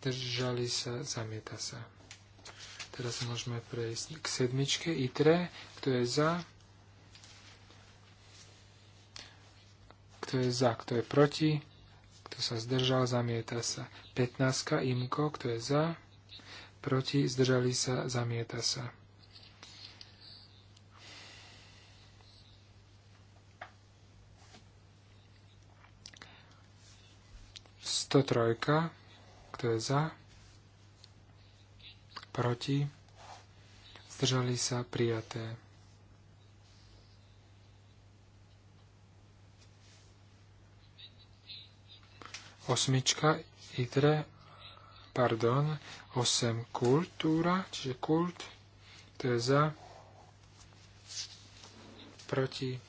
zdržali sa, zamieta sa. Teraz môžeme prejsť k sedmičke, ITRE, kto je za, kto je za, kto je proti, kto sa zdržal, zamieta sa. 15, IMKO, kto je za, proti, zdržali sa, zamieta sa. Sto trojka, kto je za, proti, zdržali sa, prijaté. Osmička, itre, pardon, 8 kultúra, čiže kult, to je za, proti,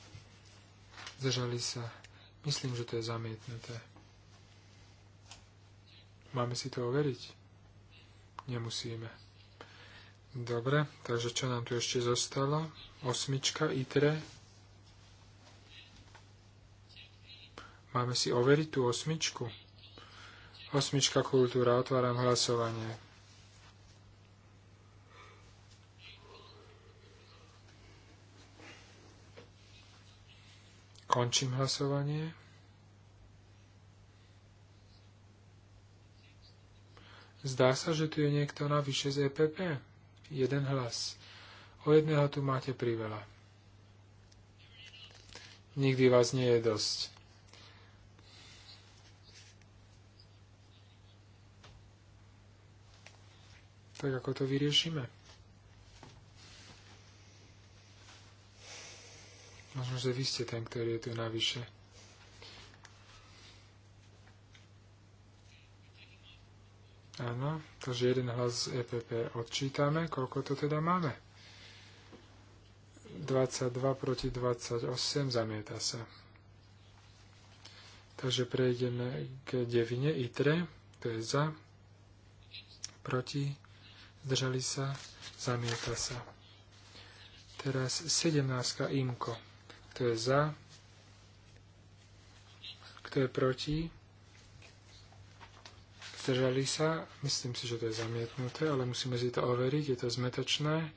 zdržali sa. Myslím, že to je zamietnuté. Máme si to overiť? Nemusíme. Dobre, takže čo nám tu ešte zostalo? Osmička, itre. Máme si overiť tú osmičku? Osmička kultúra, otváram hlasovanie. Končím hlasovanie. Zdá sa, že tu je niekto navyše z EPP. Jeden hlas. O jedného tu máte priveľa. Nikdy vás nie je dosť. Tak ako to vyriešime? Možno, že vy ste ten, ktorý je tu navyše. Áno, takže jeden hlas z EPP odčítame. Koľko to teda máme? 22 proti 28 zamieta sa. Takže prejdeme k devine ITRE. To je za, proti, zdržali sa, zamieta sa. Teraz 17 IMKO. Kto je za? Kto je proti? Zdržali sa? Myslím si, že to je zamietnuté, ale musíme si to overiť. Je to zmetočné.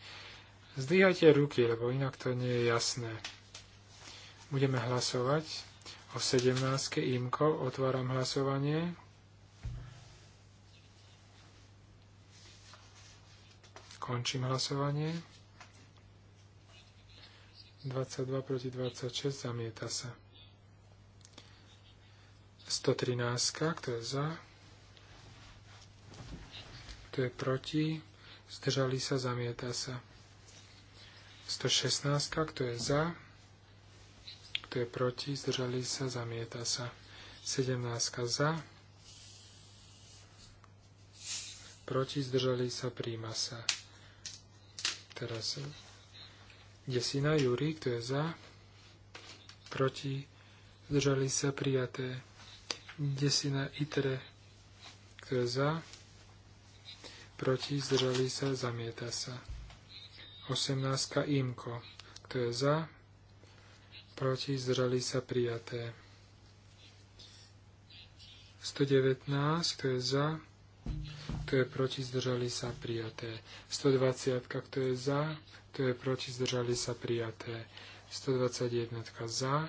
Zdvíhajte ruky, lebo inak to nie je jasné. Budeme hlasovať o 17. imko. Otváram hlasovanie. Končím hlasovanie. 22 proti 26, zamieta sa. 113, kto je za, kto je proti, zdržali sa, zamieta sa. 116, kto je za, kto je proti, zdržali sa, zamieta sa. 17 za, proti, zdržali sa, príjma sa. Teraz Desina Júri, kto je za, proti, zdržali sa prijaté. Desina Itre, kto je za, proti, zdržali sa, zamieta sa. 18. Imko, kto je za, proti, zdržali sa, prijaté. 119, kto je za, kto je proti, zdržali sa, prijaté. 120, kto je za, kto je proti, zdržali sa prijaté. 121 za,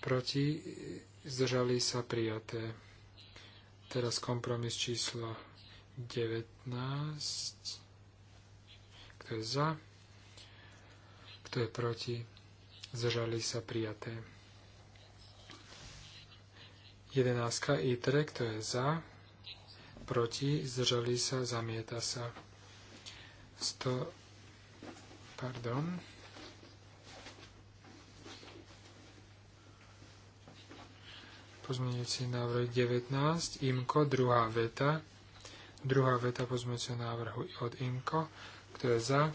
proti, zdržali sa prijaté. Teraz kompromis číslo 19. Kto je za? Kto je proti? Zdržali sa prijaté. 11. ITRE, kto je za? Proti? Zdržali sa? Zamieta sa. 100 Pardon. Pozmeňujúci návrh 19, IMKO, druhá veta. Druhá veta pozmeňujúceho návrhu od IMKO. Kto je za?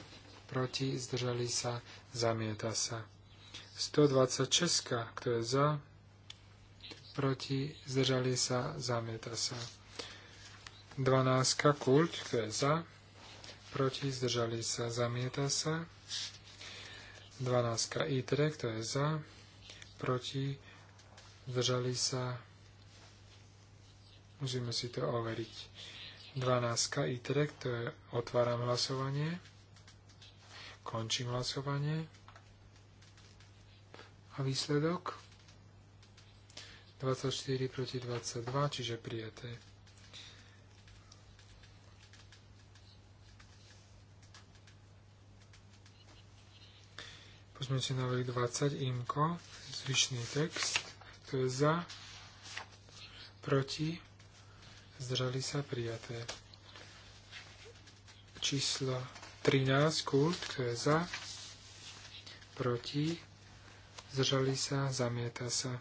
Proti? Zdržali sa? Zamieta sa. 126. Kto je za? Proti? Zdržali sa? Zamieta sa. 12. Kult. Kto je za? proti, zdržali sa, zamieta sa. 12 ITRE, to je za, proti, zdržali sa, musíme si to overiť. 12 ITRE, to je, otváram hlasovanie, končím hlasovanie. A výsledok? 24 proti 22, čiže prijaté. si návrh 20, imko, zvyšný text, kto je za, proti, zdrali sa prijaté. Číslo 13, kult, kto je za, proti, zdrali sa, zamieta sa.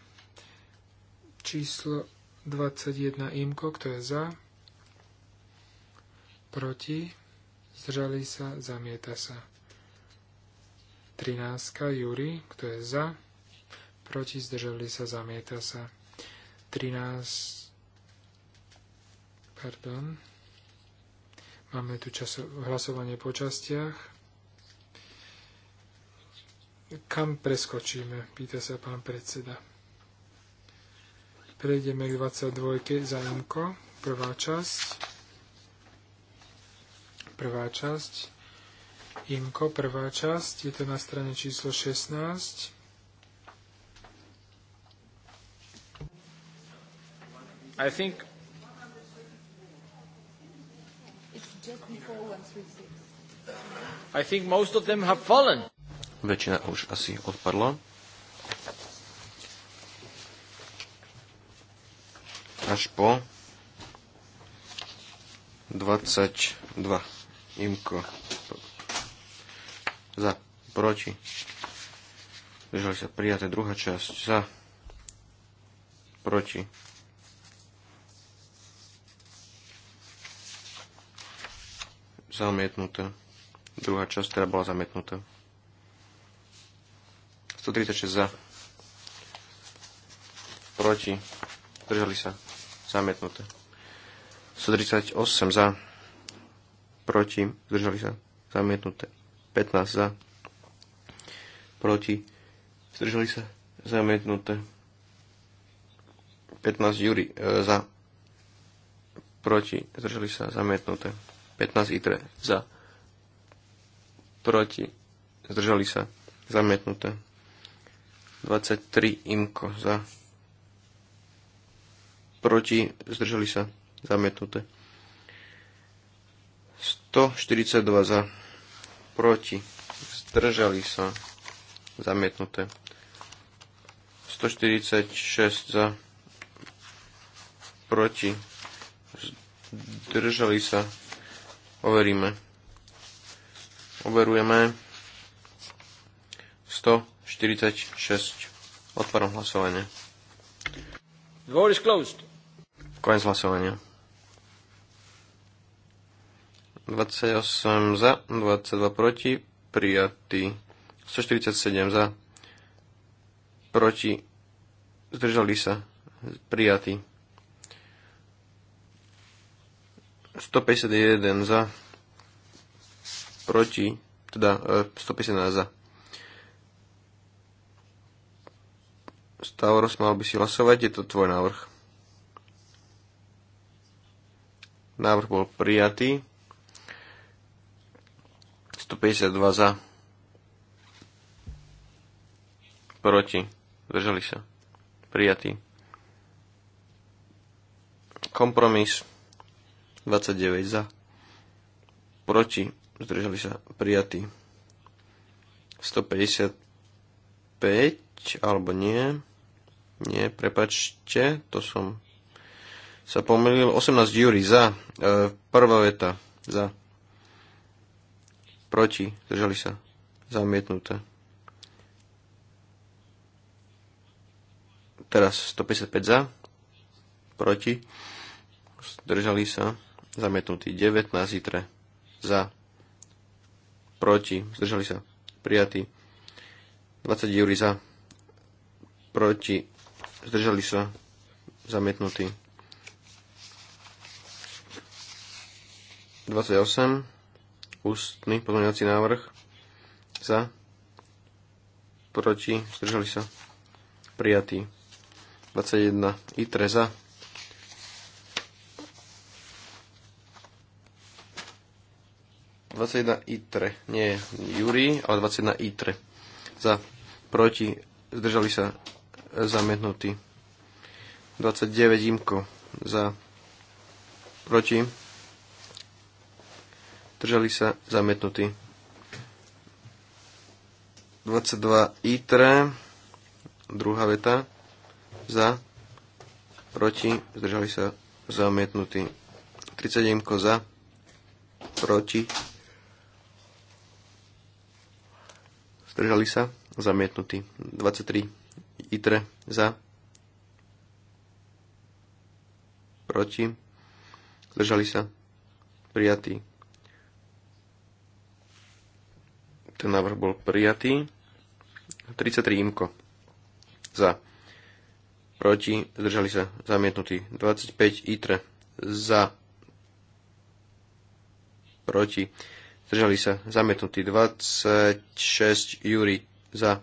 Číslo 21, imko, kto je za, proti, zdrali sa, zamieta sa 13. Júri, kto je za, proti, zdržali sa, zamieta sa. 13. Pardon. Máme tu časo, hlasovanie po častiach. Kam preskočíme, pýta sa pán predseda. Prejdeme k 22. za prvá časť. Prvá časť IMKO, prvá časť, je to na strane číslo 16. I think I think most of them have fallen. Väčšina už asi odpadla. Až po 22 imko za, proti, zdržali sa prijaté, druhá časť za, proti. Zamietnuté. Druhá časť teda bola zamietnutá. 136 za. Proti. Držali sa. Zamietnuté. 138 za. Proti. Zdržali sa. Zamietnuté. 15 za, proti, zdržali sa, zamietnuté. 15 Juri e, za, proti, zdržali sa, zamietnuté. 15 Itre za, proti, zdržali sa, zamietnuté. 23 Imko za, proti, zdržali sa, zamietnuté. 142 za, proti, zdržali sa, zamietnuté. 146 za, proti, zdržali sa, overíme. Overujeme 146. Otváram hlasovanie. The vote is closed. Koniec hlasovania. 28 za, 22 proti, prijatý. 147 za, proti, zdržali sa, prijatý. 151 za, proti, teda 151 e, za. Stavros, mal by si hlasovať, je to tvoj návrh. Návrh bol prijatý. 152 za. Proti. Zdržali sa. Prijatý. Kompromis. 29 za. Proti. Zdržali sa. Prijatý. 155 alebo nie. Nie, prepačte, to som sa pomýlil. 18 júri za. E, prvá veta za proti, zdržali sa, zamietnuté. Teraz 155 za, proti, zdržali sa, zamietnutý 19 zítre za, proti, zdržali sa, prijatý 20 júri za, proti, zdržali sa, zamietnutý 28 ústny pozmeňovací návrh za, proti, zdržali sa, prijatý. 21 ITRE za, ITRE, nie Júri, ale 21 ITRE za, proti, zdržali sa, zamietnutý. 29 IMKO za, proti, Držali sa zamietnutí. 22 ITRE, druhá veta, za, proti, zdržali sa zamietnutí. 37 za, proti, zdržali sa zamietnutí. 23 ITRE, za, proti, zdržali sa prijatí. Ten návrh bol prijatý. 33 imko. Za. Proti. Zdržali sa. Zamietnutí. 25 itre. Za. Proti. Zdržali sa. Zamietnutí. 26 júri. Za.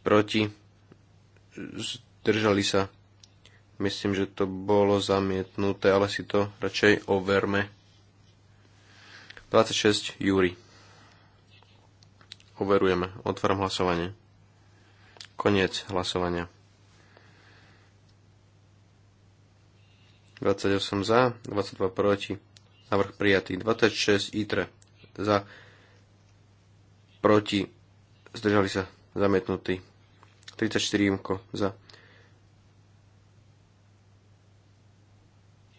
Proti. Zdržali sa. Myslím, že to bolo zamietnuté, ale si to radšej overme. 26 júri. Overujeme. Otváram hlasovanie. Koniec hlasovania. 28 za, 22 proti. Návrh prijatý. 26 ITRE za, proti, zdržali sa, zamietnutý. 34 IMKO za,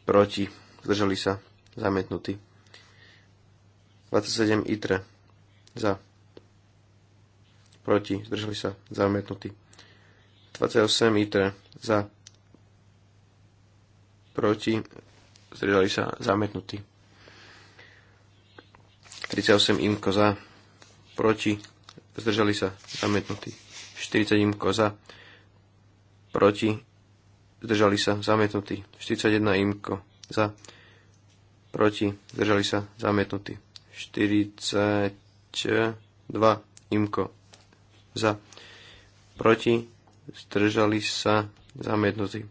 proti, zdržali sa, zamietnutý. 27 ITRE. Za. Proti. Zdržali sa. Zamietnutí. 28 ITRE. Za. Proti. Zdržali sa. Zamietnutí. 38 IMKO za. Proti. Zdržali sa. Zamietnutí. 40 IMKO za. Proti. Zdržali sa. Zamietnutí. 41 IMKO za. Proti. Zdržali sa. Zamietnutí. 42 imko za proti zdržali sa zamietnutí.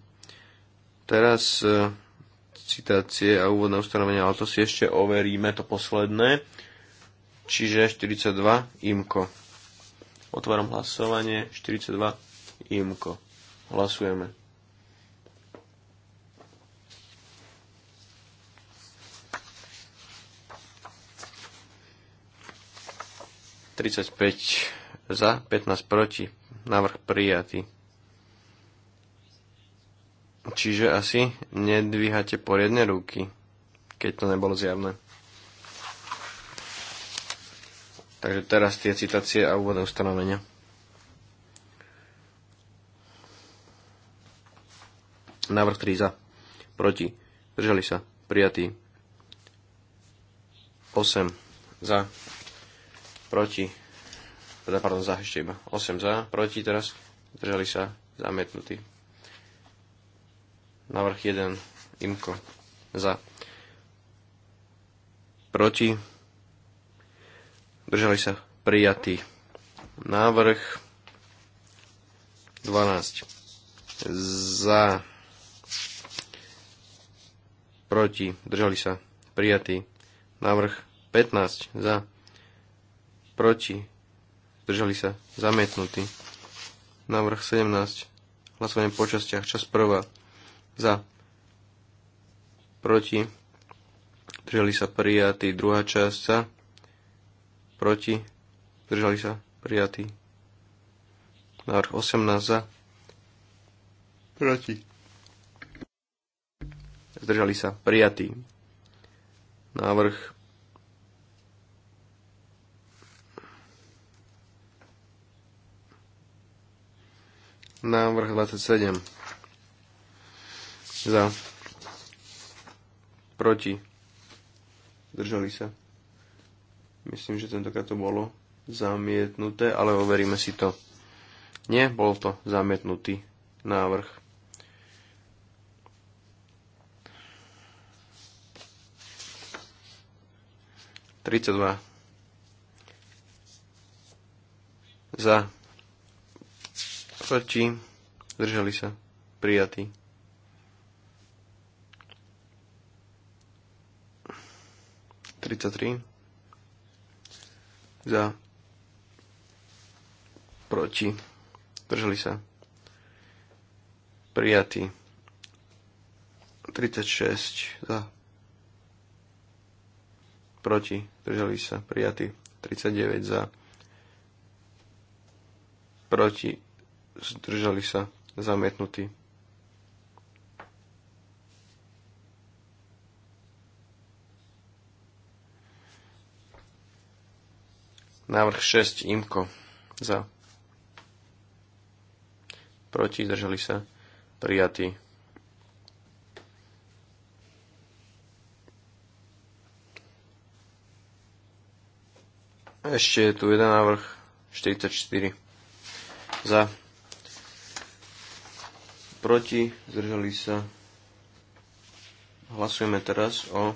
Teraz e, citácie a úvodné ustanovenia, ale to si ešte overíme, to posledné. Čiže 42 imko. Otváram hlasovanie 42 imko. Hlasujeme. 35 za, 15 proti. Návrh prijatý. Čiže asi nedvíhate poriadne ruky, keď to nebolo zjavné. Takže teraz tie citácie a úvodné ustanovenia. Návrh 3 za. Proti. Držali sa. Prijatý. 8 za proti, teda pardon, za ešte iba, 8 za, proti teraz, držali sa zamietnutí. Navrh 1, imko, za, proti, držali sa prijatý návrh 12 za proti držali sa prijatý návrh 15 za proti, zdržali sa, zamietnutý. Návrh 17, hlasovanie po častiach, čas prvá, za, proti, zdržali sa, prijatý, druhá časť, za, proti, zdržali sa, prijatý. Návrh 18, za, proti, zdržali sa, prijatý. Návrh Návrh 27. Za. Proti. Držali sa. Myslím, že tentokrát to bolo zamietnuté, ale overíme si to. Nie, bol to zamietnutý návrh. Tridsaťdva. Za. Proti. držali sa. prijatí. Tridsaťtri. Za. Proti. Držali sa. Prijatí. 36 za. Proti. Držali sa. Prijatí. 39 za. Proti zdržali sa, zamietnutí. Návrh 6, imko, za, proti, zdržali sa, prijatí. Ešte je tu jeden návrh 44 za proti, zdržali sa. Hlasujeme teraz o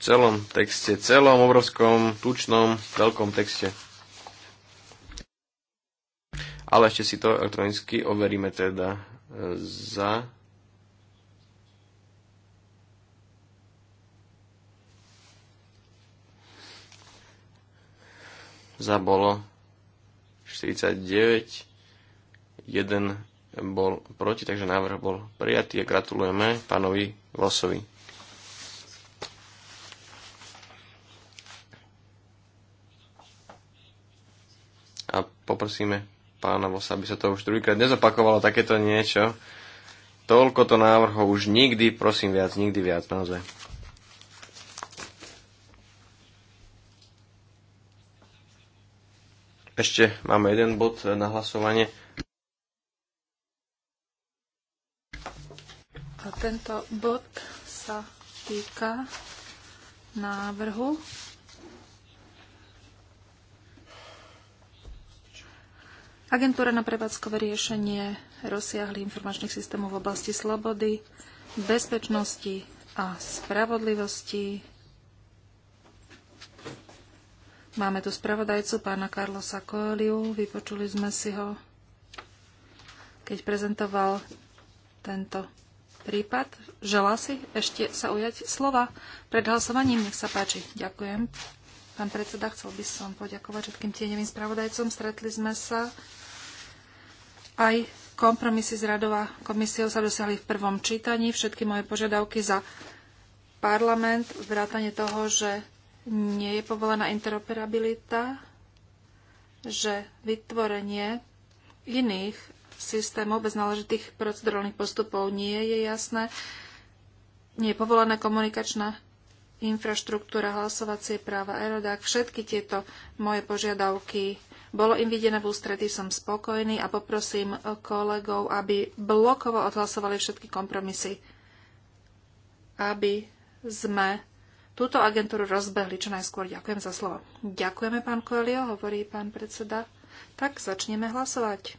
celom texte, celom obrovskom, tučnom, veľkom texte. Ale ešte si to elektronicky overíme teda za za bolo 49 1 bol proti, takže návrh bol prijatý a gratulujeme pánovi Vosovi. A poprosíme pána Vosa, aby sa to už druhýkrát nezopakovalo takéto niečo. Toľko to návrhov už nikdy, prosím viac, nikdy viac, naozaj. Ešte máme jeden bod na hlasovanie. Tento bod sa týka návrhu Agentúra na prevádzkové riešenie rozsiahli informačných systémov v oblasti slobody, bezpečnosti a spravodlivosti. Máme tu spravodajcu pána Carlosa Coeliu. Vypočuli sme si ho, keď prezentoval tento prípad. Želá si ešte sa ujať slova pred hlasovaním? Nech sa páči. Ďakujem. Pán predseda, chcel by som poďakovať všetkým tieňovým spravodajcom. Stretli sme sa. Aj kompromisy z radová komisiou sa dosiahli v prvom čítaní. Všetky moje požiadavky za parlament, vrátanie toho, že nie je povolená interoperabilita, že vytvorenie iných systémov bez náležitých procedurálnych postupov nie je jasné. Nie je povolená komunikačná infraštruktúra, hlasovacie práva, aerodák, všetky tieto moje požiadavky bolo im videné v ústretí, som spokojný a poprosím kolegov, aby blokovo odhlasovali všetky kompromisy, aby sme túto agentúru rozbehli čo najskôr. Ďakujem za slovo. Ďakujeme, pán Koelio, hovorí pán predseda. Tak začneme hlasovať.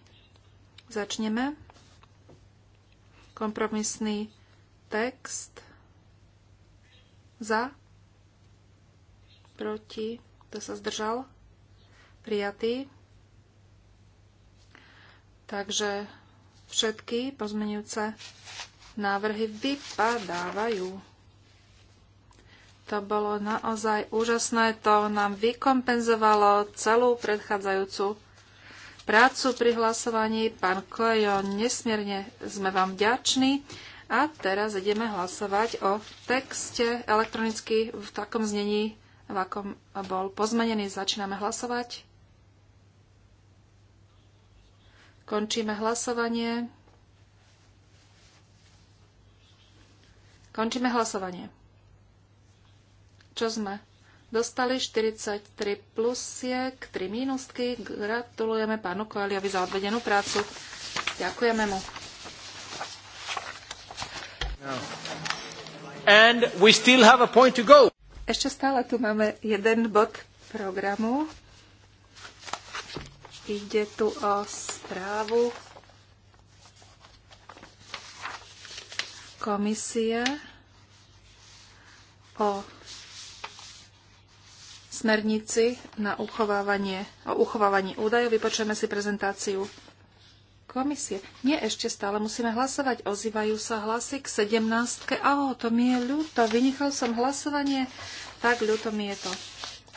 Začneme. Kompromisný text za, proti, to sa zdržal, prijatý. Takže všetky pozmenujúce návrhy vypadávajú. To bolo naozaj úžasné, to nám vykompenzovalo celú predchádzajúcu prácu pri hlasovaní. Pán Kojo, nesmierne sme vám vďační. A teraz ideme hlasovať o texte elektronicky v takom znení, v akom bol pozmenený. Začíname hlasovať. Končíme hlasovanie. Končíme hlasovanie. Čo sme? Dostali 43 plusiek, 3 mínusky. Gratulujeme pánu Koaliovi za odvedenú prácu. Ďakujeme mu. And we still have a point to go. Ešte stále tu máme jeden bod programu. Ide tu o správu komisie o smernici na uchovávanie, o uchovávaní údajov. Vypočujeme si prezentáciu komisie. Nie, ešte stále musíme hlasovať. Ozývajú sa hlasy k 17. Aho, to mi je ľúto. Vynechal som hlasovanie. Tak ľúto mi je to,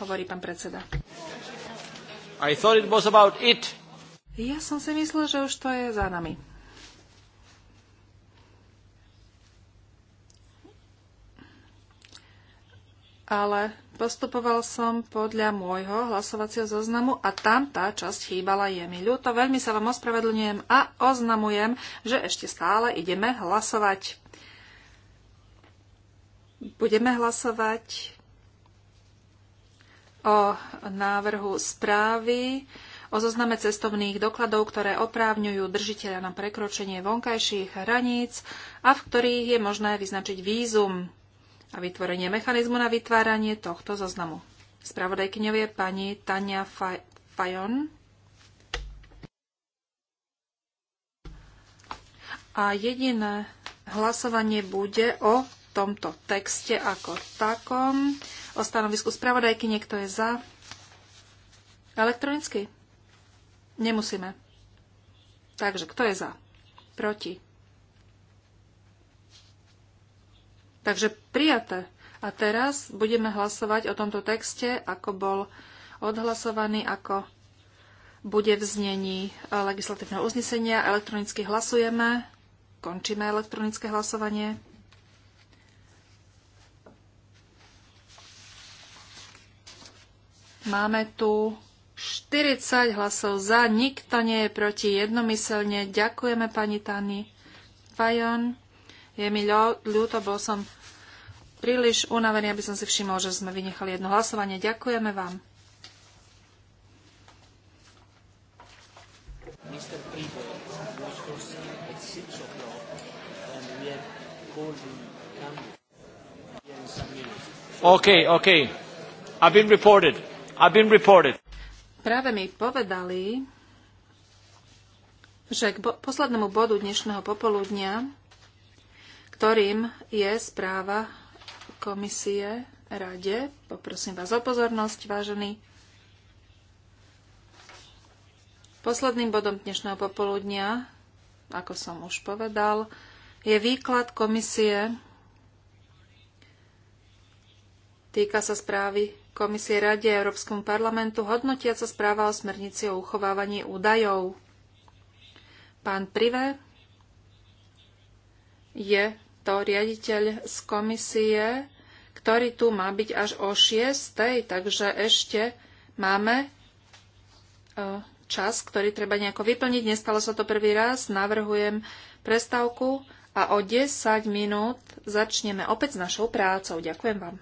hovorí pán predseda. I thought it was about it. Ja som si myslel, že už to je za nami. Ale Postupoval som podľa môjho hlasovacieho zoznamu a tam tá časť chýbala je mi ľúto. Veľmi sa vám ospravedlňujem a oznamujem, že ešte stále ideme hlasovať. Budeme hlasovať o návrhu správy o zozname cestovných dokladov, ktoré oprávňujú držiteľa na prekročenie vonkajších hraníc a v ktorých je možné vyznačiť vízum a vytvorenie mechanizmu na vytváranie tohto zoznamu. Spravodajkyňou je pani Tania Fajon. A jediné hlasovanie bude o tomto texte ako takom. O stanovisku spravodajky niekto je za. Elektronicky? Nemusíme. Takže kto je za? Proti? Takže prijaté. A teraz budeme hlasovať o tomto texte, ako bol odhlasovaný, ako bude v znení legislatívneho uznesenia. Elektronicky hlasujeme. Končíme elektronické hlasovanie. Máme tu 40 hlasov za, nikto nie je proti jednomyselne. Ďakujeme pani Tani Fajon. Je mi ľúto, bol som príliš unavený, aby som si všimol, že sme vynechali jedno hlasovanie. Ďakujeme vám. OK, OK. I've been reported. I've been reported. Práve mi povedali, že k bo- poslednému bodu dnešného popoludnia ktorým je správa komisie rade. Poprosím vás o pozornosť, vážení. Posledným bodom dnešného popoludnia, ako som už povedal, je výklad komisie. Týka sa správy Komisie Rade a Európskom parlamentu hodnotiaca správa o smernici o uchovávaní údajov. Pán Prive je to riaditeľ z komisie, ktorý tu má byť až o 6. Takže ešte máme e, čas, ktorý treba nejako vyplniť. Nestalo sa to prvý raz. Navrhujem prestávku a o 10 minút začneme opäť s našou prácou. Ďakujem vám.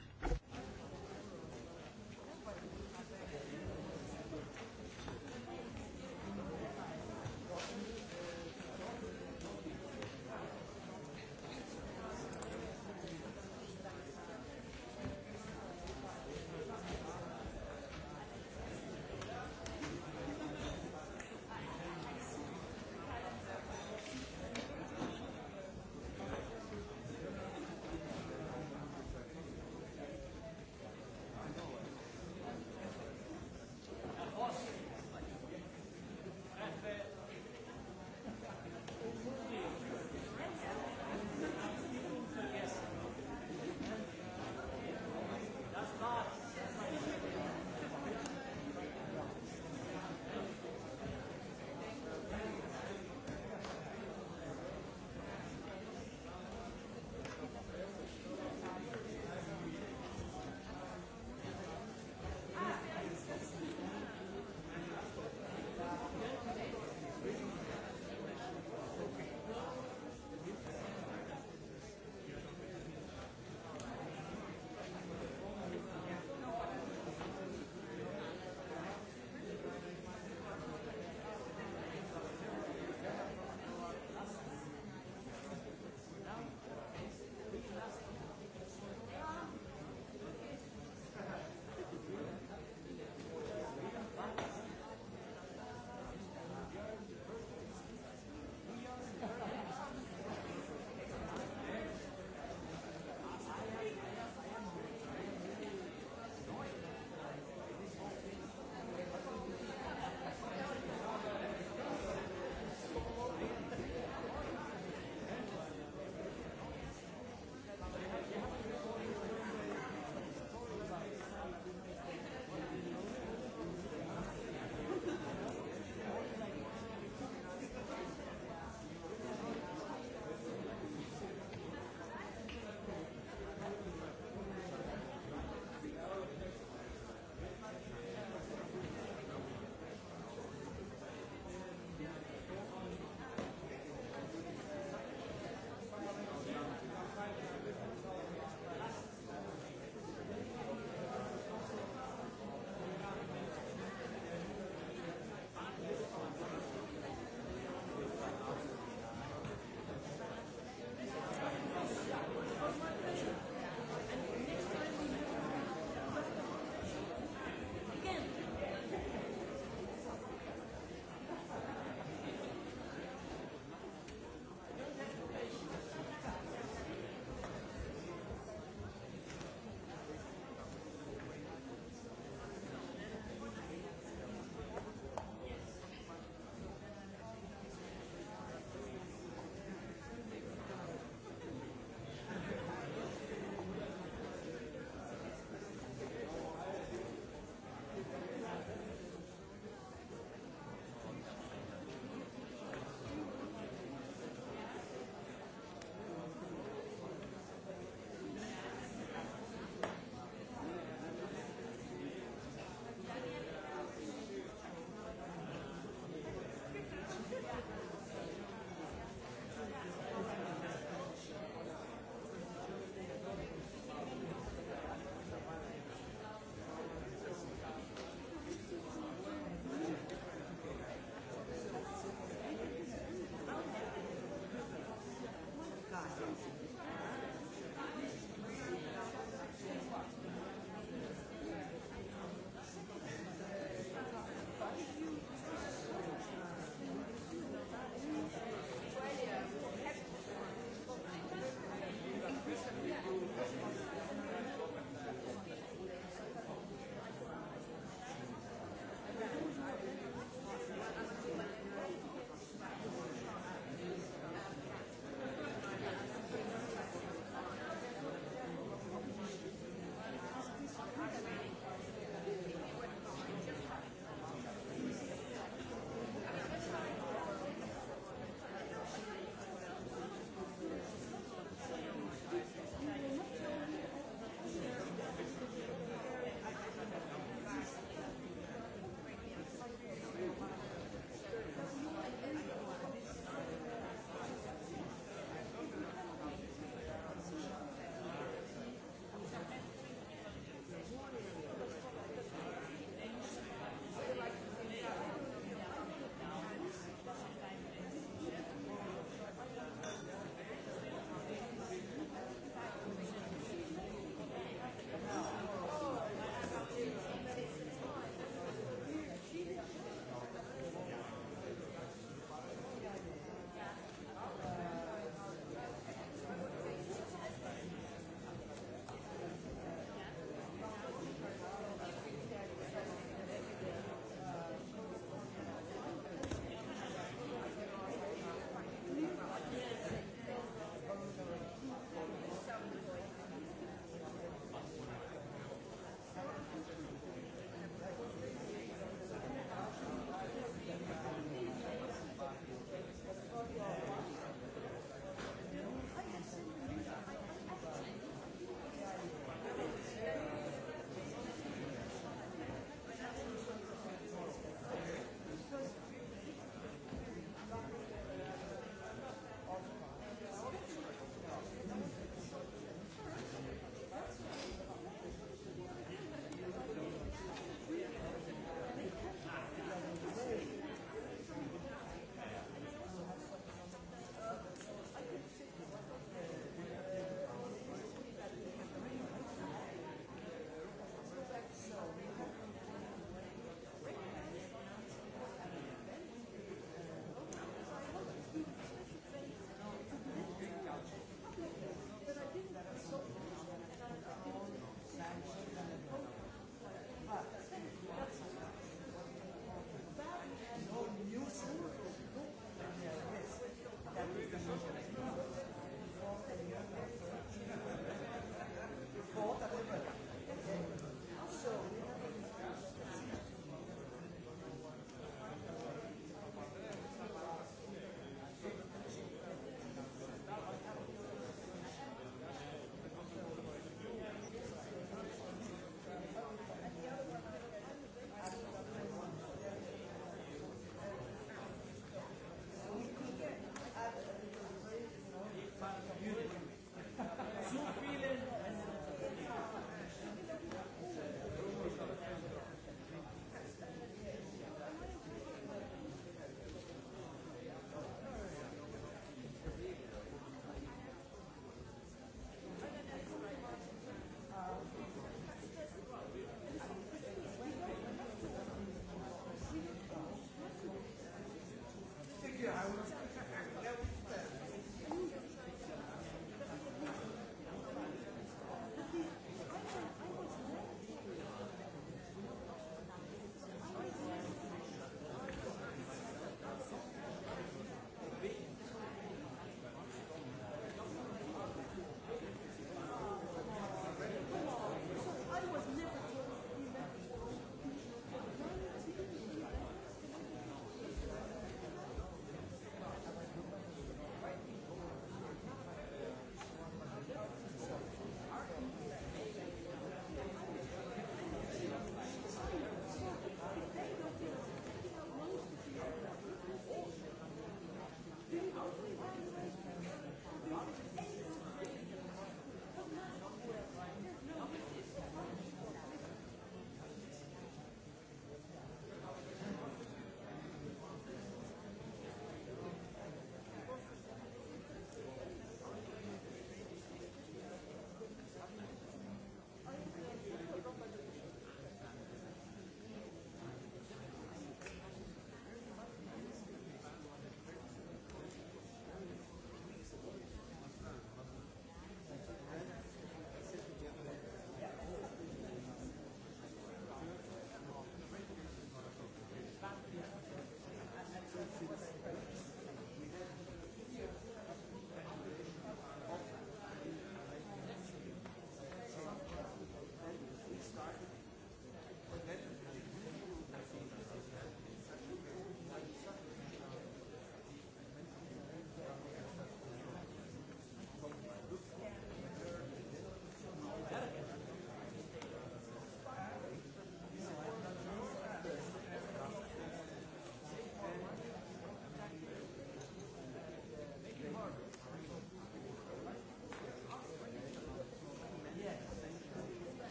algunos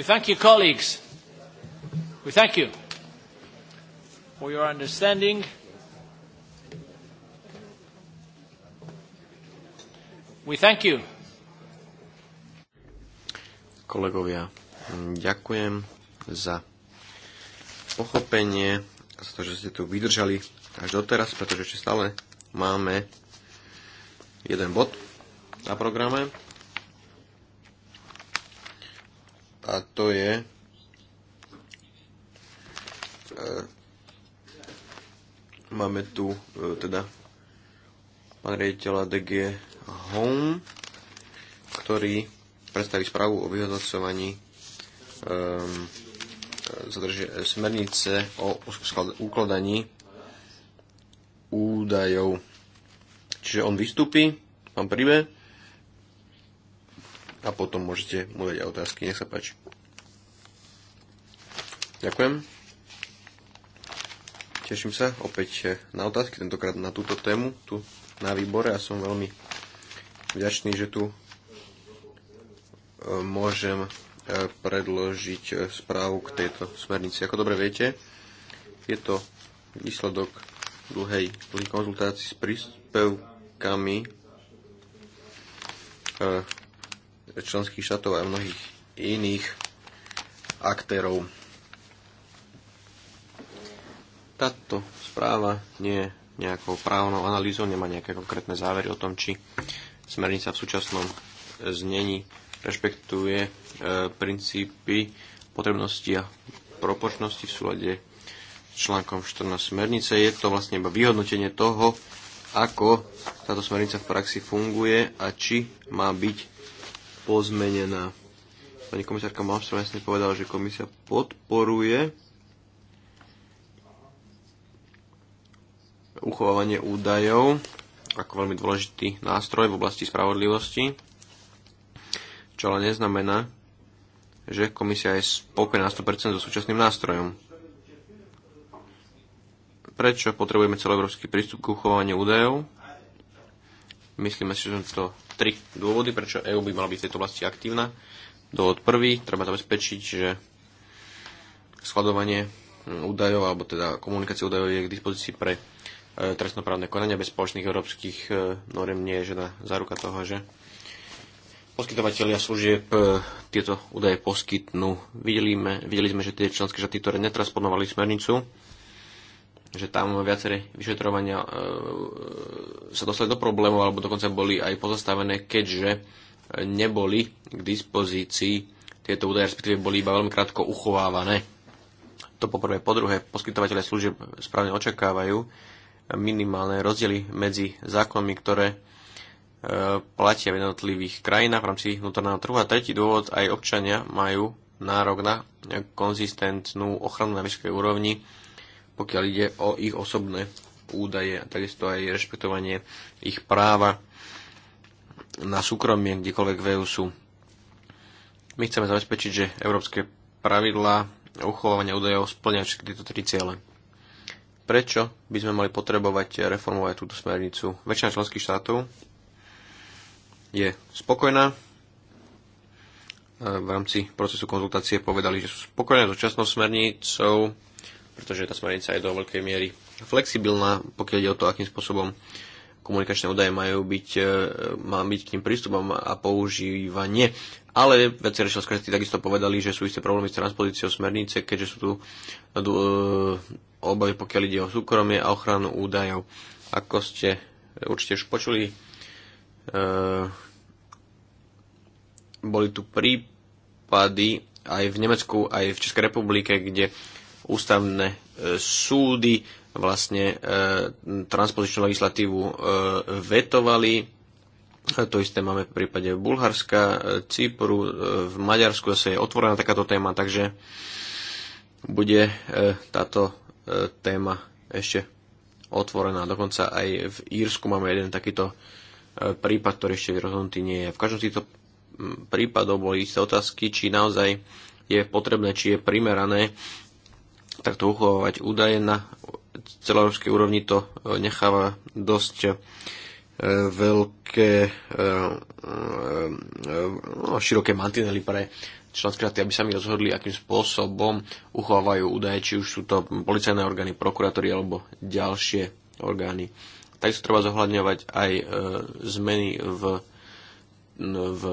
We thank you, colleagues. We thank you for your understanding. We thank you. Kolegovia, ďakujem za pochopenie, za to, že ste tu vydržali až doteraz, pretože ešte stále máme jeden bod na programe. a to je e, máme tu e, teda pán riaditeľa DG Home, ktorý predstaví správu o vyhodnocovaní e, e smernice o ukladaní údajov. Čiže on vystúpi, pán príbe a potom môžete mu dať otázky. Nech sa páči. Ďakujem. Teším sa opäť eh, na otázky, tentokrát na túto tému, tu na výbore a som veľmi vďačný, že tu eh, môžem eh, predložiť správu k tejto smernici. Ako dobre viete, je to výsledok dlhej, konzultácii konzultácií s príspevkami členských štátov a mnohých iných aktérov táto správa nie je nejakou právnou analýzou, nemá nejaké konkrétne závery o tom, či smernica v súčasnom znení rešpektuje e, princípy potrebnosti a proporčnosti v súlade s článkom 14 smernice. Je to vlastne iba vyhodnotenie toho, ako táto smernica v praxi funguje a či má byť pozmenená. Pani komisárka Malmström jasne povedala, že komisia podporuje uchovávanie údajov ako veľmi dôležitý nástroj v oblasti spravodlivosti, čo ale neznamená, že komisia je spokojná na 100% so súčasným nástrojom. Prečo potrebujeme celoeurópsky prístup k uchovávaniu údajov? Myslíme si, že sú to tri dôvody, prečo EÚ by mala byť v tejto oblasti aktívna. Dôvod prvý, treba zabezpečiť, že skladovanie hm, údajov, alebo teda komunikácia údajov je k dispozícii pre E, trestnoprávne konania bez spoločných európskych e, norm nie je žiadna záruka toho, že poskytovateľia služieb e, tieto údaje poskytnú. Videli, me, videli sme, že tie členské štáty, ktoré netransponovali smernicu, že tam viaceré vyšetrovania e, sa dostali do problémov alebo dokonca boli aj pozastavené, keďže neboli k dispozícii tieto údaje, respektíve boli iba veľmi krátko uchovávané. To poprvé. Po druhé, poskytovateľe služieb správne očakávajú, minimálne rozdiely medzi zákonmi, ktoré e, platia v jednotlivých krajinách v rámci vnútorného trhu. A tretí dôvod, aj občania majú nárok na konzistentnú ochranu na vyššej úrovni, pokiaľ ide o ich osobné údaje a takisto aj rešpektovanie ich práva na súkromie, kdekoľvek v EU sú. My chceme zabezpečiť, že európske pravidlá uchovávania údajov splňajú všetky tieto tri ciele prečo by sme mali potrebovať reformovať túto smernicu. Väčšina členských štátov je spokojná. E, v rámci procesu konzultácie povedali, že sú spokojné so časnou smernicou, pretože tá smernica je do veľkej miery flexibilná, pokiaľ ide o to, akým spôsobom komunikačné údaje majú byť, e, má byť k ním prístupom a používanie. Ale veci členské štáty takisto povedali, že sú isté problémy s transpozíciou smernice, keďže sú tu e, e, obavy, pokiaľ ide o súkromie a ochranu údajov. Ako ste určite už počuli, boli tu prípady aj v Nemecku, aj v Českej republike, kde ústavné súdy vlastne e, transpozičnú legislatívu e, vetovali. E, to isté máme v prípade Bulharska, e, Cypru, e, v Maďarsku zase je otvorená takáto téma, takže bude táto téma ešte otvorená. Dokonca aj v Írsku máme jeden takýto prípad, ktorý ešte rozhodnutý nie je. V každom z týchto prípadov boli isté otázky, či naozaj je potrebné, či je primerané takto uchovávať údaje na celoeurópskej úrovni to e, necháva dosť e, veľké e, no, široké mantinely pre členské štáty, aby sami rozhodli, akým spôsobom uchovávajú údaje, či už sú to policajné orgány, prokurátory alebo ďalšie orgány. Takisto treba zohľadňovať aj zmeny v No, v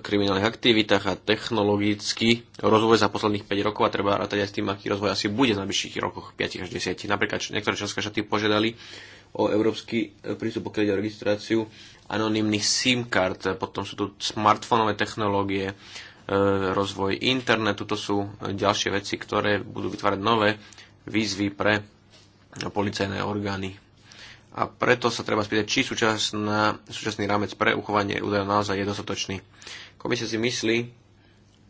kriminálnych aktivitách a technologický rozvoj za posledných 5 rokov a treba rátať aj s tým, aký rozvoj asi bude v najbližších rokoch 5 až 10. Napríklad niektoré členské štáty požiadali o európsky e, prístup, pokiaľ ide o registráciu anonimných SIM kart, potom sú tu smartfónové technológie, e, rozvoj internetu, to sú ďalšie veci, ktoré budú vytvárať nové výzvy pre policajné orgány a preto sa treba spýtať, či súčasná, súčasný rámec pre uchovanie údajov naozaj je dostatočný. Komisia si myslí,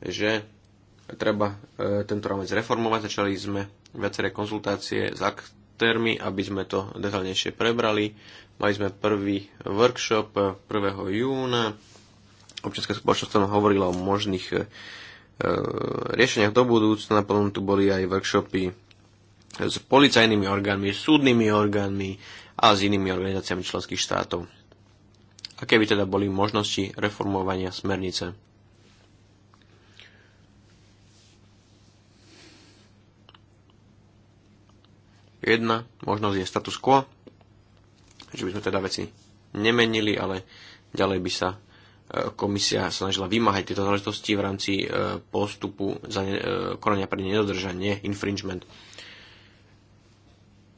že treba e, tento rámec reformovať. Začali sme viaceré konzultácie s aktérmi, aby sme to detaľnejšie prebrali. Mali sme prvý workshop 1. E, júna. Občianská spoločnosť tam hovorila o možných e, riešeniach do budúcna. Potom tu boli aj workshopy s policajnými orgánmi, súdnymi orgánmi, a s inými organizáciami členských štátov. Aké by teda boli možnosti reformovania smernice? Jedna možnosť je status quo, že by sme teda veci nemenili, ale ďalej by sa e, komisia snažila vymáhať tieto záležitosti v rámci e, postupu za e, konania pre nedodržanie, infringement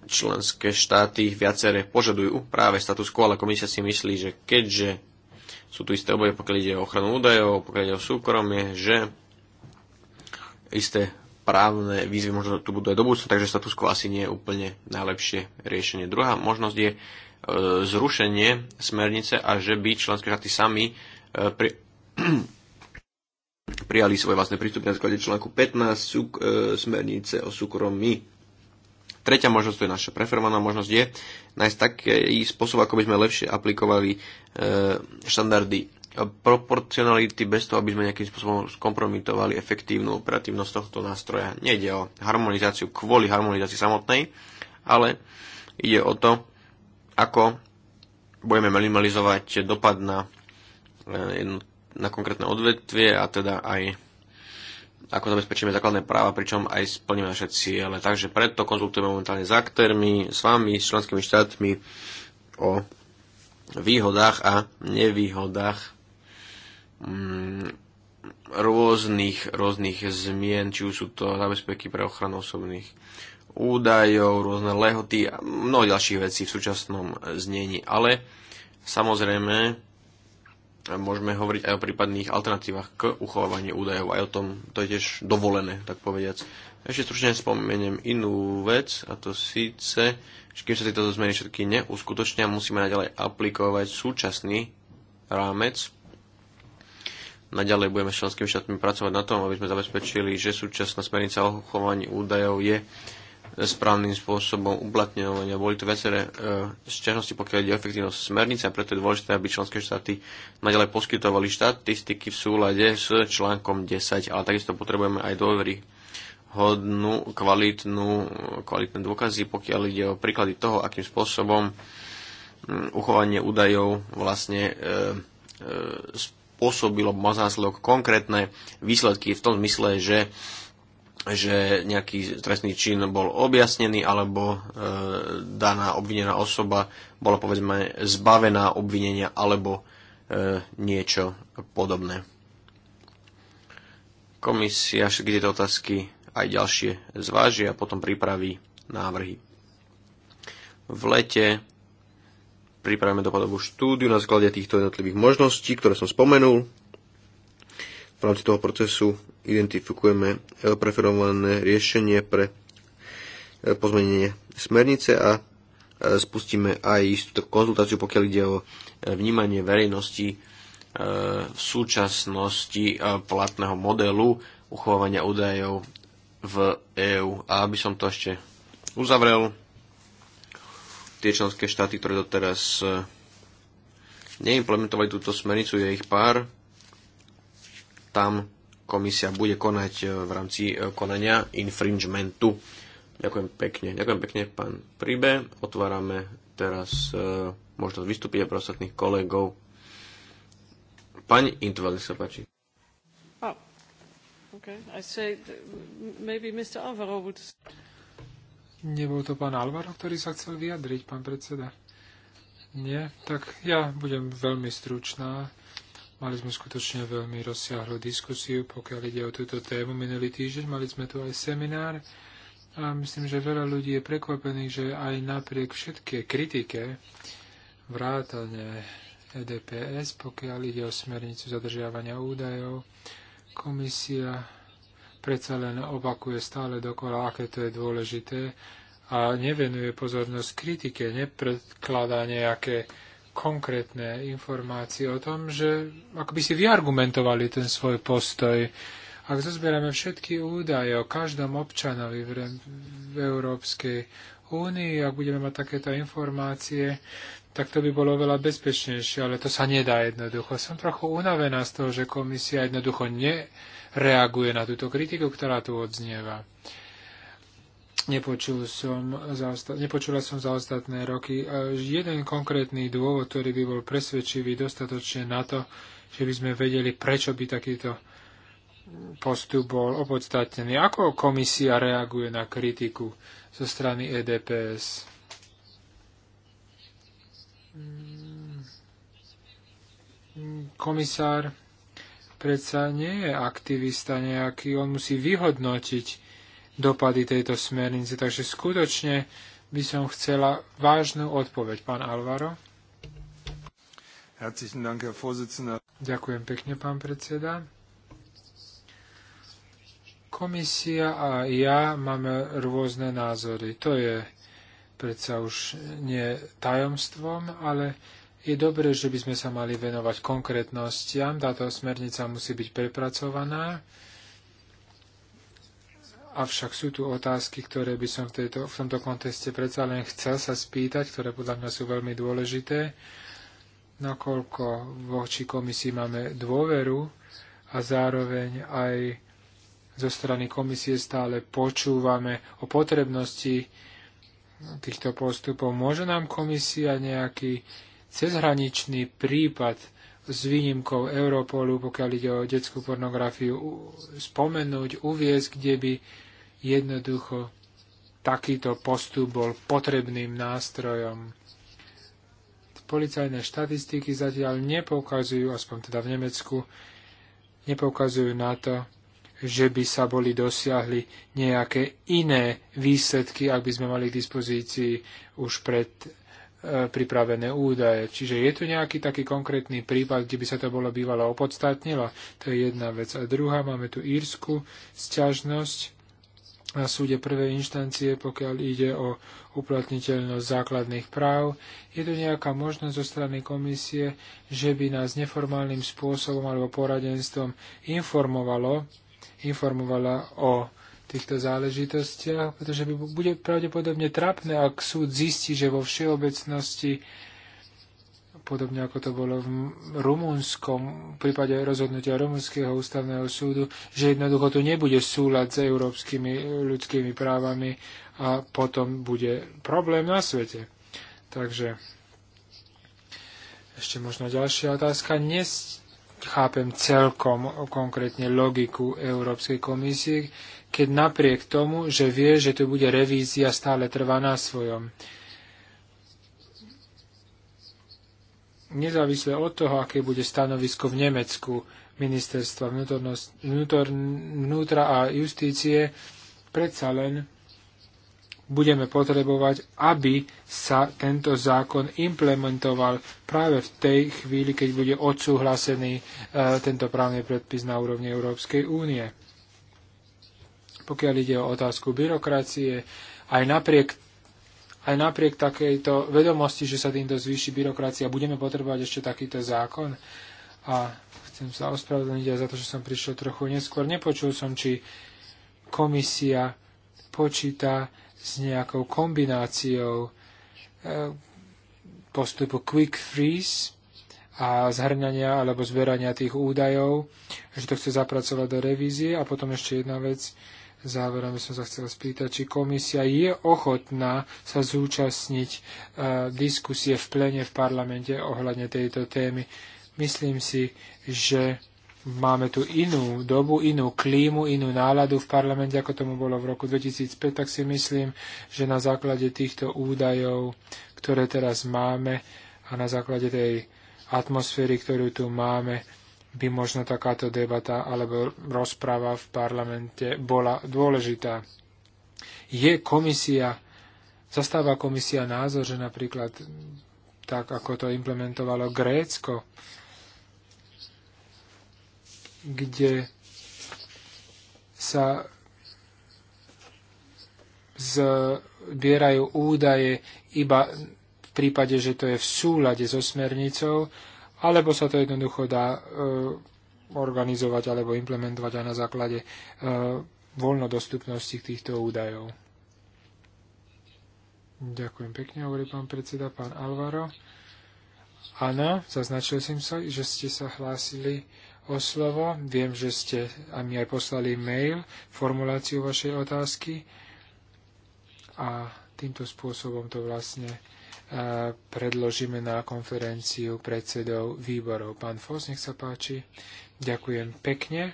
členské štáty viaceré požadujú práve status quo, ale komisia si myslí, že keďže sú tu isté oboje, pokiaľ ide o ochranu údajov, pokiaľ ide o súkromie, že isté právne výzvy možno tu budú aj do budúcna, takže status quo asi nie je úplne najlepšie riešenie. Druhá možnosť je e, zrušenie smernice a že by členské štáty sami e, pri, prijali svoje vlastné prístupy na základe článku 15 súk, e, smernice o súkromí. Tretia možnosť, to je naša preferovaná možnosť, je nájsť taký spôsob, ako by sme lepšie aplikovali e, štandardy proporcionality bez toho, aby sme nejakým spôsobom skompromitovali efektívnu operatívnosť tohto nástroja. Nejde o harmonizáciu kvôli harmonizácii samotnej, ale ide o to, ako budeme minimalizovať dopad na, e, na konkrétne odvetvie a teda aj ako zabezpečíme základné práva, pričom aj splníme naše ciele. Takže preto konzultujeme momentálne s aktérmi, s vami, s členskými štátmi o výhodách a nevýhodách mm, rôznych, rôznych zmien, či už sú to zabezpeky pre ochranu osobných údajov, rôzne lehoty a mnoho ďalších vecí v súčasnom znení. Ale samozrejme, môžeme hovoriť aj o prípadných alternatívach k uchovávaniu údajov. Aj o tom to je tiež dovolené, tak povediac. Ešte stručne spomeniem inú vec, a to síce, že kým sa tieto zmeny všetky neuskutočnia, musíme naďalej aplikovať súčasný rámec. Naďalej budeme s členskými štátmi pracovať na tom, aby sme zabezpečili, že súčasná smernica o uchovaní údajov je správnym spôsobom uplatňovania. Boli to viaceré e, sťažnosti, pokiaľ ide o efektívnosť smernice a preto je dôležité, aby členské štáty naďalej poskytovali štatistiky v súlade s článkom 10, ale takisto potrebujeme aj dôvery hodnú, kvalitnú, kvalitné dôkazy, pokiaľ ide o príklady toho, akým spôsobom uchovanie údajov vlastne e, e, spôsobilo, má následok konkrétne výsledky v tom zmysle, že že nejaký trestný čin bol objasnený alebo e, daná obvinená osoba bola povedzme zbavená obvinenia alebo e, niečo podobné. Komisia všetky tieto otázky aj ďalšie zváži a potom pripraví návrhy. V lete pripravíme dopadovú štúdiu na základe týchto jednotlivých možností, ktoré som spomenul v rámci toho procesu identifikujeme eh, preferované riešenie pre eh, pozmenenie smernice a eh, spustíme aj istú konzultáciu, pokiaľ ide o vnímanie verejnosti v súčasnosti platného modelu uchovávania údajov v EÚ. A aby som to ešte uzavrel, tie členské štáty, ktoré doteraz neimplementovali túto smernicu, je ich pár tam komisia bude konať e, v rámci e, konania infringementu. Ďakujem pekne. Ďakujem pekne, pán Príbe. Otvárame teraz e, možnosť vystúpiť aj pre ostatných kolegov. Pani Intvel, sa páči. Oh. Okay. Would... Nebol to pán Alvaro, ktorý sa chcel vyjadriť, pán predseda? Nie? Tak ja budem veľmi stručná. Mali sme skutočne veľmi rozsiahlu diskusiu, pokiaľ ide o túto tému. Minulý týždeň mali sme tu aj seminár a myslím, že veľa ľudí je prekvapených, že aj napriek všetké kritike vrátane EDPS, pokiaľ ide o smernicu zadržiavania údajov, komisia predsa len opakuje stále dokola, aké to je dôležité a nevenuje pozornosť kritike, nepredkladá nejaké konkrétne informácie o tom, že ako by si vyargumentovali ten svoj postoj. Ak zozberieme všetky údaje o každom občanovi v, v Európskej únii, ak budeme mať takéto informácie, tak to by bolo veľa bezpečnejšie, ale to sa nedá jednoducho. Som trochu unavená z toho, že komisia jednoducho nereaguje na túto kritiku, ktorá tu odznieva. Uh, Nepočul som za, nepočula som za ostatné roky jeden konkrétny dôvod, ktorý by bol presvedčivý dostatočne na to, že by sme vedeli, prečo by takýto postup bol opodstatnený. Ako komisia reaguje na kritiku zo strany EDPS? Komisár predsa nie je aktivista nejaký, on musí vyhodnotiť dopady tejto smernice. Takže skutočne by som chcela vážnu odpoveď, pán Alvaro. Ďakujem pekne, pán predseda. Komisia a ja máme rôzne názory. To je predsa už nie tajomstvom, ale je dobré, že by sme sa mali venovať konkrétnostiam. Táto smernica musí byť prepracovaná. Avšak sú tu otázky, ktoré by som v, tejto, v tomto konteste predsa len chcel sa spýtať, ktoré podľa mňa sú veľmi dôležité. Nakoľko voči komisii máme dôveru a zároveň aj zo strany komisie stále počúvame o potrebnosti týchto postupov. Môže nám komisia nejaký cezhraničný prípad s výnimkou Europolu, pokiaľ ide o detskú pornografiu, spomenúť, uviezť, kde by jednoducho takýto postup bol potrebným nástrojom. Policajné štatistiky zatiaľ nepoukazujú, aspoň teda v Nemecku, nepoukazujú na to, že by sa boli dosiahli nejaké iné výsledky, ak by sme mali k dispozícii už pred pripravené údaje. Čiže je tu nejaký taký konkrétny prípad, kde by sa to bolo bývalo opodstatnilo? To je jedna vec. A druhá, máme tu írsku sťažnosť na súde prvej inštancie, pokiaľ ide o uplatniteľnosť základných práv. Je tu nejaká možnosť zo strany komisie, že by nás neformálnym spôsobom alebo poradenstvom informovalo, informovala o týchto záležitostiach, pretože by bude pravdepodobne trapné, ak súd zistí, že vo všeobecnosti podobne ako to bolo v Rumunskom, v prípade rozhodnutia rumúnskeho ústavného súdu, že jednoducho tu nebude súlad s európskymi ľudskými právami a potom bude problém na svete. Takže ešte možno ďalšia otázka. Nes chápem celkom konkrétne logiku Európskej komisie, keď napriek tomu, že vie, že tu bude revízia, stále trvá na svojom. Nezávisle od toho, aké bude stanovisko v Nemecku ministerstva vnútor, vnútra a justície, predsa len budeme potrebovať, aby sa tento zákon implementoval práve v tej chvíli, keď bude odsúhlasený e, tento právny predpis na úrovni Európskej únie pokiaľ ide o otázku byrokracie, aj napriek, aj napriek takejto vedomosti, že sa týmto zvýši byrokracia, budeme potrebovať ešte takýto zákon. A chcem sa ospravedlniť aj za to, že som prišiel trochu neskôr. Nepočul som, či komisia počíta s nejakou kombináciou e, postupu quick freeze a zhrňania alebo zberania tých údajov, že to chce zapracovať do revízie. A potom ešte jedna vec, Záverom by som sa chcel spýtať, či komisia je ochotná sa zúčastniť e, diskusie v plene v parlamente ohľadne tejto témy. Myslím si, že máme tu inú dobu, inú klímu, inú náladu v parlamente, ako tomu bolo v roku 2005, tak si myslím, že na základe týchto údajov, ktoré teraz máme a na základe tej atmosféry, ktorú tu máme, by možno takáto debata alebo rozpráva v parlamente bola dôležitá. Je komisia, zastáva komisia názor, že napríklad tak, ako to implementovalo Grécko, kde sa zbierajú údaje iba v prípade, že to je v súlade so smernicou, alebo sa to jednoducho dá e, organizovať alebo implementovať aj na základe e, voľnodostupnosti týchto údajov. Ďakujem pekne, hovorí pán predseda, pán Alvaro. Áno, zaznačil som sa, že ste sa hlásili o slovo. Viem, že ste a mi aj poslali mail, formuláciu vašej otázky a týmto spôsobom to vlastne predložíme na konferenciu predsedov výborov. Pán Fos, nech sa páči. Ďakujem pekne.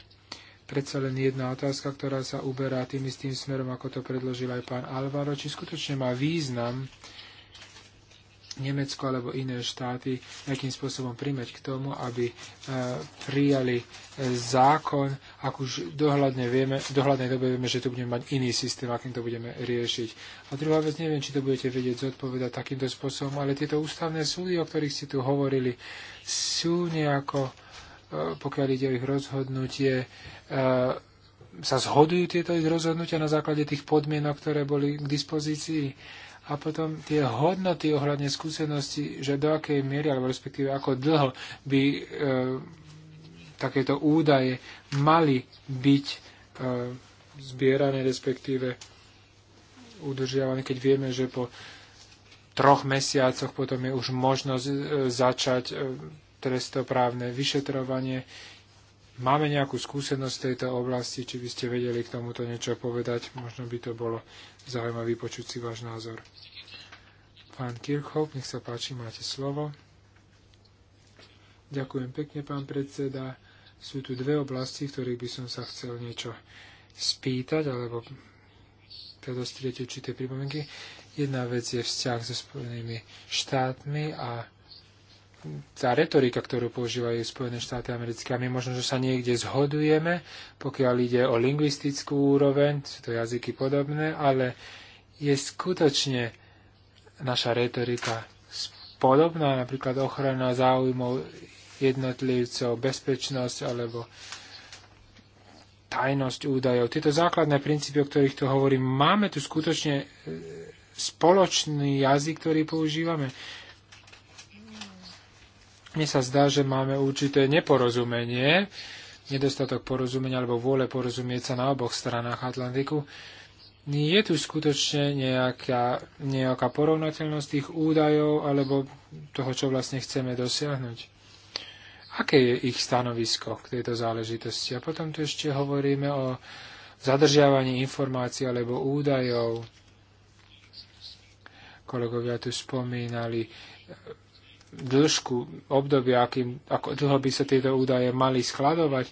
Predsa len jedna otázka, ktorá sa uberá tým istým smerom, ako to predložil aj pán Alvaro. Či skutočne má význam Nemecko alebo iné štáty nejakým spôsobom primeť k tomu, aby e, prijali e, zákon, ak už dohľadne vieme, v dohľadnej dobe vieme, že tu budeme mať iný systém, akým to budeme riešiť. A druhá vec, neviem, či to budete vedieť zodpovedať takýmto spôsobom, ale tieto ústavné súdy, o ktorých ste tu hovorili, sú nejako, e, pokiaľ ide o ich rozhodnutie, sa zhodujú tieto ich rozhodnutia na základe tých podmienok, ktoré boli k dispozícii? a potom tie hodnoty ohľadne skúsenosti, že do akej miery, alebo respektíve ako dlho by e, takéto údaje mali byť e, zbierané, respektíve udržiavané, keď vieme, že po troch mesiacoch potom je už možnosť e, začať e, trestoprávne vyšetrovanie. Máme nejakú skúsenosť v tejto oblasti, či by ste vedeli k tomuto niečo povedať? Možno by to bolo zaujímavý počuť si váš názor. Pán Kirchhoff, nech sa páči, máte slovo. Ďakujem pekne, pán predseda. Sú tu dve oblasti, v ktorých by som sa chcel niečo spýtať, alebo predostrieť určité pripomienky. Jedna vec je vzťah so Spojenými štátmi a tá retorika, ktorú používajú Spojené štáty americké, a my možno, že sa niekde zhodujeme, pokiaľ ide o lingvistickú úroveň, sú to jazyky podobné, ale je skutočne naša retorika podobná, napríklad ochrana záujmov jednotlivcov, bezpečnosť alebo tajnosť údajov. Tieto základné princípy, o ktorých tu hovorím, máme tu skutočne e, spoločný jazyk, ktorý používame. Mne sa zdá, že máme určité neporozumenie, nedostatok porozumenia alebo vôle porozumieť sa na oboch stranách Atlantiku. Je tu skutočne nejaká, nejaká porovnateľnosť tých údajov alebo toho, čo vlastne chceme dosiahnuť? Aké je ich stanovisko k tejto záležitosti? A potom tu ešte hovoríme o zadržiavaní informácií alebo údajov. Kolegovia tu spomínali dĺžku obdobia, akým, ako dlho by sa tieto údaje mali skladovať,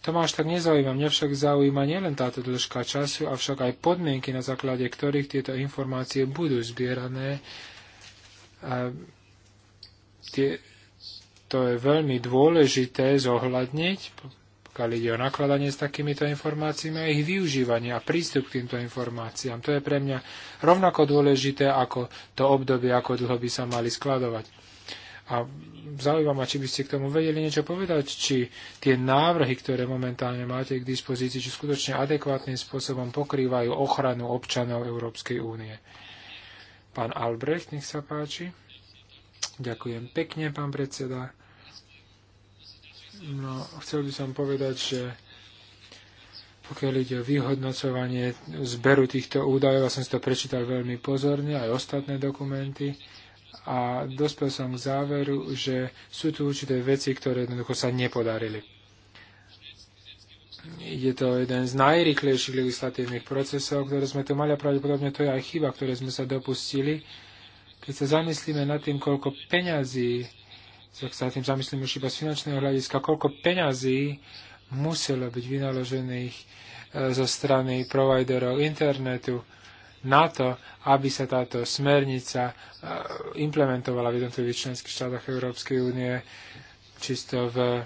to ma až tak nezaujíma. Mňa však zaujíma nielen táto dĺžka času, avšak aj podmienky, na základe ktorých tieto informácie budú zbierané. A tie, to je veľmi dôležité zohľadniť, pokiaľ ide o nakladanie s takýmito informáciami a ich využívanie a prístup k týmto informáciám. To je pre mňa rovnako dôležité ako to obdobie, ako dlho by sa mali skladovať. A zaujíma ma, či by ste k tomu vedeli niečo povedať, či tie návrhy, ktoré momentálne máte k dispozícii, či skutočne adekvátnym spôsobom pokrývajú ochranu občanov Európskej únie. Pán Albrecht, nech sa páči. Ďakujem pekne, pán predseda. No, chcel by som povedať, že pokiaľ ide o vyhodnocovanie zberu týchto údajov, ja som si to prečítal veľmi pozorne, aj ostatné dokumenty a dospel som k záveru, že sú tu určité veci, ktoré jednoducho sa nepodarili. Je to jeden z najrychlejších legislatívnych procesov, ktoré sme tu mali a pravdepodobne to je aj chyba, ktoré sme sa dopustili. Keď sa zamyslíme nad tým, koľko peňazí, tak sa tým zamyslíme už iba z finančného hľadiska, koľko peňazí muselo byť vynaložených eh, zo strany providerov internetu, na to, aby sa táto smernica e, implementovala v jednotlivých členských štátoch Európskej únie. Čisto v,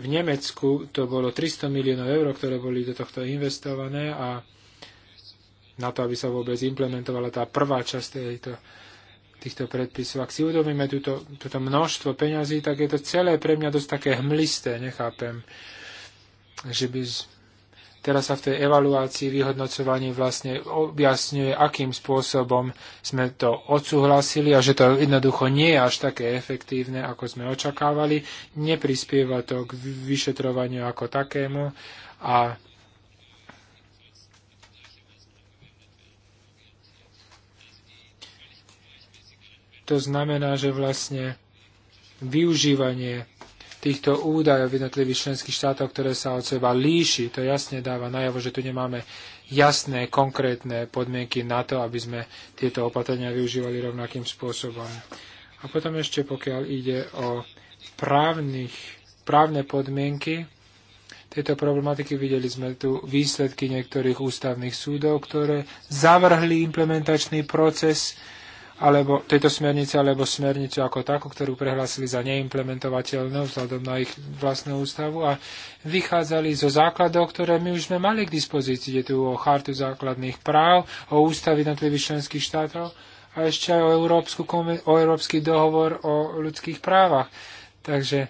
v Nemecku to bolo 300 miliónov eur, ktoré boli do tohto investované a na to, aby sa vôbec implementovala tá prvá časť tejto, týchto predpisov. Ak si uvedomíme túto, túto množstvo peňazí, tak je to celé pre mňa dosť také hmlisté, nechápem, že by Teraz sa v tej evaluácii, vyhodnocovaní vlastne objasňuje, akým spôsobom sme to odsúhlasili a že to jednoducho nie je až také efektívne, ako sme očakávali. Neprispieva to k vyšetrovaniu ako takému a To znamená, že vlastne využívanie týchto údajov v jednotlivých členských štátoch, ktoré sa od seba líši. To jasne dáva najavo, že tu nemáme jasné, konkrétne podmienky na to, aby sme tieto opatrenia využívali rovnakým spôsobom. A potom ešte, pokiaľ ide o právnych, právne podmienky tejto problematiky, videli sme tu výsledky niektorých ústavných súdov, ktoré zavrhli implementačný proces alebo tejto smernice alebo smernicu ako takú, ktorú prehlásili za neimplementovateľnú vzhľadom na ich vlastnú ústavu a vychádzali zo základov, ktoré my už sme mali k dispozícii. Je tu o chartu základných práv, o ústavy jednotlivých členských štátov a ešte aj o, Európsku, o Európsky dohovor o ľudských právach. Takže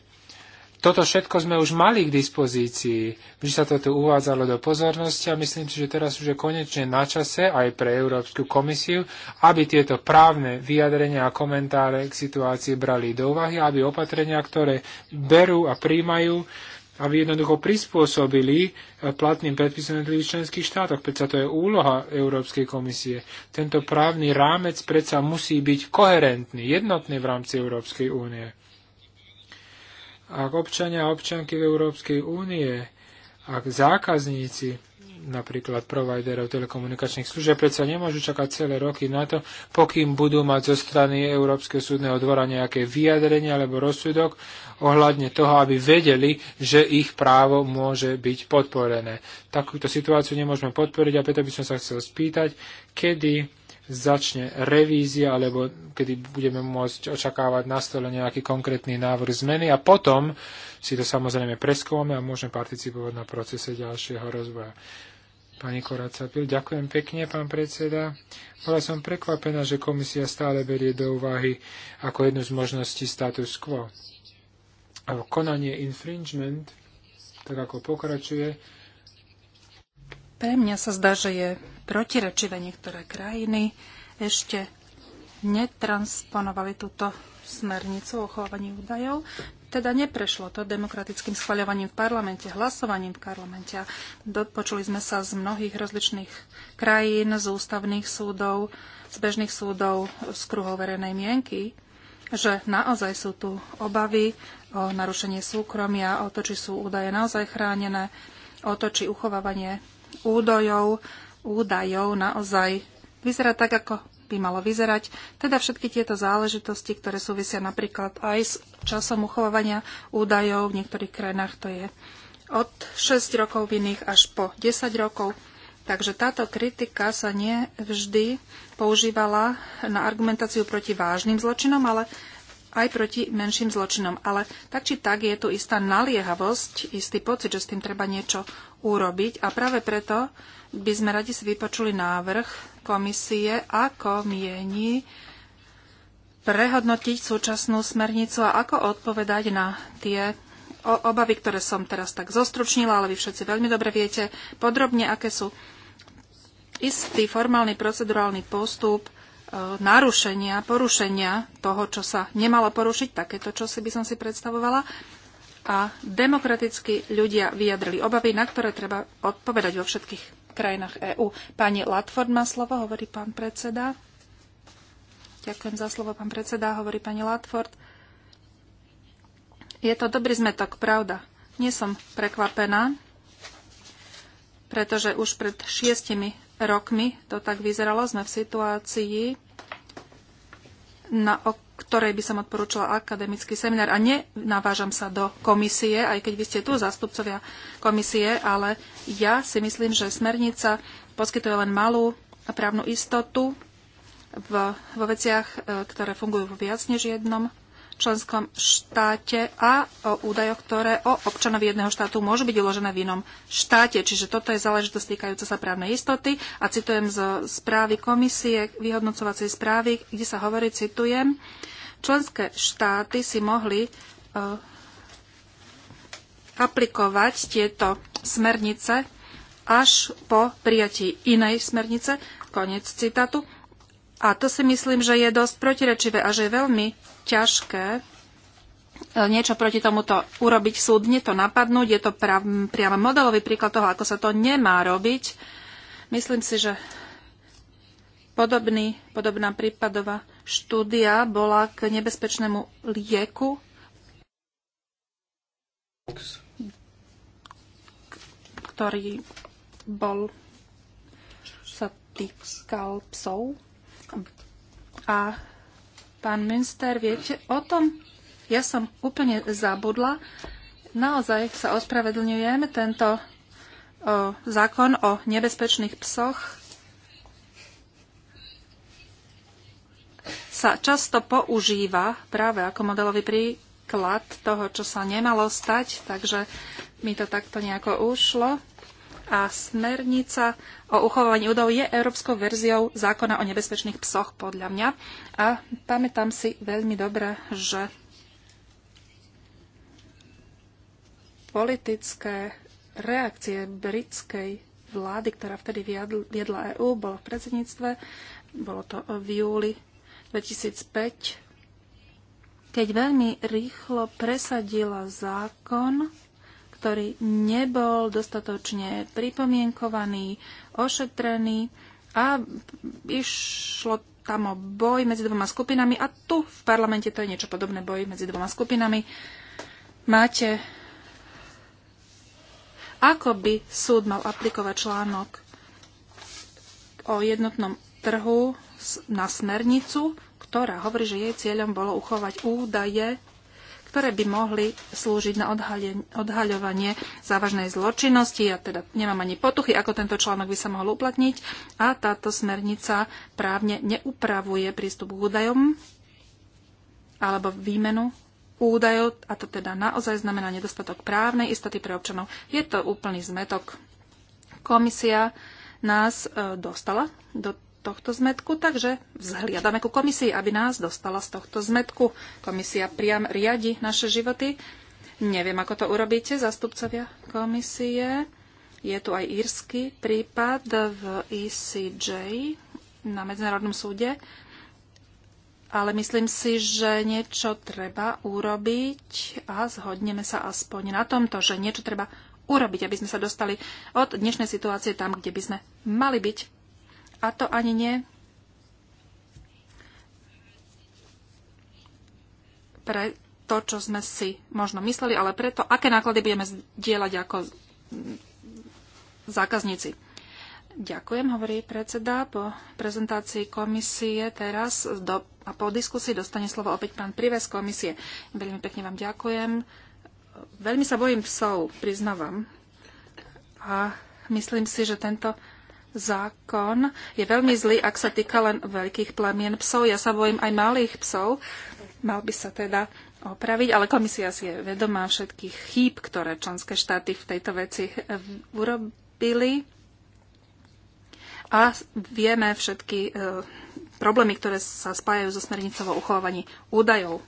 toto všetko sme už mali k dispozícii. že sa toto uvádzalo do pozornosti a myslím si, že teraz už je konečne na čase aj pre Európsku komisiu, aby tieto právne vyjadrenia a komentáre k situácii brali do úvahy, aby opatrenia, ktoré berú a príjmajú, aby jednoducho prispôsobili eh, platným predpisom jednotlivých členských štátoch. Predsa to je úloha Európskej komisie. Tento právny rámec predsa musí byť koherentný, jednotný v rámci Európskej únie. Ak občania a občanky v Európskej únie, ak zákazníci, napríklad providerov telekomunikačných služieb, predsa nemôžu čakať celé roky na to, pokým budú mať zo strany Európskeho súdneho dvora nejaké vyjadrenie alebo rozsudok ohľadne toho, aby vedeli, že ich právo môže byť podporené. Takúto situáciu nemôžeme podporiť a preto by som sa chcel spýtať, kedy začne revízia, alebo kedy budeme môcť očakávať na stole nejaký konkrétny návrh zmeny a potom si to samozrejme preskúmame a môžeme participovať na procese ďalšieho rozvoja. Pani Koracapil, ďakujem pekne, pán predseda. Bola som prekvapená, že komisia stále berie do úvahy ako jednu z možností status quo. A konanie infringement, tak ako pokračuje. Pre mňa sa zdá, že je protirečivé. Niektoré krajiny ešte netransponovali túto smernicu o chovaní údajov, teda neprešlo to demokratickým schvaľovaním v parlamente, hlasovaním v parlamente. Dopočuli sme sa z mnohých rozličných krajín, z ústavných súdov, z bežných súdov, z kruhov verejnej mienky, že naozaj sú tu obavy o narušenie súkromia, o to, či sú údaje naozaj chránené, o to, či uchovávanie údajov údajov naozaj vyzerá tak, ako by malo vyzerať. Teda všetky tieto záležitosti, ktoré súvisia napríklad aj s časom uchovávania údajov, v niektorých krajinách to je od 6 rokov, v iných až po 10 rokov. Takže táto kritika sa nie vždy používala na argumentáciu proti vážnym zločinom, ale aj proti menším zločinom. Ale tak či tak je tu istá naliehavosť, istý pocit, že s tým treba niečo urobiť a práve preto by sme radi si vypočuli návrh komisie, ako mieni prehodnotiť súčasnú smernicu a ako odpovedať na tie obavy, ktoré som teraz tak zostručnila, ale vy všetci veľmi dobre viete podrobne, aké sú istý formálny procedurálny postup e, narušenia, porušenia toho, čo sa nemalo porušiť, takéto čosi by som si predstavovala, a demokraticky ľudia vyjadrili obavy, na ktoré treba odpovedať vo všetkých krajinách EÚ. Pani Latford má slovo, hovorí pán predseda. Ďakujem za slovo, pán predseda, hovorí pani Latford. Je to dobrý zmetok, pravda. Nie som prekvapená, pretože už pred šiestimi rokmi to tak vyzeralo. Sme v situácii, na ok- ktorej by som odporúčala akademický seminár. A nenavážam sa do komisie, aj keď vy ste tu zástupcovia komisie, ale ja si myslím, že smernica poskytuje len malú právnu istotu v, vo veciach, e, ktoré fungujú v viac než jednom členskom štáte a o údajoch, ktoré o občanovi jedného štátu môžu byť uložené v inom štáte. Čiže toto je záležitosť týkajúca sa právnej istoty a citujem zo správy komisie, vyhodnocovacej správy, kde sa hovorí, citujem, členské štáty si mohli e, aplikovať tieto smernice až po prijatí inej smernice, koniec citátu. A to si myslím, že je dosť protirečivé a že je veľmi ťažké e, niečo proti tomuto urobiť súdne, to napadnúť. Je to priamo modelový príklad toho, ako sa to nemá robiť. Myslím si, že podobný, podobná prípadová štúdia bola k nebezpečnému lieku. ktorý bol sa týkal psov a Pán minister, viete o tom? Ja som úplne zabudla. Naozaj sa ospravedlňujem. Tento o, zákon o nebezpečných psoch sa často používa práve ako modelový príklad toho, čo sa nemalo stať, takže mi to takto nejako ušlo a smernica o uchovávaní údov je európskou verziou zákona o nebezpečných psoch, podľa mňa. A pamätám si veľmi dobre, že politické reakcie britskej vlády, ktorá vtedy viedla EÚ, bolo v predsedníctve, bolo to v júli 2005, keď veľmi rýchlo presadila zákon, ktorý nebol dostatočne pripomienkovaný, ošetrený a išlo tam o boj medzi dvoma skupinami a tu v parlamente to je niečo podobné, boj medzi dvoma skupinami. Máte ako by súd mal aplikovať článok o jednotnom trhu na smernicu, ktorá hovorí, že jej cieľom bolo uchovať údaje ktoré by mohli slúžiť na odhaľovanie závažnej zločinnosti. Ja teda nemám ani potuchy, ako tento článok by sa mohol uplatniť. A táto smernica právne neupravuje prístup k údajom alebo výmenu údajov, a to teda naozaj znamená nedostatok právnej istoty pre občanov. Je to úplný zmetok. Komisia nás e, dostala do tohto zmetku, takže vzhliadame ku komisii, aby nás dostala z tohto zmetku. Komisia priam riadi naše životy. Neviem, ako to urobíte, zastupcovia komisie. Je tu aj írsky prípad v ECJ na Medzinárodnom súde, ale myslím si, že niečo treba urobiť a zhodneme sa aspoň na tomto, že niečo treba urobiť, aby sme sa dostali od dnešnej situácie tam, kde by sme mali byť a to ani nie pre to, čo sme si možno mysleli, ale preto, aké náklady budeme zdieľať ako zákazníci. Ďakujem, hovorí predseda. Po prezentácii komisie teraz do, a po diskusii dostane slovo opäť pán Prives komisie. Veľmi pekne vám ďakujem. Veľmi sa bojím psov, priznávam. A myslím si, že tento zákon je veľmi zlý, ak sa týka len veľkých plemien psov. Ja sa bojím aj malých psov. Mal by sa teda opraviť, ale komisia si je vedomá všetkých chýb, ktoré členské štáty v tejto veci eh, urobili. A vieme všetky eh, problémy, ktoré sa spájajú so smernicou o uchovávaní údajov.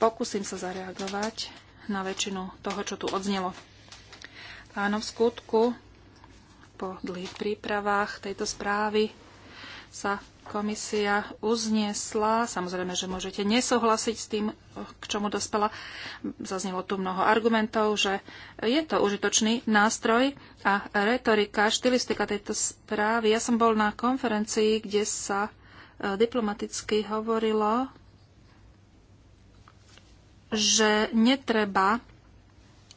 Pokúsim sa zareagovať na väčšinu toho, čo tu odznelo. Áno, v skutku po dlhých prípravách tejto správy sa komisia uzniesla. Samozrejme, že môžete nesúhlasiť s tým, k čomu dospela. Zaznelo tu mnoho argumentov, že je to užitočný nástroj a retorika, štilistika tejto správy. Ja som bol na konferencii, kde sa e, diplomaticky hovorilo, že netreba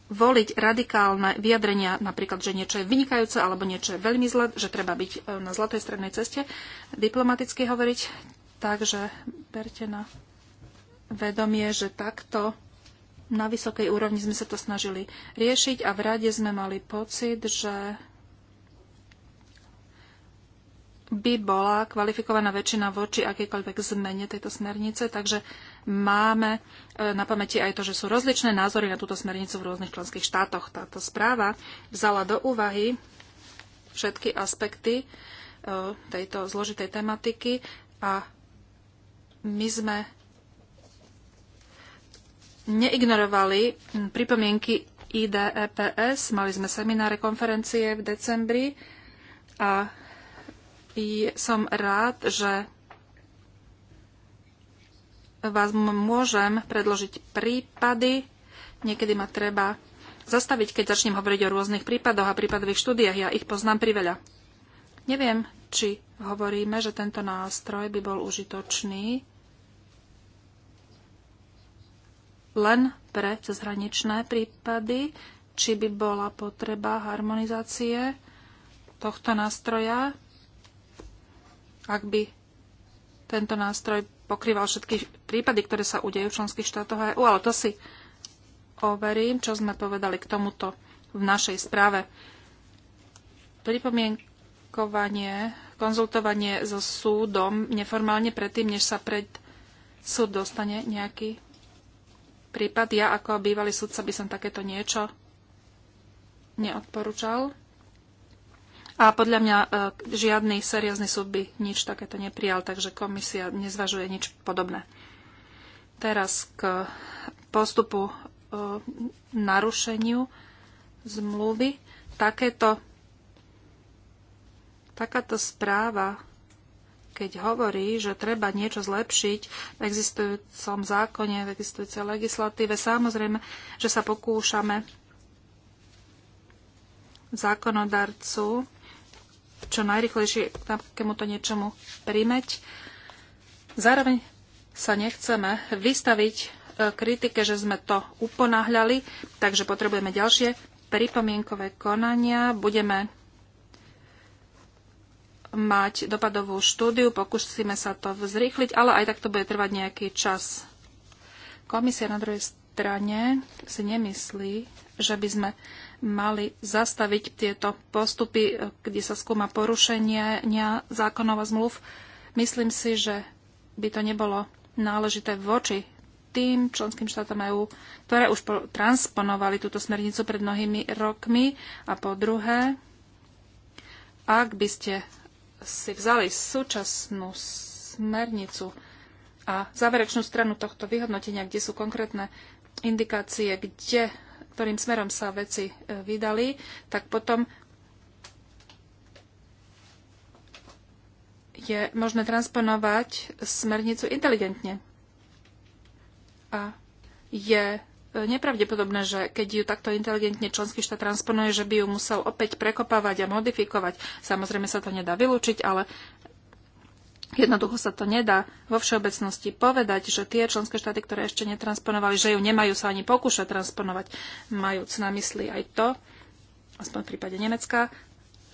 voliť radikálne vyjadrenia, napríklad, že niečo je vynikajúce alebo niečo je veľmi zle, že treba byť e, na zlatej strednej ceste, diplomaticky hovoriť. Takže berte na vedomie, že takto na vysokej úrovni sme sa to snažili riešiť a v rade sme mali pocit, že by bola kvalifikovaná väčšina voči akejkoľvek zmene tejto smernice, takže máme e, na pamäti aj to, že sú rozličné názory na túto smernicu v rôznych členských štátoch. Táto správa vzala do úvahy všetky aspekty e, tejto zložitej tematiky a my sme neignorovali pripomienky IDEPS. Mali sme semináre, konferencie v decembri a som rád, že vás môžem predložiť prípady. Niekedy ma treba zastaviť, keď začnem hovoriť o rôznych prípadoch a prípadových štúdiách. Ja ich poznám priveľa. Neviem, či hovoríme, že tento nástroj by bol užitočný len pre cezhraničné prípady, či by bola potreba harmonizácie tohto nástroja, ak by tento nástroj pokrýval všetky prípady, ktoré sa udejú v členských štátoch EÚ, ale to si overím, čo sme povedali k tomuto v našej správe. Pripomienkovanie, konzultovanie so súdom neformálne predtým, než sa pred súd dostane nejaký prípad. Ja ako bývalý sudca by som takéto niečo neodporúčal. A podľa mňa e, žiadny seriózny súd by nič takéto neprijal, takže komisia nezvažuje nič podobné. Teraz k postupu e, narušeniu zmluvy. Takéto, takáto správa, keď hovorí, že treba niečo zlepšiť v existujúcom zákone, v existujúcej legislatíve, samozrejme, že sa pokúšame zákonodarcu čo najrychlejšie k takémuto niečomu prímeť. Zároveň sa nechceme vystaviť e, kritike, že sme to uponáhľali, takže potrebujeme ďalšie pripomienkové konania. Budeme mať dopadovú štúdiu, pokúsime sa to vzrýchliť, ale aj tak to bude trvať nejaký čas. Komisia na druhej strane si nemyslí, že by sme mali zastaviť tieto postupy, eh, kde sa skúma porušenie zákonov a zmluv. Myslím si, že by to nebolo náležité voči tým členským štátom EÚ, ktoré už transponovali túto smernicu pred mnohými rokmi. A po druhé, ak by ste si vzali súčasnú smernicu a záverečnú stranu tohto vyhodnotenia, kde sú konkrétne indikácie, kde ktorým smerom sa veci e, vydali, tak potom je možné transponovať smernicu inteligentne. A je e, nepravdepodobné, že keď ju takto inteligentne členský štát transponuje, že by ju musel opäť prekopávať a modifikovať. Samozrejme sa to nedá vylúčiť, ale Jednoducho sa to nedá vo všeobecnosti povedať, že tie členské štáty, ktoré ešte netransponovali, že ju nemajú sa ani pokúšať transponovať, majúc na mysli aj to, aspoň v prípade Nemecka,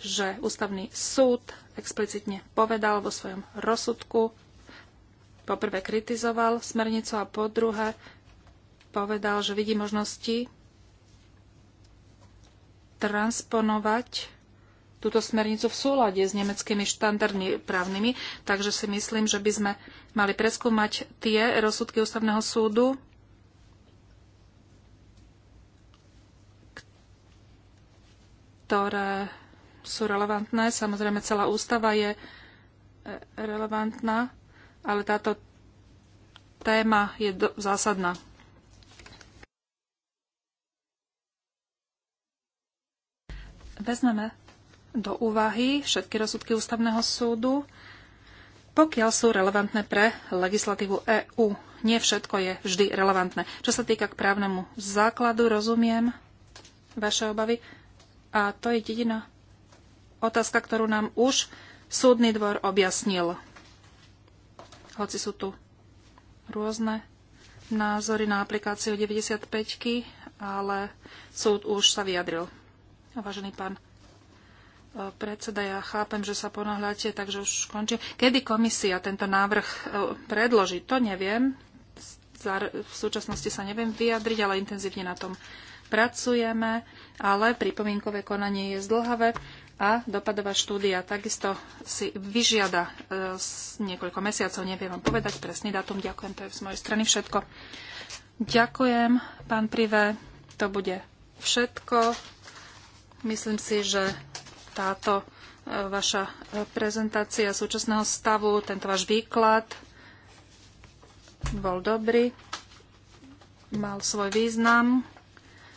že ústavný súd explicitne povedal vo svojom rozsudku, poprvé kritizoval smernicu a po druhé povedal, že vidí možnosti transponovať túto smernicu v súlade s nemeckými štandardmi právnymi, takže si myslím, že by sme mali preskúmať tie rozsudky ústavného súdu, ktoré sú relevantné. Samozrejme, celá ústava je e, relevantná, ale táto téma je do- zásadná. Vezmeme do úvahy všetky rozsudky ústavného súdu, pokiaľ sú relevantné pre legislatívu EÚ. Nie všetko je vždy relevantné. Čo sa týka k právnemu základu, rozumiem vaše obavy. A to je jediná otázka, ktorú nám už súdny dvor objasnil. Hoci sú tu rôzne názory na aplikáciu 95 ale súd už sa vyjadril. Vážený pán predseda, ja chápem, že sa ponáhľate, takže už končím. Kedy komisia tento návrh e, predloží, to neviem. V súčasnosti sa neviem vyjadriť, ale intenzívne na tom pracujeme. Ale pripomienkové konanie je zdlhavé a dopadová štúdia takisto si vyžiada e, niekoľko mesiacov. Neviem vám povedať presný dátum. Ďakujem, to je z mojej strany všetko. Ďakujem, pán Prive. To bude všetko. Myslím si, že táto e, vaša e, prezentácia súčasného stavu, tento váš výklad bol dobrý, mal svoj význam.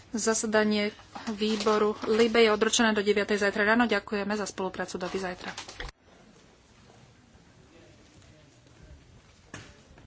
Zasadanie výboru Libe je odročené do 9. zajtra ráno. Ďakujeme za spoluprácu. do zajtra.